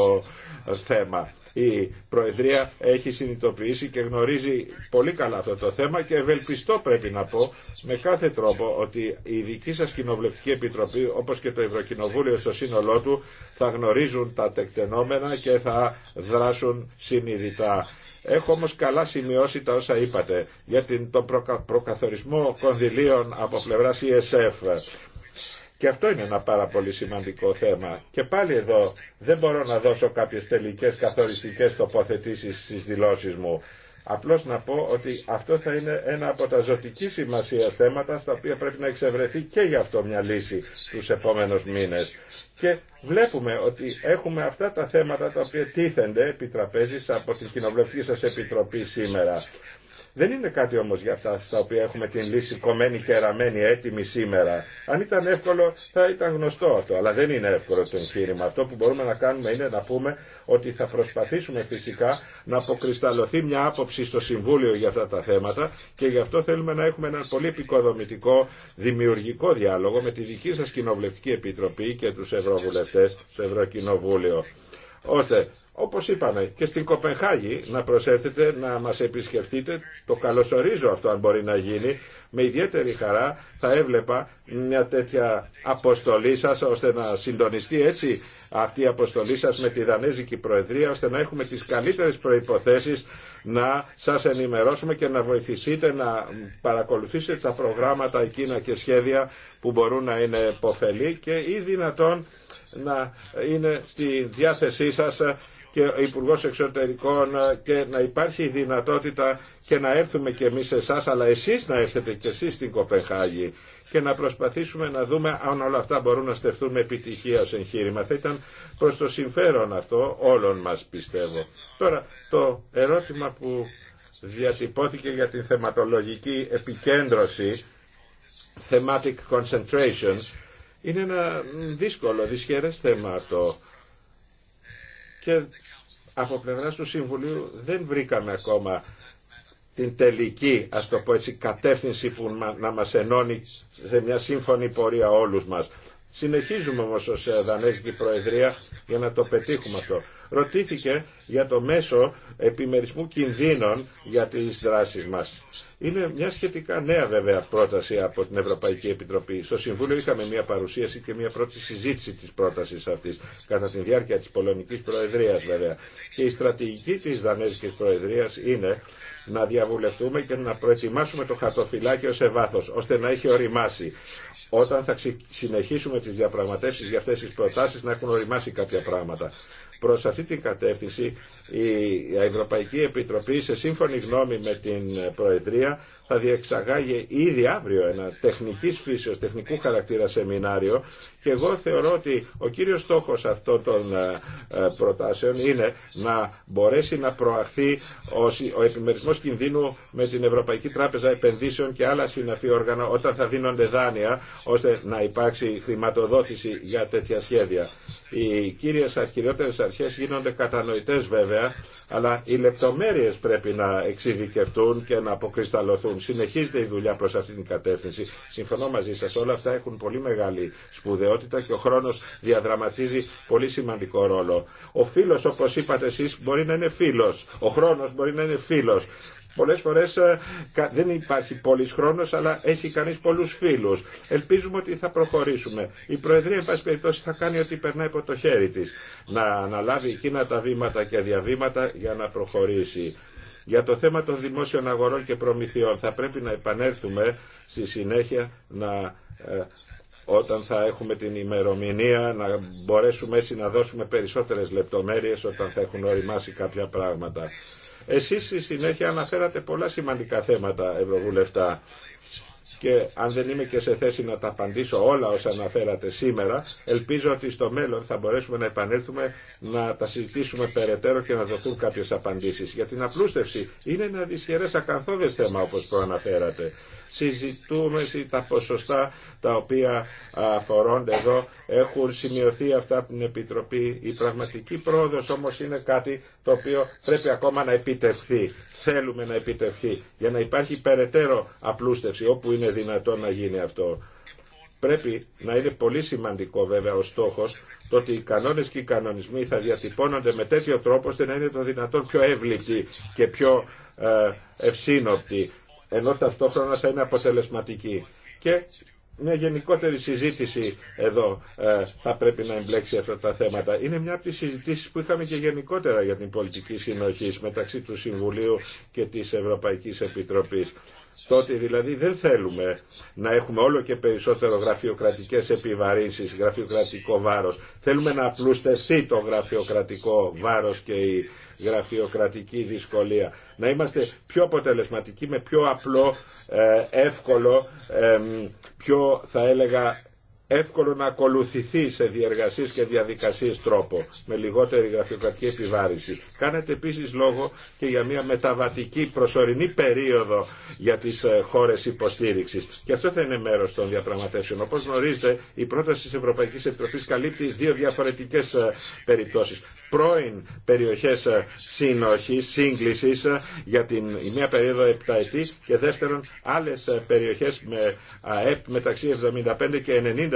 θέμα η Προεδρία έχει συνειδητοποιήσει και γνωρίζει πολύ καλά αυτό το θέμα και ευελπιστώ πρέπει να πω με κάθε τρόπο ότι η δική σας Κοινοβουλευτική Επιτροπή όπως και το Ευρωκοινοβούλιο στο σύνολό του θα γνωρίζουν τα τεκτενόμενα και θα δράσουν συνειδητά. Έχω όμως καλά σημειώσει τα όσα είπατε για τον προκαθορισμό κονδυλίων από πλευράς ESF. Και αυτό είναι ένα πάρα πολύ σημαντικό θέμα. Και πάλι εδώ δεν μπορώ να δώσω κάποιες τελικές καθοριστικές τοποθετήσεις στις δηλώσεις μου. Απλώς να πω ότι αυτό θα είναι ένα από τα ζωτική σημασία θέματα στα οποία πρέπει να εξευρεθεί και γι' αυτό μια λύση τους επόμενους μήνες. Και βλέπουμε ότι έχουμε αυτά τα θέματα τα οποία τίθενται επί από την κοινοβουλευτική σας επιτροπή σήμερα. Δεν είναι κάτι όμως για αυτά στα οποία έχουμε την λύση κομμένη και ραμμένη έτοιμη σήμερα. Αν ήταν εύκολο θα ήταν γνωστό αυτό, αλλά δεν είναι εύκολο το εγχείρημα. Αυτό που μπορούμε να κάνουμε είναι να πούμε ότι θα προσπαθήσουμε φυσικά να αποκρισταλωθεί μια άποψη στο Συμβούλιο για αυτά τα θέματα και γι' αυτό θέλουμε να έχουμε έναν πολύ επικοδομητικό, δημιουργικό διάλογο με τη δική σας Κοινοβουλευτική Επιτροπή και τους Ευρωβουλευτές στο Ευρωκοινοβούλιο ώστε όπως είπαμε και στην Κοπενχάγη να προσέλθετε να μας επισκεφτείτε το καλωσορίζω αυτό αν μπορεί να γίνει με ιδιαίτερη χαρά θα έβλεπα μια τέτοια αποστολή σας ώστε να συντονιστεί έτσι αυτή η αποστολή σας με τη Δανέζικη Προεδρία ώστε να έχουμε τις καλύτερες προϋποθέσεις να σας ενημερώσουμε και να βοηθήσετε να παρακολουθήσετε τα προγράμματα εκείνα και σχέδια που μπορούν να είναι υποφελή και ή δυνατόν να είναι στη διάθεσή σας και ο Υπουργός Εξωτερικών και να υπάρχει δυνατότητα και να έρθουμε και εμείς σε εσάς, αλλά εσείς να έρθετε και εσείς στην Κοπεχάγη και να προσπαθήσουμε να δούμε αν όλα αυτά μπορούν να στεφτούν με επιτυχία ως εγχείρημα προς το συμφέρον αυτό όλων μας πιστεύω. Τώρα το ερώτημα που διατυπώθηκε για την θεματολογική επικέντρωση, thematic concentration, είναι ένα δύσκολο, δυσχερές θέμα αυτό. Και από πλευρά του Συμβουλίου δεν βρήκαμε ακόμα την τελική, ας το πω έτσι, κατεύθυνση που να μας ενώνει σε μια σύμφωνη πορεία όλους μας. Συνεχίζουμε όμω ω ε, Δανέζικη Προεδρία για να το πετύχουμε αυτό. Ρωτήθηκε για το μέσο επιμερισμού κινδύνων για τις δράσεις μας. Είναι μια σχετικά νέα βέβαια πρόταση από την Ευρωπαϊκή Επιτροπή. Στο Συμβούλιο είχαμε μια παρουσίαση και μια πρώτη συζήτηση τη πρόταση αυτή κατά τη διάρκεια της Πολωνικής προεδρία, βέβαια. Και η στρατηγική τη Δανέζικη Προεδρία είναι να διαβουλευτούμε και να προετοιμάσουμε το χαρτοφυλάκιο σε βάθος, ώστε να έχει οριμάσει. Όταν θα συνεχίσουμε τις διαπραγματεύσεις για αυτές τις προτάσεις να έχουν οριμάσει κάποια πράγματα. Προ αυτή την κατεύθυνση η Ευρωπαϊκή Επιτροπή σε σύμφωνη γνώμη με την Προεδρία θα διεξαγάγει ήδη αύριο ένα τεχνική φύσεως, τεχνικού χαρακτήρα σεμινάριο και εγώ θεωρώ ότι ο κύριος στόχος αυτών των ε, ε, προτάσεων είναι να μπορέσει να προαχθεί ο επιμερισμός κινδύνου με την Ευρωπαϊκή Τράπεζα Επενδύσεων και άλλα συναφή όργανα όταν θα δίνονται δάνεια ώστε να υπάρξει χρηματοδότηση για τέτοια σχέδια. Οι κύριες αρχηριότερες αρχές γίνονται κατανοητές βέβαια, αλλά οι λεπτομέρειες πρέπει να εξειδικευτούν και να αποκρισταλωθούν. Συνεχίζεται η δουλειά προς αυτήν την κατεύθυνση. Συμφωνώ μαζί σας, όλα αυτά έχουν πολύ μεγάλη σπουδαιότητα ποιότητα και ο χρόνο διαδραματίζει πολύ σημαντικό ρόλο. Ο φίλο, όπω είπατε εσεί μπορεί να είναι φίλο. ο χρόνο μπορεί να είναι φίλο. Πολλέ φορές ε, δεν υπάρχει πολλής χρόνος, αλλά έχει κανεί πολλούς φίλους. Ελπίζουμε ότι θα προχωρήσουμε. Η Προεδρία, εν πάση περιπτώσει, θα κάνει ό,τι περνάει από το χέρι τη. Να αναλάβει εκείνα τα βήματα και διαβήματα για να προχωρήσει. Για το θέμα των δημόσιων αγορών και προμηθειών θα πρέπει να επανέλθουμε στη συνέχεια να ε, όταν θα έχουμε την ημερομηνία να μπορέσουμε έτσι να δώσουμε περισσότερες λεπτομέρειες όταν θα έχουν οριμάσει κάποια πράγματα. Εσείς στη συνέχεια αναφέρατε πολλά σημαντικά θέματα, Ευρωβουλευτά, και αν δεν είμαι και σε θέση να τα απαντήσω όλα όσα αναφέρατε σήμερα, ελπίζω ότι στο μέλλον θα μπορέσουμε να επανέλθουμε να τα συζητήσουμε περαιτέρω και να δοθούν κάποιες απαντήσεις. Για την απλούστευση είναι ένα δυσχερές ακαθόδες θέμα όπως αναφέρατε συζητούμε τα ποσοστά τα οποία αφορώνται εδώ έχουν σημειωθεί αυτά την Επιτροπή. Η πραγματική πρόοδος όμως είναι κάτι το οποίο πρέπει ακόμα να επιτευχθεί. Θέλουμε να επιτευχθεί για να υπάρχει περαιτέρω απλούστευση όπου είναι δυνατόν να γίνει αυτό. Πρέπει να είναι πολύ σημαντικό βέβαια ο στόχος το ότι οι κανόνες και οι κανονισμοί θα διατυπώνονται με τέτοιο τρόπο ώστε να είναι το δυνατόν πιο εύληπτοι και πιο ε, ευσύνοπτοι ενώ ταυτόχρονα θα είναι αποτελεσματική. Και μια γενικότερη συζήτηση εδώ ε, θα πρέπει να εμπλέξει αυτά τα θέματα. Είναι μια από τις συζητήσεις που είχαμε και γενικότερα για την πολιτική συνοχή μεταξύ του Συμβουλίου και της Ευρωπαϊκής Επιτροπής. Τότε δηλαδή δεν θέλουμε να έχουμε όλο και περισσότερο γραφειοκρατικές επιβαρύνσεις, γραφειοκρατικό βάρος. Θέλουμε να απλουστευτεί το γραφειοκρατικό βάρος και η γραφειοκρατική δυσκολία να είμαστε πιο αποτελεσματικοί με πιο απλό, ε, εύκολο, πιο θα έλεγα εύκολο να ακολουθηθεί σε διεργασίες και διαδικασίες τρόπο, με λιγότερη γραφειοκρατική επιβάρηση. Κάνετε επίσης λόγο και για μια μεταβατική προσωρινή περίοδο για τις ε, χώρες υποστήριξης. Και αυτό θα είναι μέρος των διαπραγματεύσεων. Όπως γνωρίζετε, η πρόταση της Ευρωπαϊκής Επιτροπής καλύπτει δύο διαφορετικές ε, περιπτώσεις. Πρώην περιοχές ε, σύνοχης, σύγκλησης για την η μία περίοδο επταετή και δεύτερον άλλες περιοχές με ΑΕΠ μεταξύ 75 και 90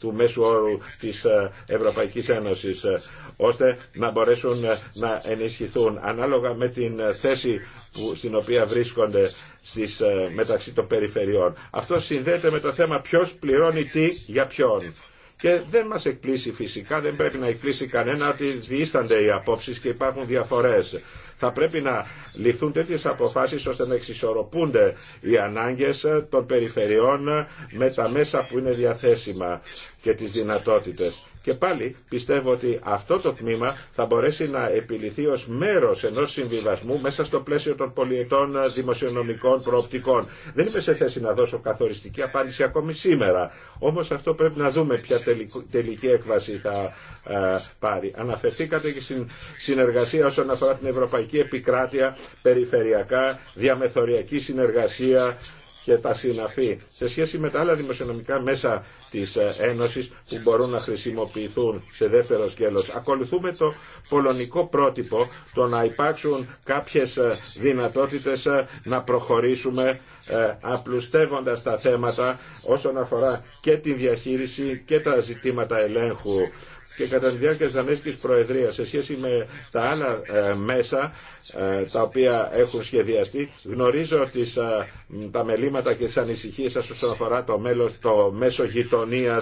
του μέσου όρου της ε, Ευρωπαϊκής Ένωσης ε, ώστε να μπορέσουν ε, να ενισχυθούν ανάλογα με την θέση που, στην οποία βρίσκονται στις, μεταξύ των περιφερειών. Αυτό συνδέεται με το θέμα ποιος πληρώνει τι για ποιον. Και δεν μας εκπλήσει φυσικά, δεν πρέπει να εκπλήσει κανένα ότι διήστανται οι απόψεις και υπάρχουν διαφορές θα πρέπει να ληφθούν τέτοιε αποφάσεις ώστε να εξισορροπούνται οι ανάγκες των περιφερειών με τα μέσα που είναι διαθέσιμα και τις δυνατότητες. Και πάλι πιστεύω ότι αυτό το τμήμα θα μπορέσει να επιληθεί ως μέρος ενός συμβιβασμού μέσα στο πλαίσιο των πολιετών δημοσιονομικών προοπτικών. Δεν είμαι σε θέση να δώσω καθοριστική απάντηση ακόμη σήμερα. Όμως αυτό πρέπει να δούμε ποια τελική έκβαση θα ε, πάρει. Αναφερθήκατε και στην συνεργασία όσον αφορά την Ευρωπαϊκή Επικράτεια, περιφερειακά, διαμεθοριακή συνεργασία και τα συναφή σε σχέση με τα άλλα δημοσιονομικά μέσα της ε, Ένωσης που μπορούν να χρησιμοποιηθούν σε δεύτερο σκέλος. Ακολουθούμε το πολωνικό πρότυπο το να υπάρξουν κάποιες ε, δυνατότητες ε, να προχωρήσουμε απλουστεύοντας τα θέματα όσον αφορά και τη διαχείριση και τα ζητήματα ελέγχου και κατά τη διάρκεια της Δανέσκης Προεδρίας σε σχέση με τα άλλα μέσα τα οποία έχουν σχεδιαστεί γνωρίζω τις τα μελήματα και τις ανησυχίες σας όσον αφορά το, μέλος, το μέσο γειτονία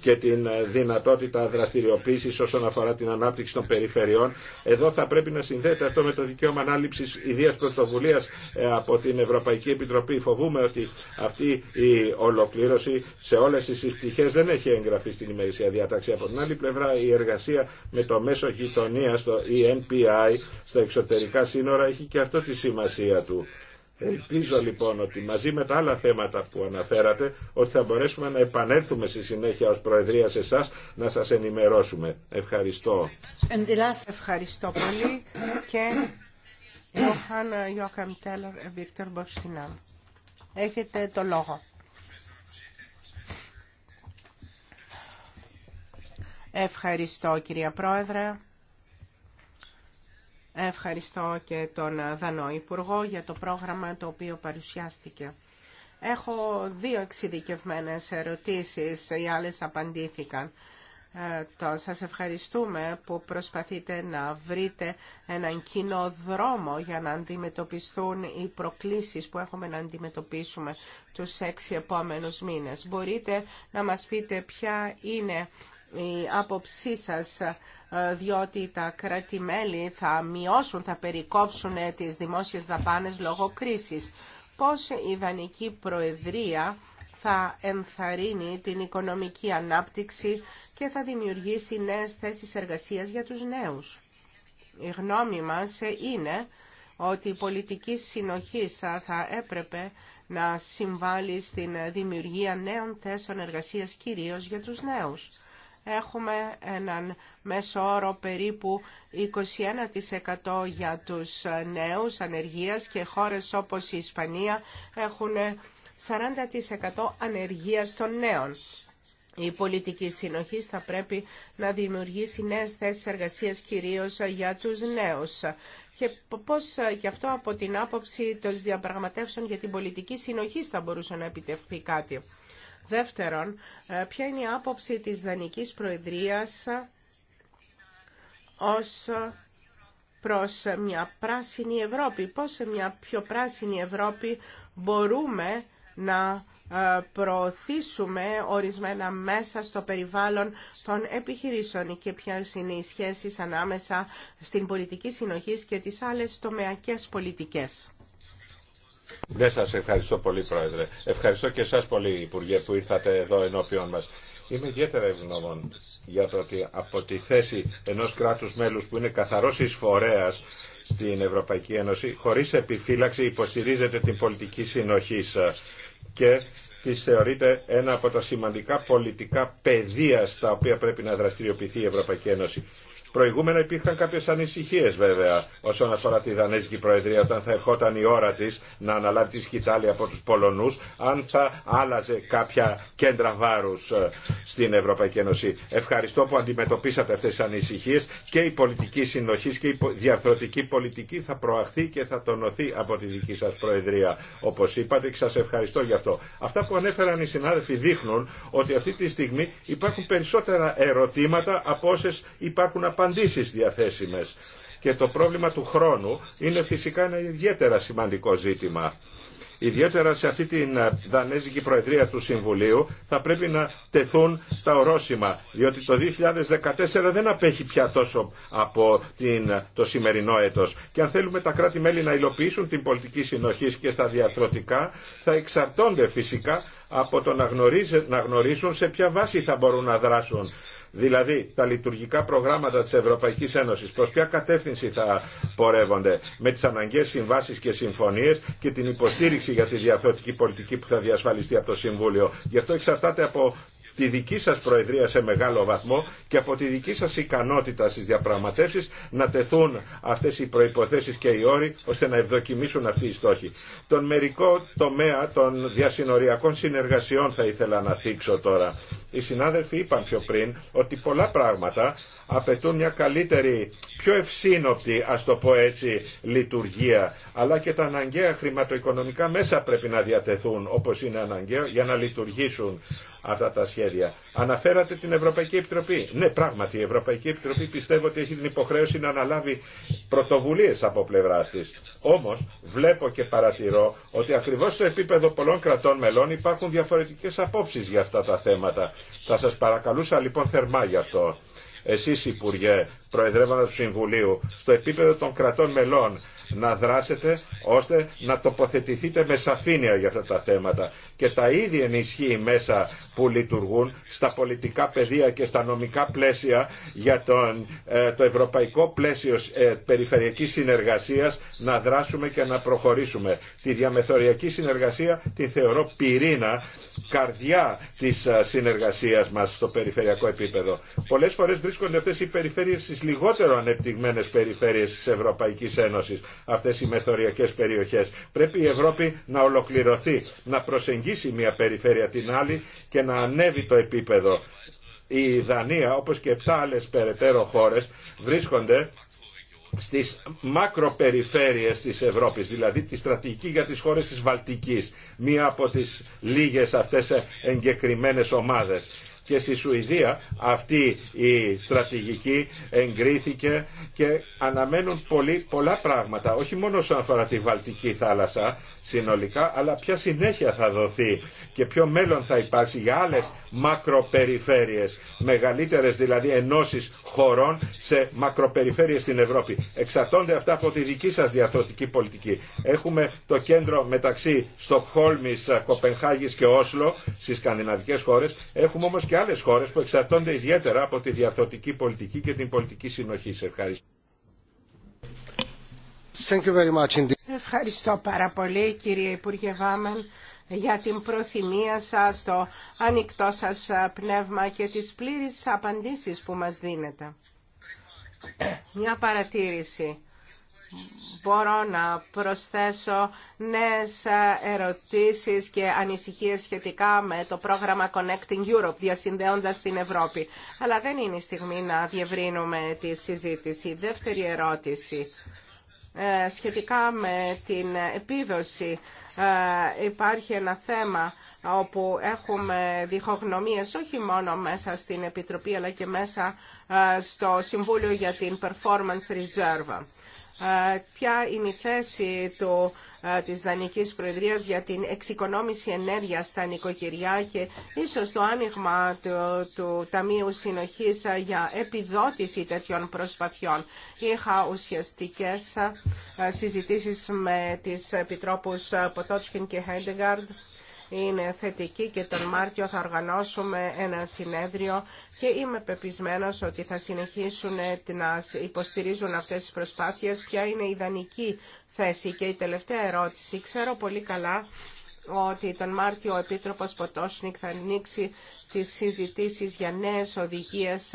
και την δυνατότητα δραστηριοποίησης όσον αφορά την ανάπτυξη των περιφερειών. Εδώ θα πρέπει να συνδέεται αυτό με το δικαίωμα ανάληψης ιδίας πρωτοβουλία ε, από την Ευρωπαϊκή Επιτροπή. Φοβούμε ότι αυτή η ολοκλήρωση σε όλες τις πτυχές δεν έχει εγγραφεί στην ημερησία διατάξη. Από την άλλη πλευρά η εργασία με το μέσο γειτονία, το ENPI, στα εξωτερικά σύνορα έχει και αυτό τη σημασία του. Ελπίζω λοιπόν ότι μαζί με τα άλλα θέματα που αναφέρατε ότι θα μπορέσουμε να επανέλθουμε στη συνέχεια ως Προεδρία σε εσά να σας ενημερώσουμε. Ευχαριστώ. Ευχαριστώ πολύ και Ιωάνν Ιωκαμ Τέλλορ Βίκτορ Μπορσινάν. Έχετε το λόγο. Ευχαριστώ κυρία Πρόεδρε. Ευχαριστώ και τον Δανό Υπουργό για το πρόγραμμα το οποίο παρουσιάστηκε. Έχω δύο εξειδικευμένες ερωτήσεις, οι άλλες απαντήθηκαν. Ε, το σας ευχαριστούμε που προσπαθείτε να βρείτε έναν κοινό δρόμο για να αντιμετωπιστούν οι προκλήσεις που έχουμε να αντιμετωπίσουμε τους έξι επόμενους μήνες. Μπορείτε να μας πείτε ποια είναι η άποψή σας ε, διότι τα κρατη θα μειώσουν, θα περικόψουν ε, τις δημόσιες δαπάνες λόγω κρίσης. Πώς η Ιδανική Προεδρία θα ενθαρρύνει την οικονομική ανάπτυξη και θα δημιουργήσει νέες θέσεις εργασίας για τους νέους. Η γνώμη μας ε, είναι ότι η πολιτική συνοχή θα έπρεπε να συμβάλλει στην δημιουργία νέων θέσεων εργασίας κυρίως για τους νέους. Έχουμε έναν μέσο όρο περίπου 21% για τους νέους ανεργίας και χώρες όπως η Ισπανία έχουν 40% ανεργίας των νέων. Η πολιτική συνοχή θα πρέπει να δημιουργήσει νέες θέσεις εργασίας κυρίως για τους νέους. Και πώς και αυτό από την άποψη των διαπραγματεύσεων για την πολιτική συνοχή θα μπορούσε να επιτευχθεί κάτι. Δεύτερον, ε, ποια είναι η άποψη της Δανικής Προεδρίας ως προς μια πράσινη Ευρώπη. Πώς σε μια πιο πράσινη Ευρώπη μπορούμε να ε, προωθήσουμε ορισμένα μέσα στο περιβάλλον των επιχειρήσεων και ποιε είναι οι σχέσεις ανάμεσα στην πολιτική συνοχή και τις άλλες τομεακές πολιτικές. Ναι, σα ευχαριστώ πολύ Πρόεδρε. Ευχαριστώ και εσάς πολύ Υπουργέ που ήρθατε εδώ ενώπιον μας. Είμαι ιδιαίτερα ευγνώμων για το ότι από τη θέση ενός κράτους μέλους που είναι καθαρός εισφορέας στην Ευρωπαϊκή Ένωση, χωρίς επιφύλαξη υποστηρίζεται την πολιτική συνοχή και τη θεωρείται ένα από τα σημαντικά πολιτικά πεδία στα οποία πρέπει να δραστηριοποιηθεί η Ευρωπαϊκή Ένωση. Προηγούμενα υπήρχαν κάποιε ανησυχίε, βέβαια όσον αφορά τη Δανέζικη Προεδρία όταν θα ερχόταν η ώρα τη να αναλάβει τη σκητσάλη από του Πολωνούς αν θα άλλαζε κάποια κέντρα βάρου ε, στην Ευρωπαϊκή Ένωση. Ευχαριστώ που αντιμετωπίσατε αυτέ τι ανησυχίε και η πολιτική συνοχή και η διαρθρωτική πολιτική θα προαχθεί και θα τονωθεί από τη δική σα Προεδρία όπω είπατε και σα ευχαριστώ γι' αυτό. Αυτά που ανέφεραν οι συνάδελφοι δείχνουν ότι αυτή τη στιγμή υπάρχουν περισσότερα ερωτήματα από όσε υπάρχουν απαντήσεις διαθέσιμες. Και το πρόβλημα του χρόνου είναι φυσικά ένα ιδιαίτερα σημαντικό ζήτημα. Ιδιαίτερα σε αυτή την Δανέζικη Προεδρία του Συμβουλίου θα πρέπει να τεθούν τα ορόσημα, διότι το 2014 δεν απέχει πια τόσο από την, το σημερινό έτος. Και αν θέλουμε τα κράτη-μέλη να υλοποιήσουν την πολιτική συνοχή και στα διαρθρωτικά, θα εξαρτώνται φυσικά από το να, γνωρίζουν, να γνωρίσουν σε ποια βάση θα μπορούν να δράσουν Δηλαδή τα λειτουργικά προγράμματα της Ευρωπαϊκής Ένωσης προς ποια κατεύθυνση θα πορεύονται με τις αναγκαίες συμβάσεις και συμφωνίες και την υποστήριξη για τη διαφορετική πολιτική που θα διασφαλιστεί από το Συμβούλιο. Γι' αυτό εξαρτάται από τη δική σας προεδρία σε μεγάλο βαθμό και από τη δική σας ικανότητα στις διαπραγματεύσεις να τεθούν αυτές οι προϋποθέσεις και οι όροι ώστε να ευδοκιμήσουν αυτοί οι στόχοι. Τον μερικό τομέα των διασυνοριακών συνεργασιών θα ήθελα να θίξω τώρα. Οι συνάδελφοι είπαν πιο πριν ότι πολλά πράγματα απαιτούν μια καλύτερη, πιο ευσύνοπτη, ας το πω έτσι, λειτουργία. Αλλά και τα αναγκαία χρηματοοικονομικά μέσα πρέπει να διατεθούν όπως είναι αναγκαίο για να λειτουργήσουν αυτά τα σχέδια. Αναφέρατε την Ευρωπαϊκή Επιτροπή. Ναι, πράγματι, η Ευρωπαϊκή Επιτροπή πιστεύω ότι έχει την υποχρέωση να αναλάβει πρωτοβουλίε από πλευρά τη. Όμω, βλέπω και παρατηρώ ότι ακριβώ στο επίπεδο πολλών κρατών μελών υπάρχουν διαφορετικέ απόψει για αυτά τα θέματα. Θα σα παρακαλούσα λοιπόν θερμά γι' αυτό εσείς Υπουργέ Προεδρεύοντα του Συμβουλίου, στο επίπεδο των κρατών μελών, να δράσετε ώστε να τοποθετηθείτε με σαφήνεια για αυτά τα θέματα. Και τα ίδια ενισχύει μέσα που λειτουργούν στα πολιτικά πεδία και στα νομικά πλαίσια για τον, ε, το ευρωπαϊκό πλαίσιο ε, περιφερειακής συνεργασίας να δράσουμε και να προχωρήσουμε. Τη διαμεθοριακή συνεργασία τη θεωρώ πυρήνα, καρδιά της ε, συνεργασίας μας στο περιφερειακό επίπεδο. φορές βρίσκονται οι περιφέρειες λιγότερο ανεπτυγμένε περιφερειέ τη ευρωπαϊκή Ένωση, αυτές οι μεθοριακές περιοχές. Πρέπει η Ευρώπη να ολοκληρωθεί, να προσεγγίσει μια περιφέρεια την άλλη και να ανέβει το επίπεδο. Η Δανία, όπως και 7 άλλε περαιτέρω χώρες, βρίσκονται στις μακροπεριφέρειες της Ευρώπης, δηλαδή τη στρατηγική για τις χώρες της Βαλτικής, μία από τις λίγες αυτές εγκεκριμένες ομάδες και στη Σουηδία αυτή η στρατηγική εγκρίθηκε και αναμένουν πολύ, πολλά πράγματα, όχι μόνο όσον αφορά τη Βαλτική θάλασσα, συνολικά, αλλά ποια συνέχεια θα δοθεί και ποιο μέλλον θα υπάρξει για άλλες μακροπεριφέρειες, μεγαλύτερες δηλαδή ενώσεις χωρών σε μακροπεριφέρειες στην Ευρώπη. Εξαρτώνται αυτά από τη δική σας διαρθρωτική πολιτική. Έχουμε το κέντρο μεταξύ Στοκχόλμης, Κοπενχάγης και Όσλο στις σκανδιναβικέ χώρες. Έχουμε όμως και άλλες χώρες που εξαρτώνται ιδιαίτερα από τη διαρθρωτική πολιτική και την πολιτική συνοχή. Ευχαριστώ. Thank you very much Ευχαριστώ πάρα πολύ κύριε Υπουργέ Βάμεν για την προθυμία σας, το ανοιχτό σας πνεύμα και τις πλήρεις απαντήσεις που μας δίνετε. Μια παρατήρηση. Μπορώ να προσθέσω νέες ερωτήσεις και ανησυχίες σχετικά με το πρόγραμμα Connecting Europe, διασυνδέοντας την Ευρώπη. Αλλά δεν είναι η στιγμή να διευρύνουμε τη συζήτηση. δεύτερη ερώτηση ε, σχετικά με την επίδοση ε, υπάρχει ένα θέμα όπου έχουμε διχογνωμίες όχι μόνο μέσα στην Επιτροπή αλλά και μέσα ε, στο Συμβούλιο για την Performance Reserve. Ποια είναι η θέση του της Δανικής Προεδρίας για την εξοικονόμηση ενέργειας στα νοικοκυριά και ίσως το άνοιγμα του, Ταμείου Συνοχής για επιδότηση τέτοιων προσπαθειών. Είχα ουσιαστικές συζητήσεις με τις Επιτρόπους Ποτότσκιν και Χέντεγκαρντ είναι θετική και τον Μάρτιο θα οργανώσουμε ένα συνέδριο και είμαι πεπισμένος ότι θα συνεχίσουν να υποστηρίζουν αυτές τις προσπάθειες. Ποια είναι η ιδανική θέση. Και η τελευταία ερώτηση. Ξέρω πολύ καλά ότι τον Μάρτιο ο Επίτροπος Ποτόσνικ θα ανοίξει τις συζητήσεις για νέες οδηγίες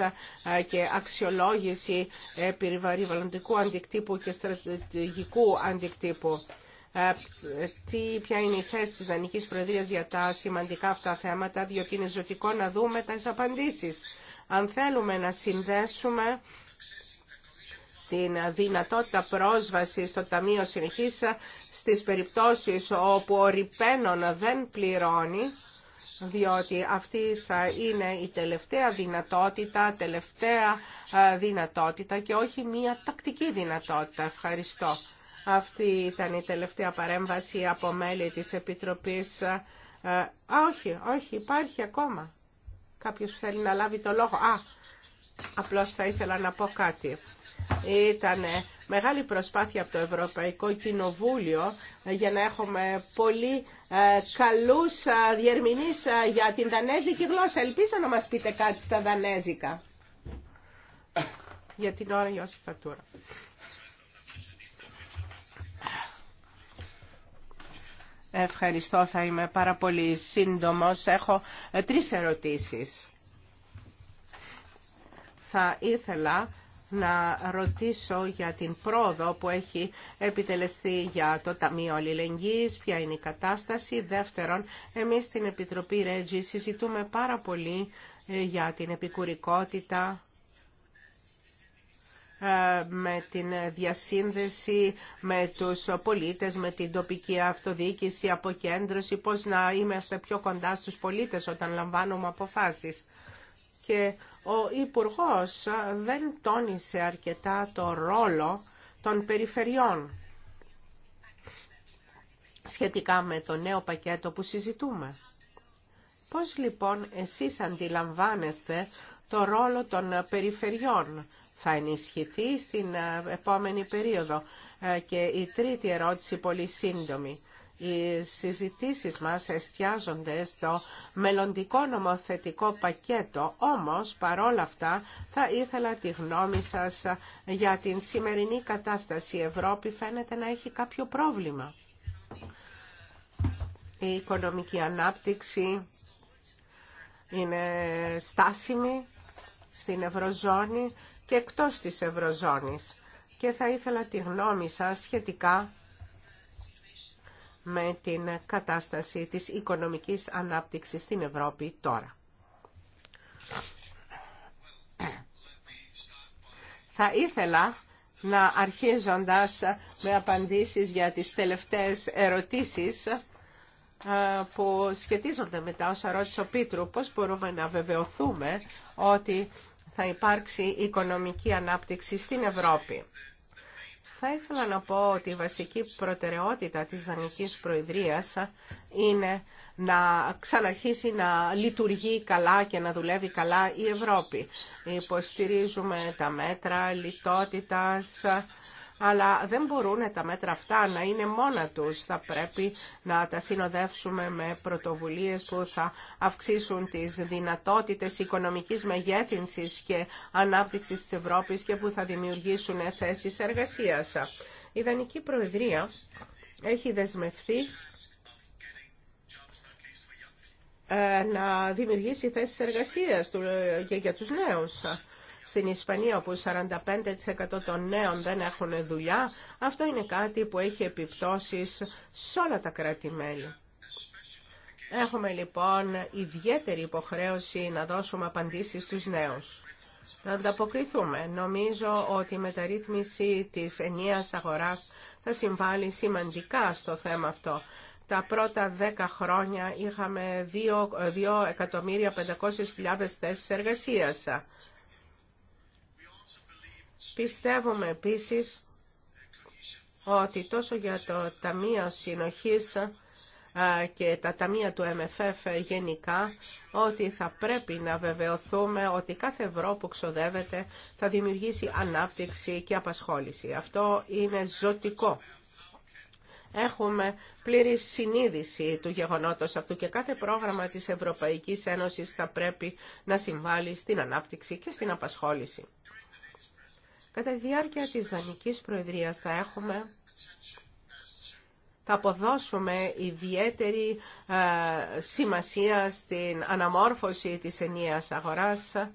και αξιολόγηση ε, περιβαλλοντικού αντικτύπου και στρατηγικού αντικτύπου. Ε, τι, ποια είναι η θέση της Δανικής Προεδρίας για τα σημαντικά αυτά θέματα, διότι είναι ζωτικό να δούμε τις απαντήσεις. Αν θέλουμε να συνδέσουμε την δυνατότητα πρόσβαση στο Ταμείο Συνεχής στις περιπτώσεις όπου ο ρηπαίνων δεν πληρώνει, διότι αυτή θα είναι η τελευταία δυνατότητα, τελευταία δυνατότητα και όχι μία τακτική δυνατότητα. Ευχαριστώ. Αυτή ήταν η τελευταία παρέμβαση από μέλη της Επιτροπής. Α, όχι, όχι, υπάρχει ακόμα. Κάποιος που θέλει να λάβει το λόγο. Α, απλώς θα ήθελα να πω κάτι. Ήταν μεγάλη προσπάθεια από το Ευρωπαϊκό Κοινοβούλιο ε, για να έχουμε πολύ ε, καλούς ε, διερμηνείς για την δανέζικη γλώσσα. Ελπίζω να μας πείτε κάτι στα δανέζικα. Για την ώρα, όσοι Φατούρα. Ευχαριστώ, θα είμαι πάρα πολύ σύντομος. Έχω τρεις ερωτήσεις. Θα ήθελα να ρωτήσω για την πρόοδο που έχει επιτελεστεί για το Ταμείο Αλληλεγγύης, ποια είναι η κατάσταση. Δεύτερον, εμείς στην Επιτροπή Ρέτζη συζητούμε πάρα πολύ ε, για την επικουρικότητα ε, με την διασύνδεση με τους πολίτες, με την τοπική αυτοδιοίκηση, αποκέντρωση, πώς να είμαστε πιο κοντά στους πολίτες όταν λαμβάνουμε αποφάσεις και ο Υπουργός δεν τόνισε αρκετά το ρόλο των περιφερειών σχετικά με το νέο πακέτο που συζητούμε. Πώς λοιπόν εσείς αντιλαμβάνεστε το ρόλο των περιφερειών θα ενισχυθεί στην επόμενη περίοδο. Ε, και η τρίτη ερώτηση πολύ σύντομη. Οι συζητήσεις μας εστιάζονται στο μελλοντικό νομοθετικό πακέτο, όμως παρόλα αυτά θα ήθελα τη γνώμη σας για την σημερινή κατάσταση. Η Ευρώπη φαίνεται να έχει κάποιο πρόβλημα. Η οικονομική ανάπτυξη είναι στάσιμη στην Ευρωζώνη και εκτός της Ευρωζώνης. Και θα ήθελα τη γνώμη σας σχετικά με την κατάσταση της οικονομικής ανάπτυξης στην Ευρώπη τώρα. Θα ήθελα να αρχίζοντας με απαντήσεις για τις τελευταίες ερωτήσεις ε, που σχετίζονται με τα όσα ρώτησε ο Πίτρου, πώς μπορούμε να βεβαιωθούμε ότι θα υπάρξει οικονομική ανάπτυξη στην Ευρώπη. Θα ήθελα να πω ότι η βασική προτεραιότητα της Δανικής Προεδρίας είναι να ξαναρχίσει να λειτουργεί καλά και να δουλεύει καλά η Ευρώπη. Υποστηρίζουμε τα μέτρα λιτότητας, αλλά δεν μπορούν τα μέτρα αυτά να είναι μόνα τους. Θα πρέπει να τα συνοδεύσουμε με πρωτοβουλίες που θα αυξήσουν τις δυνατότητες οικονομικής μεγέθυνσης και ανάπτυξης της Ευρώπης και που θα δημιουργήσουν θέσεις εργασίας. Η Δανική Προεδρία έχει δεσμευθεί ε, να δημιουργήσει θέσεις εργασίας ε, για τους νέους στην Ισπανία όπου 45% των νέων δεν έχουν δουλειά, αυτό είναι κάτι που έχει επιπτώσεις σε όλα τα κράτη-μέλη. Έχουμε λοιπόν ιδιαίτερη υποχρέωση να δώσουμε απαντήσεις στους νέους. Να ανταποκριθούμε. Νομίζω ότι η μεταρρύθμιση της ενίας αγοράς θα συμβάλλει σημαντικά στο θέμα αυτό. Τα πρώτα δέκα χρόνια είχαμε 2.500.000 θέσεις εργασίας. Πιστεύουμε επίσης ότι τόσο για το Ταμείο Συνοχής και τα ταμεία του MFF γενικά, ότι θα πρέπει να βεβαιωθούμε ότι κάθε ευρώ που ξοδεύεται θα δημιουργήσει ανάπτυξη και απασχόληση. Αυτό είναι ζωτικό. Έχουμε πλήρη συνείδηση του γεγονότος αυτού και κάθε πρόγραμμα της Ευρωπαϊκής Ένωσης θα πρέπει να συμβάλλει στην ανάπτυξη και στην απασχόληση. Κατά τη διάρκεια της Δανικής Προεδρίας θα έχουμε θα αποδώσουμε ιδιαίτερη ε, σημασία στην αναμόρφωση της ενίας αγοράς ε,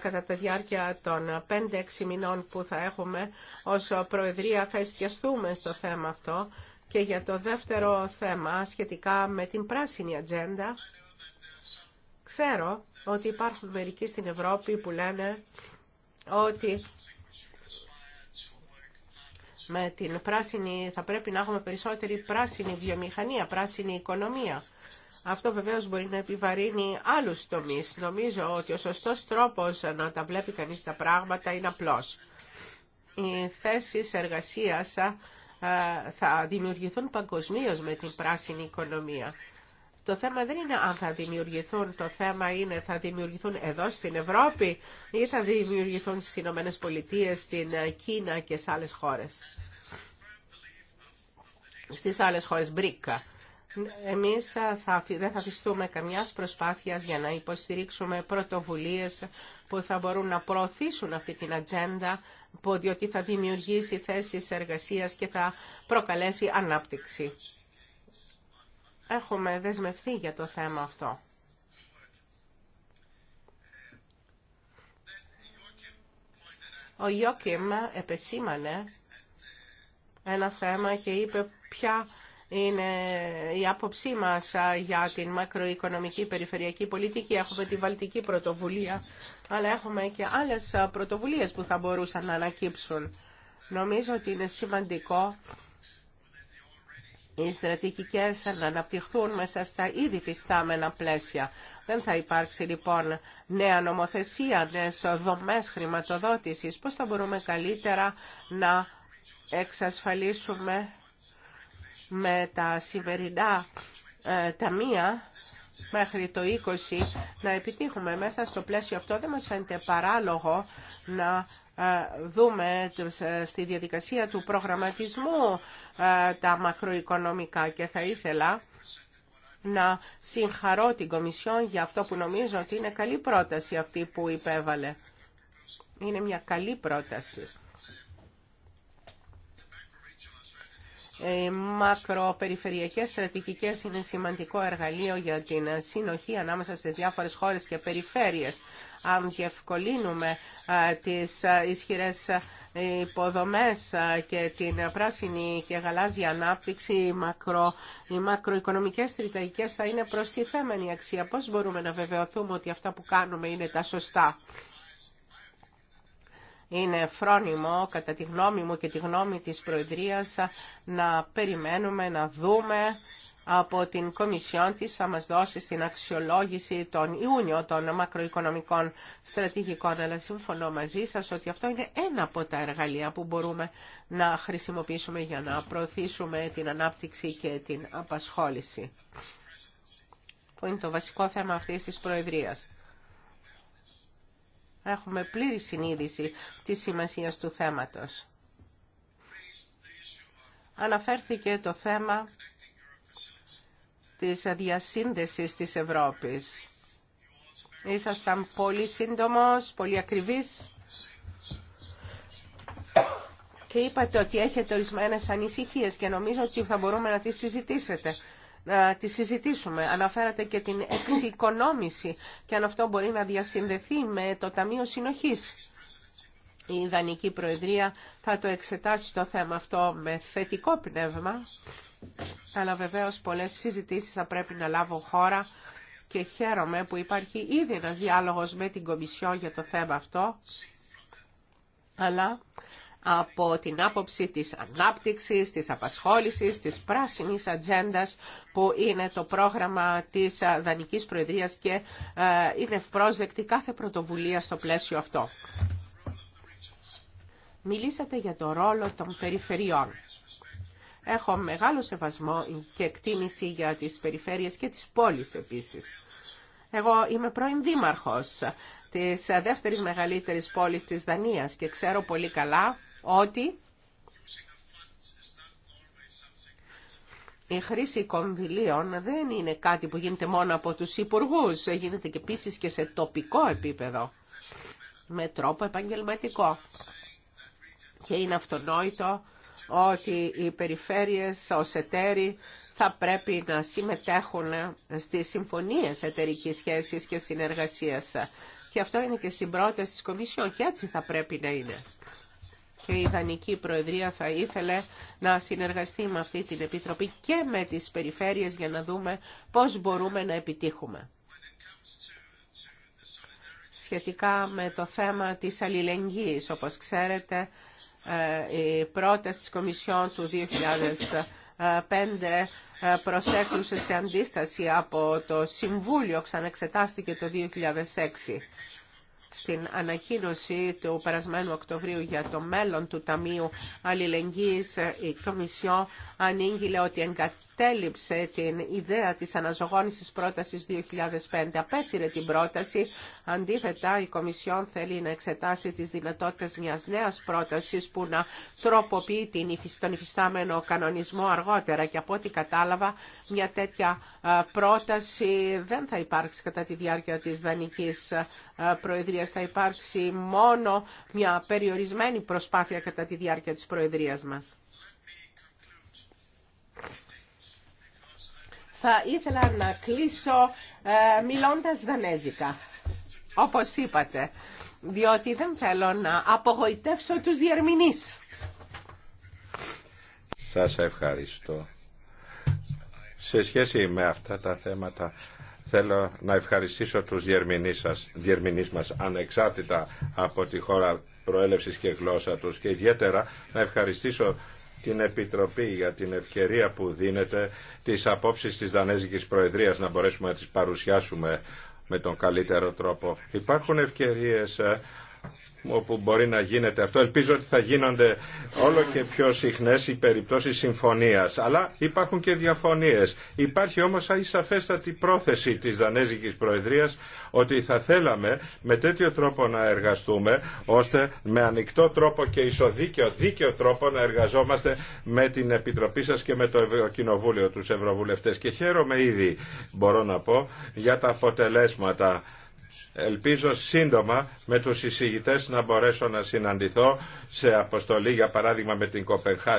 κατά τη διάρκεια των 5-6 μηνών που θα έχουμε ως Προεδρία θα εστιαστούμε στο θέμα αυτό και για το δεύτερο θέμα σχετικά με την πράσινη ατζέντα ξέρω ότι υπάρχουν μερικοί στην Ευρώπη που λένε ότι με την πράσινη θα πρέπει να έχουμε περισσότερη πράσινη βιομηχανία, πράσινη οικονομία. Αυτό βεβαίω μπορεί να επιβαρύνει άλλους τομεί. Νομίζω ότι ο σωστό τρόπος να τα βλέπει κανείς τα πράγματα είναι απλό. Οι θέσει εργασία θα δημιουργηθούν παγκοσμίω με την πράσινη οικονομία. Το θέμα δεν είναι αν θα δημιουργηθούν, το θέμα είναι θα δημιουργηθούν εδώ στην Ευρώπη ή θα δημιουργηθούν στις Ηνωμένε Πολιτείε, στην Κίνα και σε άλλες χώρες. Στις άλλες χώρες BRIC. Εμείς δεν θα αφιστούμε καμιάς προσπάθειας για να υποστηρίξουμε πρωτοβουλίες που θα μπορούν να προωθήσουν αυτή την ατζέντα, διότι θα δημιουργήσει θέσεις εργασίας και θα προκαλέσει ανάπτυξη έχουμε δεσμευθεί για το θέμα αυτό. Ο Ιόκιμ επεσήμανε ένα θέμα και είπε ποια είναι η άποψή μας για την μακροοικονομική περιφερειακή πολιτική. Έχουμε τη Βαλτική Πρωτοβουλία, αλλά έχουμε και άλλες πρωτοβουλίες που θα μπορούσαν να ανακύψουν. Νομίζω ότι είναι σημαντικό οι στρατηγικές να αναπτυχθούν μέσα στα ήδη φυστάμενα πλαίσια. Δεν θα υπάρξει λοιπόν νέα νομοθεσία, νέες δομές χρηματοδότησης. Πώς θα μπορούμε καλύτερα να εξασφαλίσουμε με τα σημερινά ε, ταμεία μέχρι το 20 να επιτύχουμε μέσα στο πλαίσιο αυτό δεν μας φαίνεται παράλογο να ε, δούμε ε, ε, στη διαδικασία του προγραμματισμού ε, τα μακροοικονομικά και θα ήθελα να συγχαρώ την Κομισιόν για αυτό που νομίζω ότι είναι καλή πρόταση αυτή που υπέβαλε. Είναι μια καλή πρόταση. Οι ε, μακροπεριφερειακές στρατηγικές είναι σημαντικό εργαλείο για την συνοχή ανάμεσα σε διάφορες χώρες και περιφέρειες. Αν διευκολύνουμε ε, τις ισχυρές υποδομές και την πράσινη και γαλάζια ανάπτυξη, οι, μακρο, οι μακροοικονομικές στρατηγικές θα είναι προστιθέμενη αξία. Πώς μπορούμε να βεβαιωθούμε ότι αυτά που κάνουμε είναι τα σωστά. Είναι φρόνιμο, κατά τη γνώμη μου και τη γνώμη της Προεδρίας, να περιμένουμε, να δούμε από την Κομισιόν της θα μας δώσει στην αξιολόγηση τον Ιούνιο των μακροοικονομικών στρατηγικών. Αλλά συμφωνώ μαζί σας ότι αυτό είναι ένα από τα εργαλεία που μπορούμε να χρησιμοποιήσουμε για να προωθήσουμε την ανάπτυξη και την απασχόληση, που είναι το βασικό θέμα αυτής της Προεδρίας. Έχουμε πλήρη συνείδηση της σημασίας του θέματος. Αναφέρθηκε το θέμα της διασύνδεσης της Ευρώπης. Ήσασταν πολύ σύντομος, πολύ ακριβής και είπατε ότι έχετε ορισμένε ανησυχίε και νομίζω ότι θα μπορούμε να τις συζητήσετε. Να τις συζητήσουμε. Αναφέρατε και την εξοικονόμηση και αν αυτό μπορεί να διασυνδεθεί με το Ταμείο Συνοχής. Η Ιδανική Προεδρία θα το εξετάσει το θέμα αυτό με θετικό πνεύμα αλλά βεβαίως πολλές συζητήσεις θα πρέπει να λάβουν χώρα και χαίρομαι που υπάρχει ήδη ένας διάλογος με την Κομισιό για το θέμα αυτό, αλλά από την άποψη της ανάπτυξης, της απασχόλησης, της πράσινης ατζέντα που είναι το πρόγραμμα της Δανικής Προεδρίας και ε, είναι ευπρόσδεκτη κάθε πρωτοβουλία στο πλαίσιο αυτό. Μιλήσατε για το ρόλο των περιφερειών. Έχω μεγάλο σεβασμό και εκτίμηση για τις περιφέρειες και τις πόλεις επίσης. Εγώ είμαι πρώην δήμαρχος της δεύτερης μεγαλύτερης πόλης της Δανίας και ξέρω πολύ καλά ότι η χρήση κονδυλίων δεν είναι κάτι που γίνεται μόνο από τους υπουργούς, γίνεται και επίση και σε τοπικό επίπεδο, με τρόπο επαγγελματικό. Και είναι αυτονόητο ότι οι περιφέρειες ως εταίροι θα πρέπει να συμμετέχουν στις συμφωνίες εταιρικής σχέσης και συνεργασίας. Και αυτό είναι και στην πρόταση της Κομισιόν και έτσι θα πρέπει να είναι. Και η Ιδανική Προεδρία θα ήθελε να συνεργαστεί με αυτή την Επιτροπή και με τις περιφέρειες για να δούμε πώς μπορούμε να επιτύχουμε σχετικά με το θέμα της αλληλεγγύης. Όπως ξέρετε, η ε, πρόταση της Κομισιόν του 2005 ε, προσέκλουσε σε αντίσταση από το Συμβούλιο, ξαναεξετάστηκε το 2006 στην ανακοίνωση του περασμένου Οκτωβρίου για το μέλλον του Ταμείου Αλληλεγγύης η Κομισιόν ανήγγειλε ότι τέλειψε την ιδέα της αναζωγόνησης πρότασης 2005. Απέσυρε την πρόταση. Αντίθετα, η Κομισιόν θέλει να εξετάσει τις δυνατότητες μιας νέας πρότασης που να τροποποιεί την, τον υφιστάμενο κανονισμό αργότερα. Και από ό,τι κατάλαβα, μια τέτοια πρόταση δεν θα υπάρξει κατά τη διάρκεια της Δανικής Προεδρίας. Θα υπάρξει μόνο μια περιορισμένη προσπάθεια κατά τη διάρκεια της Προεδρίας μας. θα ήθελα να κλείσω ε, μιλώντας δανέζικα, όπως είπατε, διότι δεν θέλω να απογοητεύσω τους διερμηνείς. Σας ευχαριστώ. Σε σχέση με αυτά τα θέματα θέλω να ευχαριστήσω τους διερμηνείς, σας, διερμηνείς μας ανεξάρτητα από τη χώρα προέλευσης και γλώσσα τους και ιδιαίτερα να ευχαριστήσω την Επιτροπή για την ευκαιρία που δίνεται τις απόψεις της Δανέζικης Προεδρίας να μπορέσουμε να τις παρουσιάσουμε με τον καλύτερο τρόπο. Υπάρχουν ευκαιρίες ε, όπου μπορεί να γίνεται αυτό. Ελπίζω ότι θα γίνονται όλο και πιο συχνές οι περιπτώσεις συμφωνίας. Αλλά υπάρχουν και διαφωνίες. Υπάρχει όμως η σαφέστατη πρόθεση της Δανέζικης Προεδρίας ότι θα θέλαμε με τέτοιο τρόπο να εργαστούμε ώστε με ανοιχτό τρόπο και ισοδίκαιο δίκαιο τρόπο να εργαζόμαστε με την Επιτροπή σας και με το Κοινοβούλιο τους Ευρωβουλευτές. Και χαίρομαι ήδη μπορώ να πω για τα αποτελέσματα Ελπίζω σύντομα με τους εισηγητές να μπορέσω να συναντηθώ σε αποστολή, για παράδειγμα με την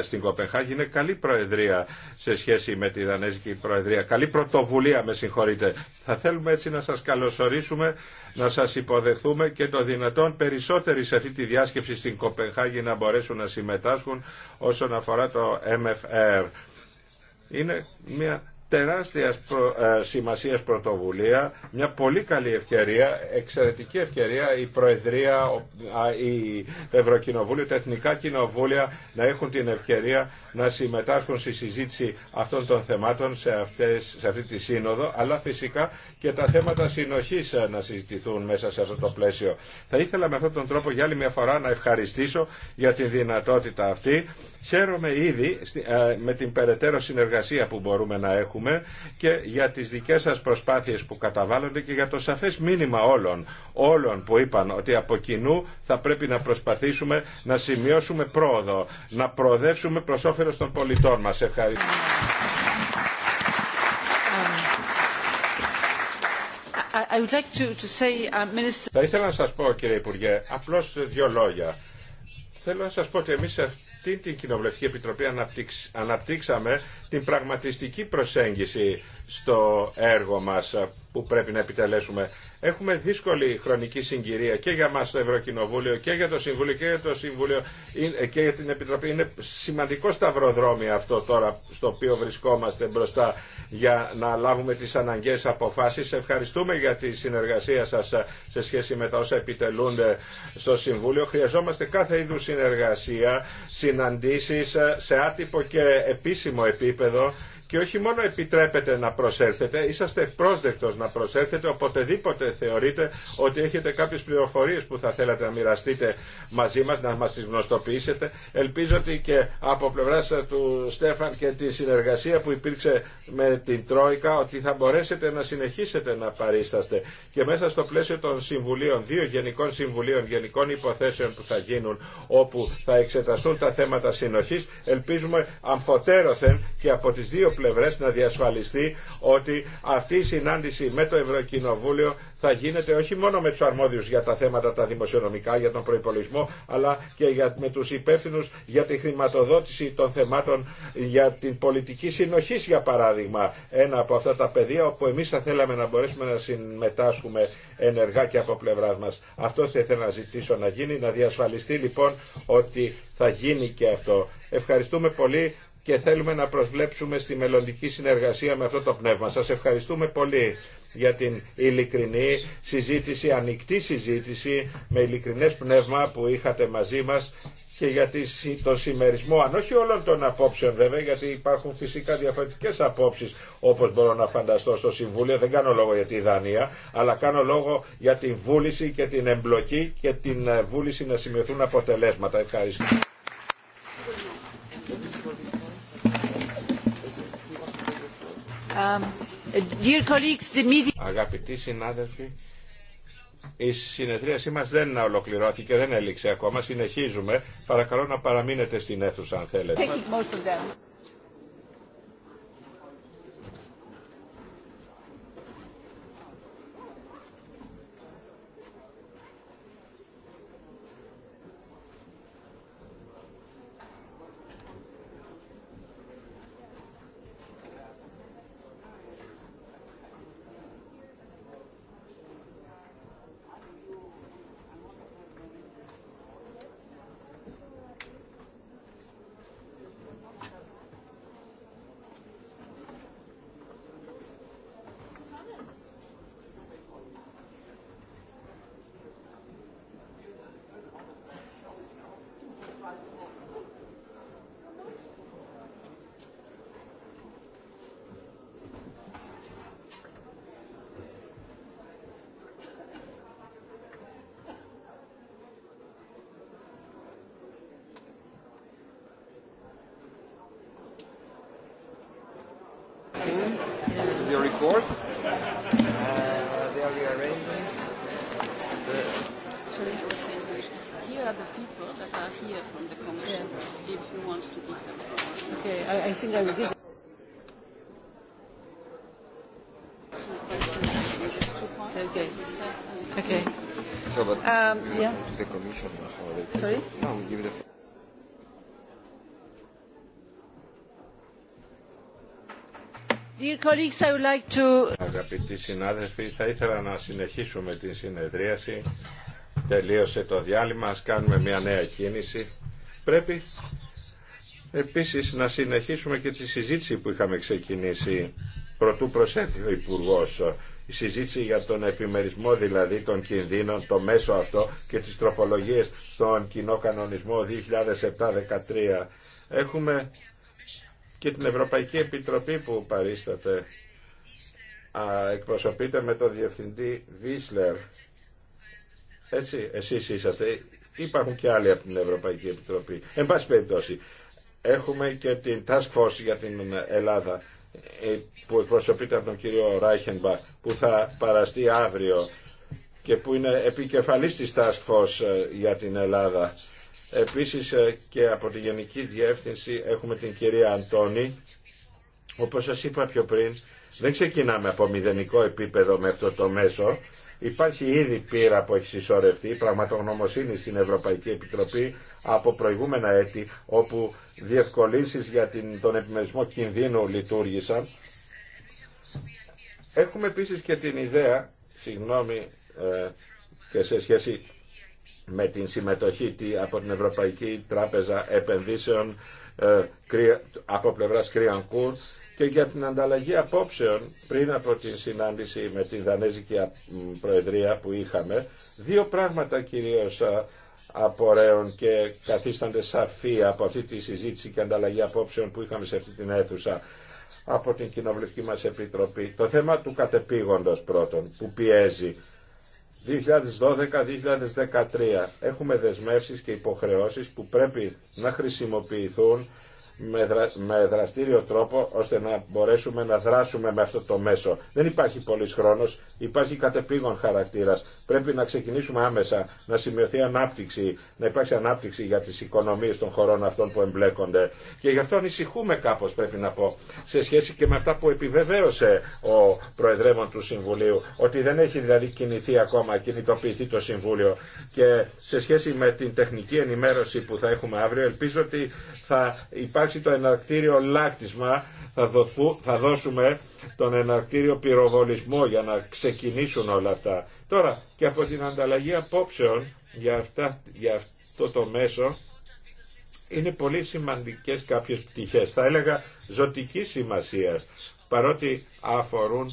Στην Κοπενχάγη είναι καλή προεδρία σε σχέση με τη Δανέζικη Προεδρία. Καλή πρωτοβουλία, με συγχωρείτε. Θα θέλουμε έτσι να σας καλωσορίσουμε, να σας υποδεχθούμε και το δυνατόν περισσότεροι σε αυτή τη διάσκεψη στην Κοπενχάγη να μπορέσουν να συμμετάσχουν όσον αφορά το MFR. Είναι μια τεράστια προ, ε, σημασίας πρωτοβουλία, μια πολύ καλή ευκαιρία, εξαιρετική ευκαιρία η Προεδρία, η Ευρωκοινοβούλιο, τα Εθνικά Κοινοβούλια να έχουν την ευκαιρία να συμμετάσχουν στη συζήτηση αυτών των θεμάτων σε, αυτές, σε αυτή τη σύνοδο, αλλά φυσικά και τα θέματα συνοχής ε, να συζητηθούν μέσα σε αυτό το πλαίσιο. Θα ήθελα με αυτόν τον τρόπο για άλλη μια φορά να ευχαριστήσω για τη δυνατότητα αυτή. Χαίρομαι ήδη ε, με την περαιτέρω συνεργασία που μπορούμε να έχουμε και για τις δικές σας προσπάθειες που καταβάλλονται και για το σαφές μήνυμα όλων, όλων που είπαν ότι από κοινού θα πρέπει να προσπαθήσουμε να σημειώσουμε πρόοδο, να προοδεύσουμε προς των πολιτών μας. Ευχαριστώ. Θα ήθελα να σας πω κύριε Υπουργέ, απλώς δύο λόγια. Θέλω να σας πω ότι εμείς αυτή την Κοινοβουλευτική Επιτροπή αναπτύξαμε την πραγματιστική προσέγγιση στο έργο μας που πρέπει να επιτελέσουμε Έχουμε δύσκολη χρονική συγκυρία και για μας το Ευρωκοινοβούλιο και για το Συμβούλιο και για, το Συμβούλιο, ε, και για την Επιτροπή. Είναι σημαντικό σταυροδρόμι αυτό τώρα στο οποίο βρισκόμαστε μπροστά για να λάβουμε τις αναγκαίες αποφάσεις. Ευχαριστούμε για τη συνεργασία σας ε, σε σχέση με τα όσα επιτελούνται στο Συμβούλιο. Χρειαζόμαστε κάθε είδους συνεργασία, συναντήσεις ε, σε άτυπο και επίσημο επίπεδο και όχι μόνο επιτρέπετε να προσέλθετε, είσαστε ευπρόσδεκτο να προσέλθετε οποτεδήποτε θεωρείτε ότι έχετε κάποιε πληροφορίε που θα θέλατε να μοιραστείτε μαζί μα να μα τι γνωστοποιήσετε. Ελπίζω ότι και από πλευρά του Στέφαν και τη συνεργασία που υπήρξε με την Τρόικα ότι θα μπορέσετε να συνεχίσετε να παρίσταστε και μέσα στο πλαίσιο των συμβουλίων, δύο γενικών συμβουλίων, γενικών υποθέσεων που θα γίνουν όπου θα εξεταστούν τα θέματα συνοχή. ελπίζουμε αμφωτέρωθεν και από τι δύο πλευρέ να διασφαλιστεί ότι αυτή η συνάντηση με το Ευρωκοινοβούλιο θα γίνεται όχι μόνο με του αρμόδιου για τα θέματα τα δημοσιονομικά, για τον προπολογισμό, αλλά και για, με του υπεύθυνου για τη χρηματοδότηση των θεμάτων για την πολιτική συνοχή, για παράδειγμα. Ένα από αυτά τα πεδία όπου εμεί θα θέλαμε να μπορέσουμε να συμμετάσχουμε ενεργά και από πλευρά μα. Αυτό θα ήθελα να ζητήσω να γίνει, να διασφαλιστεί λοιπόν ότι θα γίνει και αυτό. Ευχαριστούμε πολύ και θέλουμε να προσβλέψουμε στη μελλοντική συνεργασία με αυτό το πνεύμα. Σας ευχαριστούμε πολύ για την ειλικρινή συζήτηση, ανοιχτή συζήτηση με ειλικρινές πνεύμα που είχατε μαζί μας και για το σημερισμό, αν όχι όλων των απόψεων βέβαια, γιατί υπάρχουν φυσικά διαφορετικές απόψεις, όπως μπορώ να φανταστώ στο Συμβούλιο, δεν κάνω λόγο για τη Δανία, αλλά κάνω λόγο για την βούληση και την εμπλοκή και την ε, βούληση να σημειωθούν αποτελέσματα. Ευχαριστώ. Αγαπητοί συνάδελφοι, η συνεδρίασή μας δεν ολοκληρώθηκε, δεν έληξε ακόμα, συνεχίζουμε. Παρακαλώ να παραμείνετε στην αίθουσα αν θέλετε. Αγαπητοί συνάδελφοι, θα ήθελα να συνεχίσουμε την συνεδρίαση. Τελείωσε το διάλειμμα, ας κάνουμε μια νέα κίνηση. Πρέπει επίσης να συνεχίσουμε και τη συζήτηση που είχαμε ξεκινήσει πρωτού προσέθει ο υπουργό. Η συζήτηση για τον επιμερισμό δηλαδή των κινδύνων, το μέσο αυτό και τις τροπολογίες στον κοινό κανονισμό 2017-2013. Έχουμε και την Ευρωπαϊκή Επιτροπή που παρίσταται. Εκπροσωπείται με τον Διευθυντή Βίσλερ. Έτσι, εσείς είσαστε. Υπάρχουν και άλλοι από την Ευρωπαϊκή Επιτροπή. Εν πάση περιπτώσει, έχουμε και την Task Force για την Ελλάδα ε, που εκπροσωπείται από τον κύριο Ράιχενμπα που θα παραστεί αύριο και που είναι επικεφαλής της Task Force ε, για την Ελλάδα Επίσης ε, και από τη Γενική Διεύθυνση έχουμε την κυρία Αντώνη. Όπως σας είπα πιο πριν, δεν ξεκινάμε από μηδενικό επίπεδο με αυτό το μέσο. Υπάρχει ήδη πείρα που έχει συσσωρευτεί, πραγματογνωμοσύνη στην Ευρωπαϊκή Επιτροπή από προηγούμενα έτη, όπου διευκολύνσεις για τον επιμερισμό κινδύνου λειτουργήσαν. Έχουμε επίσης και την ιδέα, συγγνώμη, ε, και σε σχέση με την συμμετοχή από την Ευρωπαϊκή Τράπεζα Επενδύσεων ε, από πλευράς Κριανκούν και για την ανταλλαγή απόψεων πριν από την συνάντηση με την Δανέζικη Προεδρία που είχαμε δύο πράγματα κυρίως ε, απορρέων και καθίστανται σαφή από αυτή τη συζήτηση και ανταλλαγή απόψεων που είχαμε σε αυτή την αίθουσα από την Κοινοβουλευτική μας Επιτροπή. Το θέμα του κατεπήγοντος πρώτον που πιέζει 2012-2013. Έχουμε δεσμεύσεις και υποχρεώσεις που πρέπει να χρησιμοποιηθούν με δραστήριο τρόπο ώστε να μπορέσουμε να δράσουμε με αυτό το μέσο. Δεν υπάρχει πολλής χρόνος, υπάρχει κατεπήγον χαρακτήρας. Πρέπει να ξεκινήσουμε άμεσα, να σημειωθεί ανάπτυξη, να υπάρξει ανάπτυξη για τις οικονομίες των χωρών αυτών που εμπλέκονται. Και γι' αυτό ανησυχούμε κάπως πρέπει να πω, σε σχέση και με αυτά που επιβεβαίωσε ο Προεδρεύων του Συμβουλίου, ότι δεν έχει δηλαδή κινηθεί ακόμα, κινητοποιηθεί το Συμβούλιο. Και σε σχέση με την τεχνική ενημέρωση που θα έχουμε αύριο, ελπίζω ότι θα υπάρχει αλλάξει το εναρκτήριο λάκτισμα, θα, θα δώσουμε τον εναρκτήριο πυροβολισμό για να ξεκινήσουν όλα αυτά. Τώρα και από την ανταλλαγή απόψεων για, αυτά, για αυτό το μέσο είναι πολύ σημαντικές κάποιες πτυχές, θα έλεγα ζωτική σημασίας, παρότι αφορούν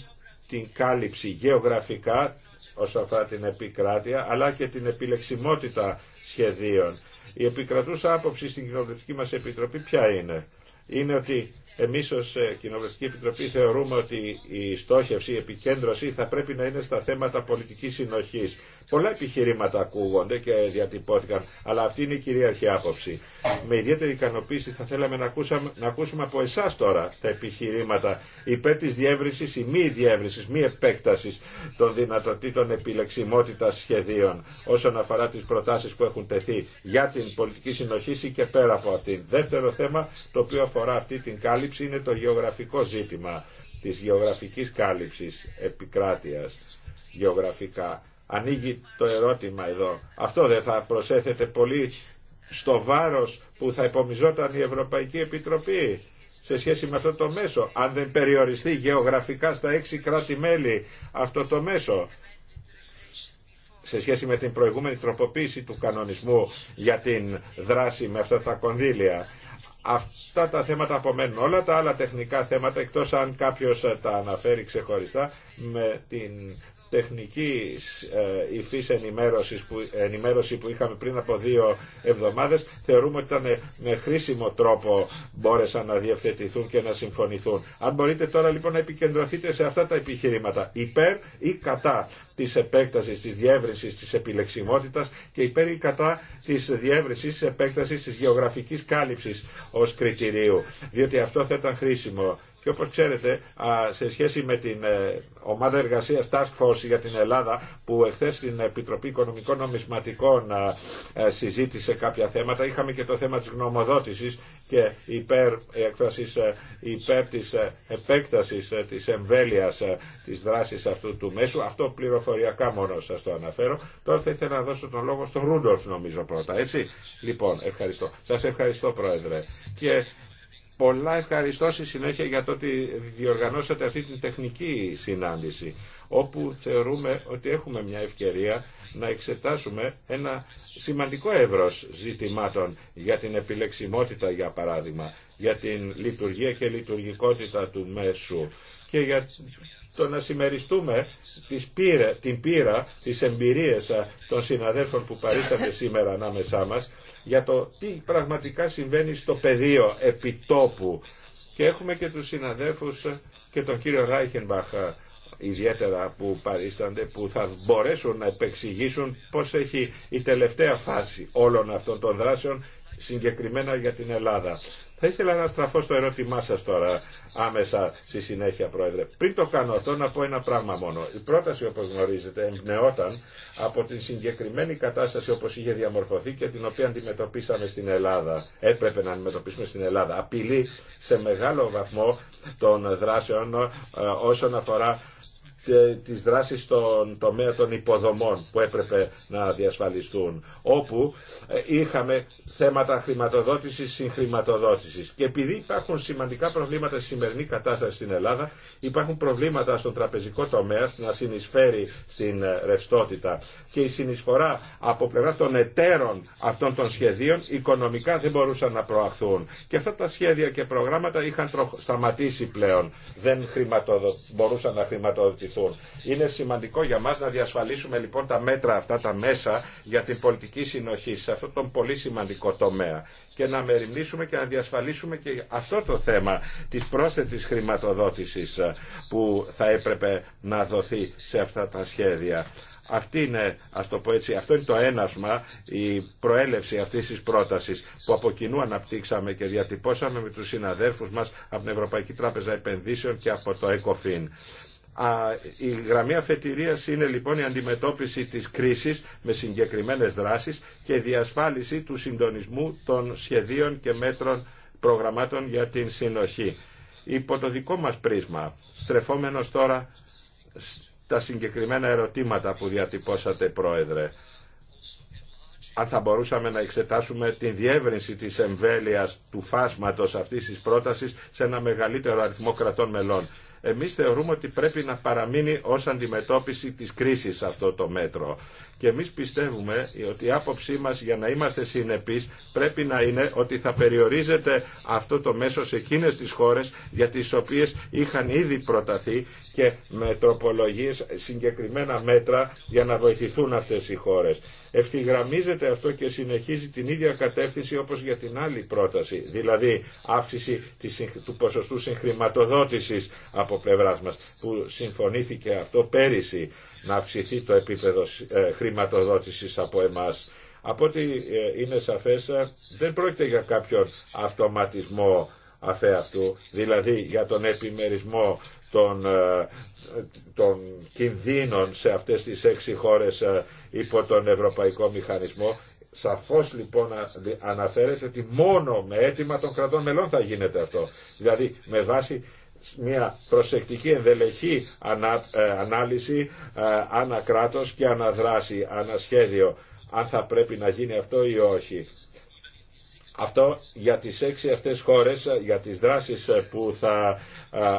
την κάλυψη γεωγραφικά όσο αφορά την επικράτεια, αλλά και την επιλεξιμότητα σχεδίων. Η επικρατούσα άποψη στην κοινοβουλευτική μας επιτροπή ποια είναι είναι ότι εμείς ως ε, Κοινοβουλευτική Επιτροπή θεωρούμε ότι η στόχευση, η επικέντρωση θα πρέπει να είναι στα θέματα πολιτικής συνοχής. Πολλά επιχειρήματα ακούγονται και διατυπώθηκαν, αλλά αυτή είναι η κυρίαρχη άποψη. Με ιδιαίτερη ικανοποίηση θα θέλαμε να, να ακούσουμε από εσά τώρα τα επιχειρήματα υπέρ της διεύρυνσης ή μη διεύρυνσης, μη επέκτασης των δυνατοτήτων επιλεξιμότητας σχεδίων όσον αφορά τις προτάσεις που έχουν τεθεί για την πολιτική συνοχή ή και πέρα από αυτήν. Δεύτερο θέμα το οποίο αφορά αυτή την κάλυψη είναι το γεωγραφικό ζήτημα της γεωγραφικής κάλυψης επικράτειας γεωγραφικά. Ανοίγει το ερώτημα εδώ. Αυτό δεν θα προσέθεται πολύ στο βάρος που θα υπομιζόταν η Ευρωπαϊκή Επιτροπή σε σχέση με αυτό το μέσο. Αν δεν περιοριστεί γεωγραφικά στα έξι κράτη-μέλη αυτό το μέσο σε σχέση με την προηγούμενη τροποποίηση του κανονισμού για την δράση με αυτά τα κονδύλια. Αυτά τα θέματα απομένουν. Όλα τα άλλα τεχνικά θέματα, εκτός αν κάποιος ε, τα αναφέρει ξεχωριστά, με την τεχνική ε, υφής ενημέρωσης που, ενημέρωση που είχαμε πριν από δύο εβδομάδες θεωρούμε ότι ήταν με χρήσιμο τρόπο μπόρεσαν να διευθετηθούν και να συμφωνηθούν. Αν μπορείτε τώρα λοιπόν να επικεντρωθείτε σε αυτά τα επιχειρήματα υπέρ ή κατά Τη επέκταση, τη διεύρυνση τη επιλεξιμότητα και υπέρ ή κατά τη διεύρυνση τη επέκταση τη γεωγραφική κάλυψη ω κριτηρίου. Διότι αυτό θα ήταν χρήσιμο. Και όπως ξέρετε, σε σχέση με την ε, ομάδα εργασίας Task Force για την Ελλάδα, που εχθές στην Επιτροπή Οικονομικών Νομισματικών ε, συζήτησε κάποια θέματα, είχαμε και το θέμα της γνωμοδότησης και υπέρ, έκφρασης, ε, υπέρ της επέκτασης της εμβέλειας της δράσης αυτού του μέσου. Αυτό πληροφοριακά μόνο σα το αναφέρω. Τώρα θα ήθελα να δώσω τον λόγο στον Ρούντολφ, νομίζω πρώτα. Έτσι. Λοιπόν, ευχαριστώ. Σα ευχαριστώ, Πρόεδρε. Και πολλά ευχαριστώ στη συνέχεια για το ότι διοργανώσατε αυτή την τεχνική συνάντηση όπου θεωρούμε ότι έχουμε μια ευκαιρία να εξετάσουμε ένα σημαντικό εύρος ζητημάτων για την επιλεξιμότητα, για παράδειγμα, για την λειτουργία και λειτουργικότητα του μέσου και για το να συμμεριστούμε τις πύρα, την πείρα, τις εμπειρίες των συναδέλφων που παρήσατε σήμερα ανάμεσά μας για το τι πραγματικά συμβαίνει στο πεδίο επιτόπου. Και έχουμε και τους συναδέλφους και τον κύριο Ράιχενμπαχ ιδιαίτερα που παρίστανται, που θα μπορέσουν να επεξηγήσουν πώς έχει η τελευταία φάση όλων αυτών των δράσεων συγκεκριμένα για την Ελλάδα. Θα ήθελα να στραφώ στο ερώτημά σα τώρα άμεσα στη συνέχεια Πρόεδρε. Πριν το κάνω αυτό να πω ένα πράγμα μόνο. Η πρόταση όπω γνωρίζετε εμπνεόταν από την συγκεκριμένη κατάσταση όπω είχε διαμορφωθεί και την οποία αντιμετωπίσαμε στην Ελλάδα. Έπρεπε να αντιμετωπίσουμε στην Ελλάδα. Απειλή σε μεγάλο βαθμό των δράσεων ε, όσον αφορά τις δράσεις στον τομέα των υποδομών που έπρεπε να διασφαλιστούν όπου ε, είχαμε θέματα χρηματοδότησης, συγχρηματοδότησης και επειδή υπάρχουν σημαντικά προβλήματα στη σημερινή κατάσταση στην Ελλάδα υπάρχουν προβλήματα στον τραπεζικό τομέα να συνεισφέρει στην ε, ρευστότητα και η συνεισφορά από πλευρά των εταίρων αυτών των σχεδίων οικονομικά δεν μπορούσαν να προαχθούν και αυτά τα σχέδια και προγράμματα είχαν σταματήσει πλέον δεν μπορούσαν να χρηματοδοτηθούν είναι σημαντικό για μας να διασφαλίσουμε λοιπόν τα μέτρα αυτά, τα μέσα για την πολιτική συνοχή σε αυτόν τον πολύ σημαντικό τομέα και να μεριμνήσουμε και να διασφαλίσουμε και αυτό το θέμα της πρόσθετης χρηματοδότησης ε, που θα έπρεπε να δοθεί σε αυτά τα σχέδια. Αυτή είναι, ας το έτσι, αυτό είναι το ένασμα, η προέλευση αυτής της πρότασης που από κοινού αναπτύξαμε και διατυπώσαμε με τους συναδέρφους μας από την Ευρωπαϊκή Τράπεζα Επενδύσεων και από το ΕΚΟΦΗΝ η γραμμή αφετηρίας είναι λοιπόν η αντιμετώπιση της κρίσης με συγκεκριμένες δράσεις και διασφάλιση του συντονισμού των σχεδίων και μέτρων προγραμμάτων για την συνοχή. Υπό το δικό μας πρίσμα, στρεφόμενος τώρα στα συγκεκριμένα ερωτήματα που διατυπώσατε Πρόεδρε, αν θα μπορούσαμε να εξετάσουμε την διεύρυνση της εμβέλειας του φάσματος αυτής της πρότασης σε ένα μεγαλύτερο αριθμό κρατών μελών. Εμείς θεωρούμε ότι πρέπει να παραμείνει ως αντιμετώπιση της κρίσης αυτό το μέτρο. Και εμείς πιστεύουμε ότι η άποψή μας για να είμαστε συνεπείς πρέπει να είναι ότι θα περιορίζεται αυτό το μέσο σε εκείνες τις χώρες για τις οποίες είχαν ήδη προταθεί και με τροπολογίες συγκεκριμένα μέτρα για να βοηθηθούν αυτές οι χώρες ευθυγραμμίζεται αυτό και συνεχίζει την ίδια κατεύθυνση όπως για την άλλη πρόταση, δηλαδή αύξηση του ποσοστού συγχρηματοδότησης από πλευράς μας, που συμφωνήθηκε αυτό πέρυσι να αυξηθεί το επίπεδο ε, χρηματοδότησης από εμάς. Από ό,τι ε, είναι σαφές ε, δεν πρόκειται για κάποιον αυτοματισμό αυτού, δηλαδή για τον επιμερισμό των, ε, των κινδύνων σε αυτές τις έξι χώρες ε, υπό τον Ευρωπαϊκό Μηχανισμό. Σαφώς λοιπόν αναφέρεται ότι μόνο με αίτημα των κρατών μελών θα γίνεται αυτό. Δηλαδή με βάση μια προσεκτική ενδελεχή ε, ανάλυση ε, ανακράτος και αναδράση, ανασχέδιο αν θα πρέπει να γίνει αυτό ή όχι. Αυτό για τις έξι αυτές χώρες, για τις δράσεις που θα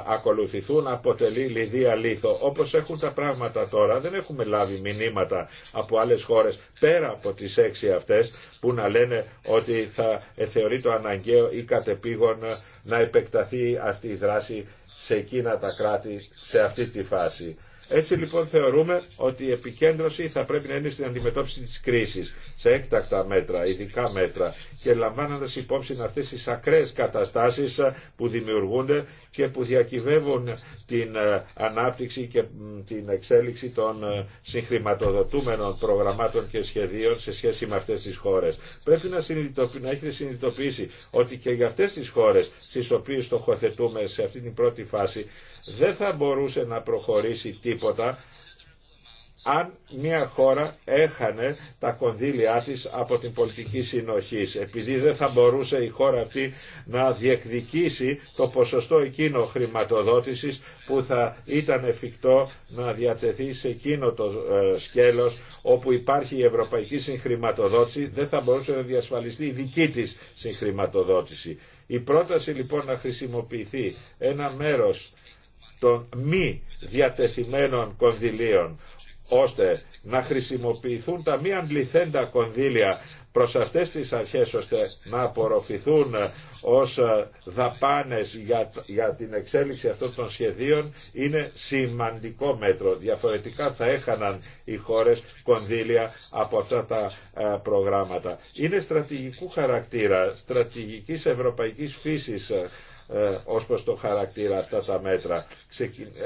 ακολουθηθούν αποτελεί λιδία λίθο. Όπως έχουν τα πράγματα τώρα, δεν έχουμε λάβει μηνύματα από άλλες χώρες πέρα από τις έξι αυτές που να λένε ότι θα θεωρεί το αναγκαίο ή κατεπήγον να επεκταθεί αυτή η δράση σε εκείνα τα κράτη σε αυτή τη φάση. Έτσι λοιπόν θεωρούμε ότι η επικέντρωση θα πρέπει να είναι στην αντιμετώπιση της κρίσης σε έκτακτα μέτρα, ειδικά μέτρα και λαμβάνοντας υπόψη αυτέ τις ακραίε καταστάσεις που δημιουργούνται και που διακυβεύουν την ε, ανάπτυξη και την εξέλιξη των ε, συγχρηματοδοτούμενων προγραμμάτων και σχεδίων σε σχέση με αυτές τις χώρες. Πρέπει να, να έχετε συνειδητοποιήσει ότι και για αυτές τις χώρες στις οποίες στοχοθετούμε σε αυτή την πρώτη φάση δεν θα μπορούσε να προχωρήσει τίποτα αν μια χώρα έχανε τα κονδύλια της από την πολιτική συνοχή, επειδή δεν θα μπορούσε η χώρα αυτή να διεκδικήσει το ποσοστό εκείνο χρηματοδότησης που θα ήταν εφικτό να διατεθεί σε εκείνο το ε, σκέλος όπου υπάρχει η ευρωπαϊκή συγχρηματοδότηση, δεν θα μπορούσε να διασφαλιστεί η δική της συγχρηματοδότηση. Η πρόταση λοιπόν να χρησιμοποιηθεί ένα μέρος των μη διατεθειμένων κονδυλίων ώστε να χρησιμοποιηθούν τα μη αντληθέντα κονδύλια προς αυτές τις αρχές ώστε να απορροφηθούν ως ε, δαπάνες για, για την εξέλιξη αυτών των σχεδίων είναι σημαντικό μέτρο. Διαφορετικά θα έχαναν οι χώρες κονδύλια από αυτά τα ε, προγράμματα. Είναι στρατηγικού χαρακτήρα, στρατηγικής ευρωπαϊκής φύσης ε, ε, ως προς το χαρακτήρα αυτά τα μέτρα.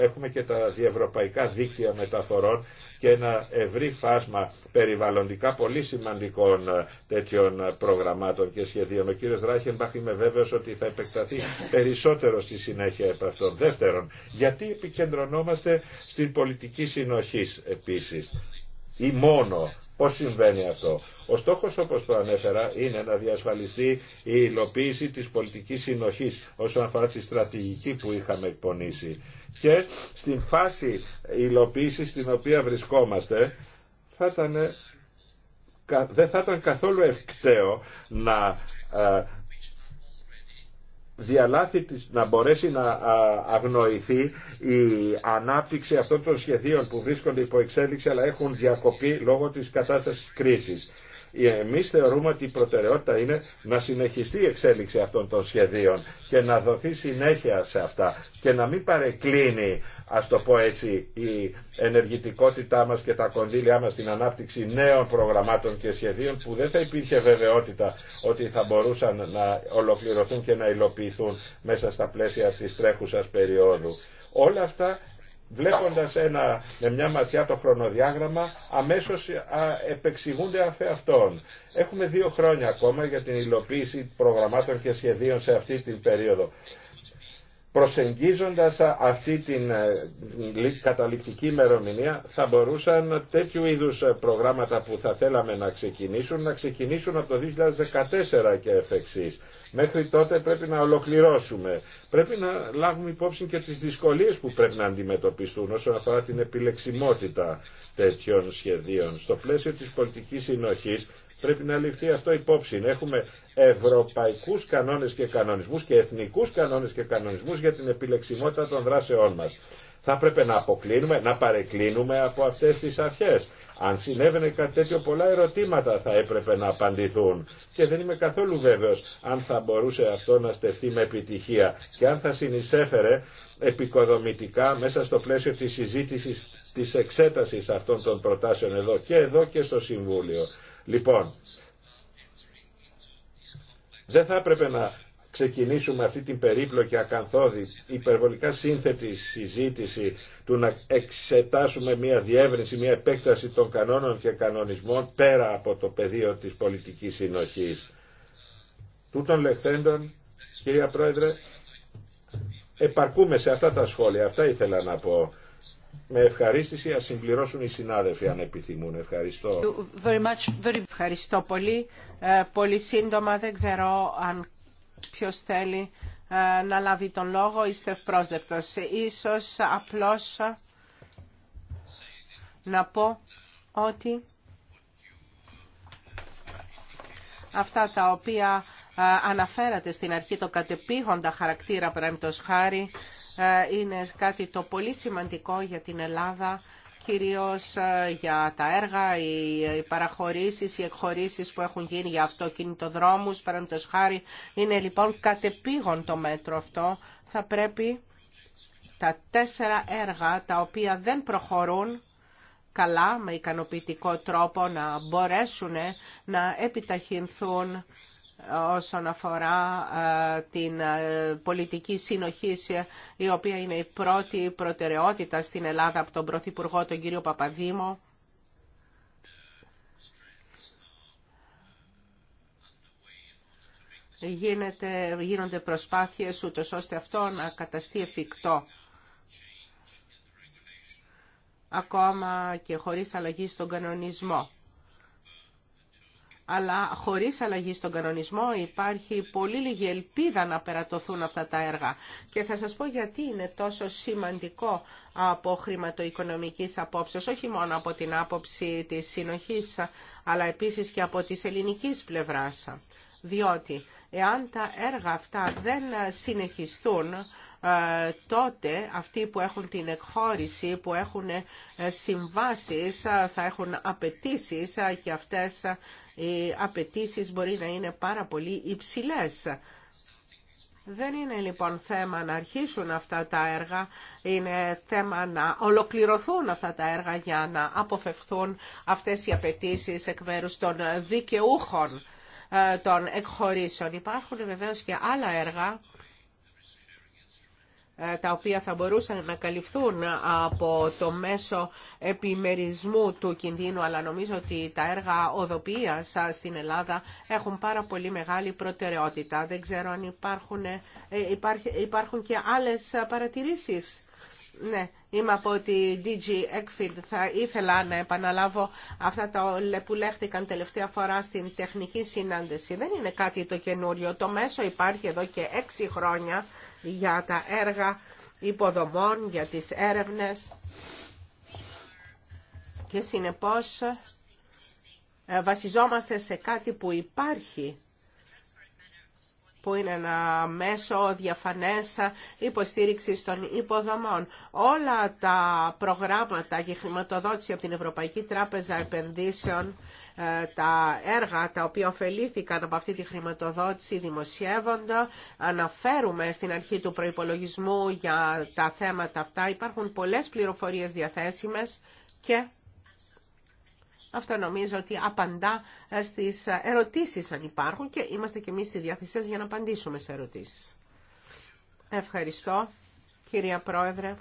Έχουμε και τα διευρωπαϊκά δίκτυα μεταφορών και ένα ευρύ φάσμα περιβαλλοντικά πολύ σημαντικών ε, τέτοιων ε, προγραμμάτων και σχεδίων. Ο κύριος Ράχενμπαχ είμαι βέβαιος ότι θα επεκταθεί περισσότερο στη συνέχεια από αυτών. Δεύτερον, γιατί επικεντρωνόμαστε στην πολιτική συνοχής επίσης ή μόνο. Πώς συμβαίνει αυτό. Ο στόχος όπως το ανέφερα είναι να διασφαλιστεί η υλοποίηση της πολιτικής συνοχής όσον αφορά τη στρατηγική που είχαμε εκπονήσει. Και στην φάση υλοποίηση στην οποία βρισκόμαστε θα ήταν, δεν θα ήταν καθόλου ευκταίο να ε, διαλάθη να μπορέσει να αγνοηθεί η ανάπτυξη αυτών των σχεδίων που βρίσκονται υπό εξέλιξη αλλά έχουν διακοπεί λόγω της κατάστασης κρίσης. Ε, Εμεί θεωρούμε ότι η προτεραιότητα είναι να συνεχιστεί η εξέλιξη αυτών των σχεδίων και να δοθεί συνέχεια σε αυτά και να μην παρεκκλίνει, α το πω έτσι, η ενεργητικότητά μα και τα κονδύλια μα στην ανάπτυξη νέων προγραμμάτων και σχεδίων που δεν θα υπήρχε βεβαιότητα ότι θα μπορούσαν να ολοκληρωθούν και να υλοποιηθούν μέσα στα πλαίσια τη τρέχουσα περίοδου. Όλα αυτά βλέποντας ένα, με μια ματιά το χρονοδιάγραμμα αμέσως επεξηγούνται αφ' αυτόν. Έχουμε δύο χρόνια ακόμα για την υλοποίηση προγραμμάτων και σχεδίων σε αυτή την περίοδο προσεγγίζοντας αυτή την ε, καταληπτική ημερομηνία θα μπορούσαν τέτοιου είδους ε, προγράμματα που θα θέλαμε να ξεκινήσουν να ξεκινήσουν από το 2014 και εφ' Μέχρι τότε πρέπει να ολοκληρώσουμε. Πρέπει να λάβουμε υπόψη και τις δυσκολίες που πρέπει να αντιμετωπιστούν όσον αφορά την επιλεξιμότητα τέτοιων σχεδίων. Στο πλαίσιο της πολιτικής συνοχής Πρέπει να ληφθεί αυτό υπόψη. Έχουμε ευρωπαϊκούς κανόνες και κανονισμούς και εθνικούς κανόνες και κανονισμούς για την επιλεξιμότητα των δράσεών μας. Θα πρέπει να αποκλίνουμε, να παρεκκλίνουμε από αυτές τις αρχές. Αν συνέβαινε κάτι τέτοιο, πολλά ερωτήματα θα έπρεπε να απαντηθούν. Και δεν είμαι καθόλου βέβαιος αν θα μπορούσε αυτό να στεφθεί με επιτυχία και αν θα συνεισέφερε επικοδομητικά μέσα στο πλαίσιο της συζήτησης της εξέτασης αυτών των προτάσεων εδώ και εδώ και στο Συμβούλιο. Λοιπόν, δεν θα έπρεπε να ξεκινήσουμε αυτή την περίπλοκη ακαθόδη υπερβολικά σύνθετη συζήτηση του να εξετάσουμε μια διεύρυνση, μια επέκταση των κανόνων και κανονισμών πέρα από το πεδίο της πολιτικής συνοχής. Τούτων λεχθέντων, κυρία Πρόεδρε, επαρκούμε σε αυτά τα σχόλια. Αυτά ήθελα να πω με ευχαρίστηση ας συμπληρώσουν οι συνάδελφοι αν επιθυμούν. Ευχαριστώ. Very much, very... Ευχαριστώ πολύ. Ε, πολύ σύντομα δεν ξέρω αν ποιος θέλει ε, να λάβει τον λόγο. Είστε πρόσδεκτος. Ίσως απλώς να πω ότι αυτά τα οποία αναφέρατε στην αρχή το κατεπήγοντα χαρακτήρα παραμπτός χάρη είναι κάτι το πολύ σημαντικό για την Ελλάδα κυρίως για τα έργα, οι παραχωρήσεις, οι εκχωρήσεις που έχουν γίνει για αυτοκινητοδρόμους, παραμπτός χάρη. Είναι λοιπόν κατεπήγον το μέτρο αυτό. Θα πρέπει τα τέσσερα έργα τα οποία δεν προχωρούν καλά με ικανοποιητικό τρόπο να μπορέσουν να επιταχυνθούν όσον αφορά ε, την ε, πολιτική συνοχή, η οποία είναι η πρώτη προτεραιότητα στην Ελλάδα από τον Πρωθυπουργό, τον κύριο Παπαδήμο. Γίνεται, γίνονται προσπάθειες ούτως ώστε αυτό να καταστεί εφικτό. Ακόμα και χωρίς αλλαγή στον κανονισμό αλλά χωρίς αλλαγή στον κανονισμό υπάρχει πολύ λίγη ελπίδα να περατωθούν αυτά τα έργα. Και θα σας πω γιατί είναι τόσο σημαντικό από χρηματοοικονομικής απόψεως, όχι μόνο από την άποψη της συνοχής, αλλά επίσης και από της ελληνικής πλευράς. Διότι εάν τα έργα αυτά δεν συνεχιστούν, ε, τότε αυτοί που έχουν την εκχώρηση, που έχουν ε, συμβάσεις, ε, θα έχουν απαιτήσει και αυτές οι απαιτήσει μπορεί να είναι πάρα πολύ υψηλέ. Δεν είναι λοιπόν θέμα να αρχίσουν αυτά τα έργα, είναι θέμα να ολοκληρωθούν αυτά τα έργα για να αποφευθούν αυτές οι απαιτήσει εκ μέρους των δικαιούχων ε, των εκχωρήσεων. Υπάρχουν βεβαίως και άλλα έργα τα οποία θα μπορούσαν να καλυφθούν από το μέσο επιμερισμού του κινδύνου, αλλά νομίζω ότι τα έργα οδοποιίας στην Ελλάδα έχουν πάρα πολύ μεγάλη προτεραιότητα. Δεν ξέρω αν υπάρχουν, ε, υπάρχουν και άλλες παρατηρήσεις. Ναι, είμαι από τη DG Ekfield. Θα ήθελα να επαναλάβω αυτά τα που λέχτηκαν τελευταία φορά στην τεχνική συνάντηση. Δεν είναι κάτι το καινούριο. Το μέσο υπάρχει εδώ και έξι χρόνια για τα έργα υποδομών, για τις έρευνες και συνεπώς ε, βασιζόμαστε σε κάτι που υπάρχει που είναι ένα μέσο διαφανέσα υποστήριξης των υποδομών. Όλα τα προγράμματα και χρηματοδότηση από την Ευρωπαϊκή Τράπεζα Επενδύσεων τα έργα τα οποία ωφελήθηκαν από αυτή τη χρηματοδότηση δημοσιεύοντα. Αναφέρουμε στην αρχή του προϋπολογισμού για τα θέματα αυτά. Υπάρχουν πολλές πληροφορίες διαθέσιμες και αυτό νομίζω ότι απαντά στις ερωτήσεις αν υπάρχουν και είμαστε και εμείς στη διάθεσή για να απαντήσουμε σε ερωτήσεις. Ευχαριστώ, κυρία Πρόεδρε.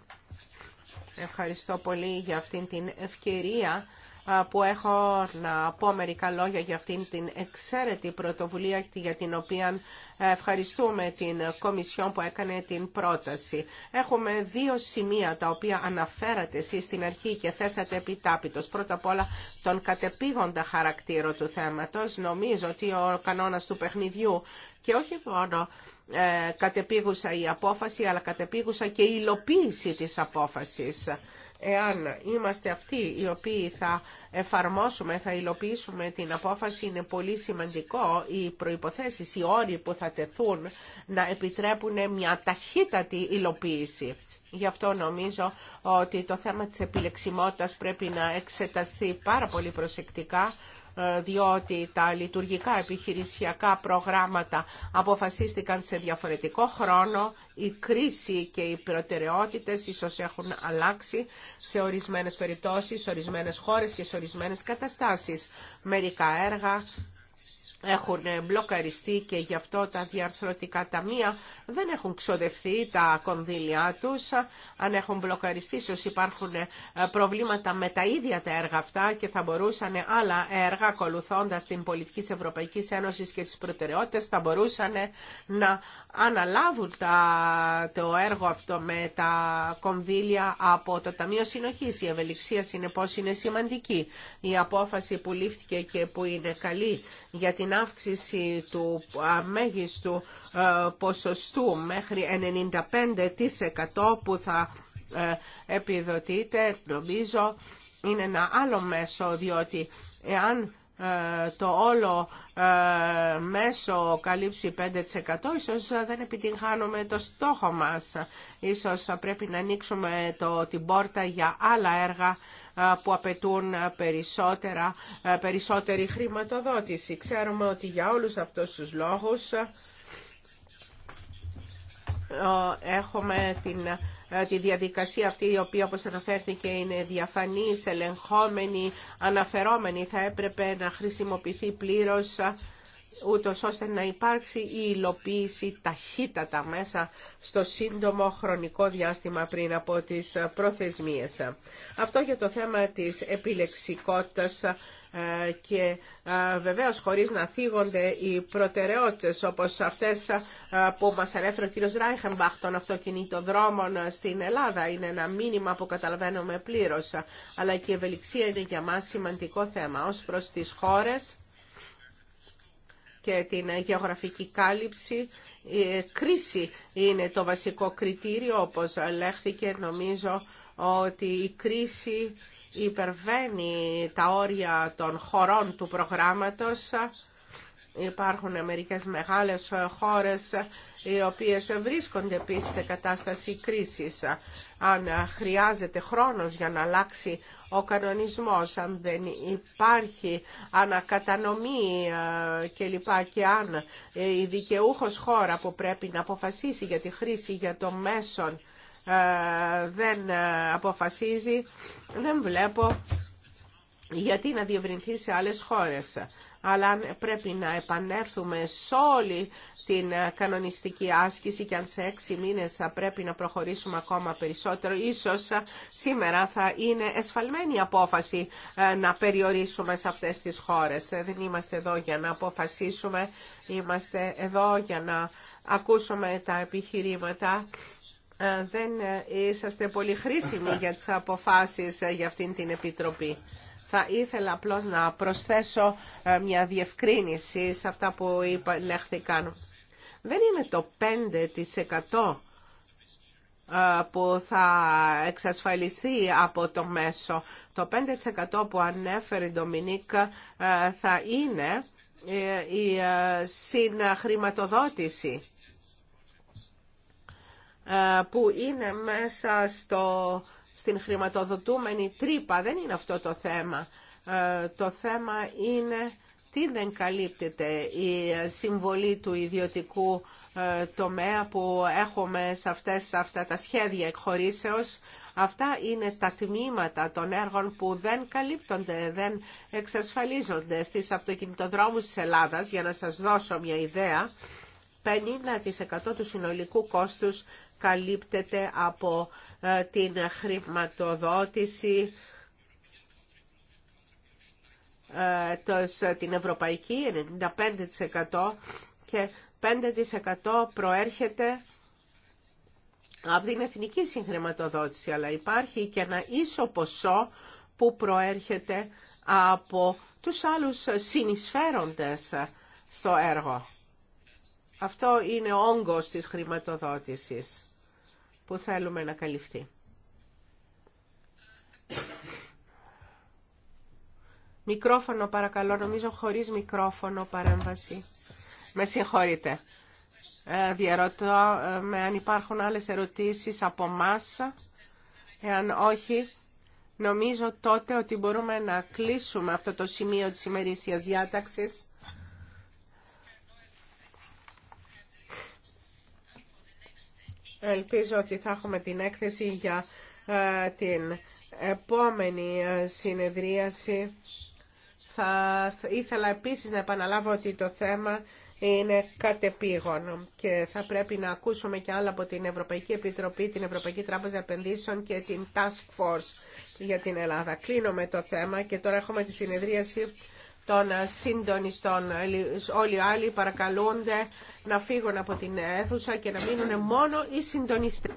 Ευχαριστώ πολύ για αυτή την ευκαιρία που έχω να πω μερικά λόγια για αυτήν την εξαίρετη πρωτοβουλία για την οποία ευχαριστούμε την Κομισιόν που έκανε την πρόταση. Έχουμε δύο σημεία τα οποία αναφέρατε εσείς στην αρχή και θέσατε επιτάπητος. Πρώτα απ' όλα τον κατεπήγοντα χαρακτήρο του θέματος. Νομίζω ότι ο κανόνας του παιχνιδιού και όχι μόνο ε, κατεπήγουσα η απόφαση αλλά κατεπήγουσα και η υλοποίηση της απόφασης. Εάν είμαστε αυτοί οι οποίοι θα εφαρμόσουμε, θα υλοποιήσουμε την απόφαση, είναι πολύ σημαντικό οι προϋποθέσεις, οι όροι που θα τεθούν να επιτρέπουν μια ταχύτατη υλοποίηση. Γι' αυτό νομίζω ότι το θέμα της επιλεξιμότητας πρέπει να εξεταστεί πάρα πολύ προσεκτικά ε, διότι τα λειτουργικά επιχειρησιακά προγράμματα αποφασίστηκαν σε διαφορετικό χρόνο η κρίση και οι προτεραιότητες ίσως έχουν αλλάξει σε ορισμένες περιπτώσεις, σε ορισμένες χώρες και σε ορισμένες καταστάσεις. Μερικά έργα έχουν μπλοκαριστεί και γι' αυτό τα διαρθρωτικά ταμεία δεν έχουν ξοδευτεί τα κονδύλια τους, αν έχουν μπλοκαριστεί, ίσως υπάρχουν ε, προβλήματα με τα ίδια τα έργα αυτά και θα μπορούσαν άλλα έργα, ακολουθώντας την πολιτική της Ευρωπαϊκής Ένωσης και τις προτεραιότητες, θα μπορούσαν να αναλάβουν τα, το έργο αυτό με τα κονδύλια από το Ταμείο Συνοχής. Η ευελιξία, συνεπώς, είναι σημαντική. Η απόφαση που λήφθηκε και που είναι καλή για την αύξηση του μέγιστου ε, ποσοστού μέχρι 95% που θα ε, επιδοτείται, νομίζω είναι ένα άλλο μέσο, διότι εάν ε, το όλο ε, μέσο καλύψει 5% ίσως δεν επιτυγχάνουμε το στόχο μας. Ίσως θα πρέπει να ανοίξουμε το, την πόρτα για άλλα έργα που απαιτούν περισσότερα, περισσότερη χρηματοδότηση. Ξέρουμε ότι για όλους αυτούς τους λόγους ε, έχουμε την, ε, τη διαδικασία αυτή η οποία όπως αναφέρθηκε είναι διαφανής, ελεγχόμενη, αναφερόμενη. Θα έπρεπε να χρησιμοποιηθεί πλήρως ε, ούτω ώστε να υπάρξει η υλοποίηση ταχύτατα μέσα στο σύντομο χρονικό διάστημα πριν από τις προθεσμίες. Αυτό για το θέμα της επιλεξικότητας ε, και ε, βεβαίως χωρίς να θίγονται οι προτεραιότητες όπως αυτές ε, που μας ανέφερε ο κύριος Ράιχεμπαχ των αυτοκινητοδρόμων στην Ελλάδα είναι ένα μήνυμα που καταλαβαίνουμε πλήρως αλλά και η ευελιξία είναι για μας σημαντικό θέμα ως προς τις χώρες και την γεωγραφική κάλυψη. Η κρίση είναι το βασικό κριτήριο, όπως λέχθηκε. Νομίζω ότι η κρίση υπερβαίνει τα όρια των χωρών του προγράμματος. Υπάρχουν μερικές μεγάλες χώρες οι οποίες βρίσκονται επίσης σε κατάσταση κρίσης. Αν χρειάζεται χρόνος για να αλλάξει ο κανονισμός, αν δεν υπάρχει ανακατανομή κλπ. και αν η δικαιούχος χώρα που πρέπει να αποφασίσει για τη χρήση για το μέσον ε, δεν ε, αποφασίζει, δεν βλέπω γιατί να διευρυνθεί σε άλλες χώρες. Αλλά πρέπει να επανέλθουμε σε όλη την ε, κανονιστική άσκηση και αν σε έξι μήνες θα πρέπει να προχωρήσουμε ακόμα περισσότερο. Ίσως σήμερα θα είναι εσφαλμένη η απόφαση να περιορίσουμε σε αυτές τις χώρες. Δεν είμαστε εδώ για να αποφασίσουμε, είμαστε εδώ για να ακούσουμε τα επιχειρήματα ε, δεν ε, είσαστε πολύ χρήσιμοι για τις αποφάσεις ε, για αυτήν την Επιτροπή. Θα ήθελα απλώς να προσθέσω μια διευκρίνηση σε αυτά που είπα, λέχθηκαν. Δεν είναι το 5% που θα εξασφαλιστεί από το μέσο. Το 5% που ανέφερε η Ντομινίκ θα είναι η συναχρηματοδότηση. Ε, που είναι μέσα στο, στην χρηματοδοτούμενη τρύπα. Δεν είναι αυτό το θέμα. Ε, το θέμα είναι τι δεν καλύπτεται η συμβολή του ιδιωτικού ε, τομέα που έχουμε σε αυτές, αυτά τα σχέδια εκχωρήσεως. Αυτά είναι τα τμήματα των έργων που δεν καλύπτονται, δεν εξασφαλίζονται στις αυτοκινητοδρόμους της Ελλάδας, για να σας δώσω μια ιδέα. 50% του συνολικού κόστους καλύπτεται από ε, την χρηματοδότηση ε, την ευρωπαϊκή 95% και 5% προέρχεται από την εθνική συγχρηματοδότηση, αλλά υπάρχει και ένα ίσο ποσό που προέρχεται από τους άλλους συνεισφέροντες στο έργο. Αυτό είναι όγκος της χρηματοδότησης που θέλουμε να καλυφθεί. Μικρόφωνο παρακαλώ, νομίζω χωρίς μικρόφωνο παρέμβαση. Με συγχωρείτε. Ε, διαρωτώ ε, με αν υπάρχουν άλλες ερωτήσεις από μάσα. Εάν όχι, νομίζω τότε ότι μπορούμε να κλείσουμε αυτό το σημείο της ημερήσιας διάταξης Ελπίζω ότι θα έχουμε την έκθεση για ε, την επόμενη ε, συνεδρίαση. Θα ήθελα επίσης να επαναλάβω ότι το θέμα είναι κατεπήγον και θα πρέπει να ακούσουμε και άλλα από την Ευρωπαϊκή Επιτροπή, την Ευρωπαϊκή Τράπεζα Επενδύσεων και την Task Force για την Ελλάδα. Κλείνω με το θέμα και τώρα έχουμε τη συνεδρίαση των συντονιστών. Όλοι οι άλλοι παρακαλούνται να φύγουν από την αίθουσα και να μείνουν μόνο οι συντονιστές.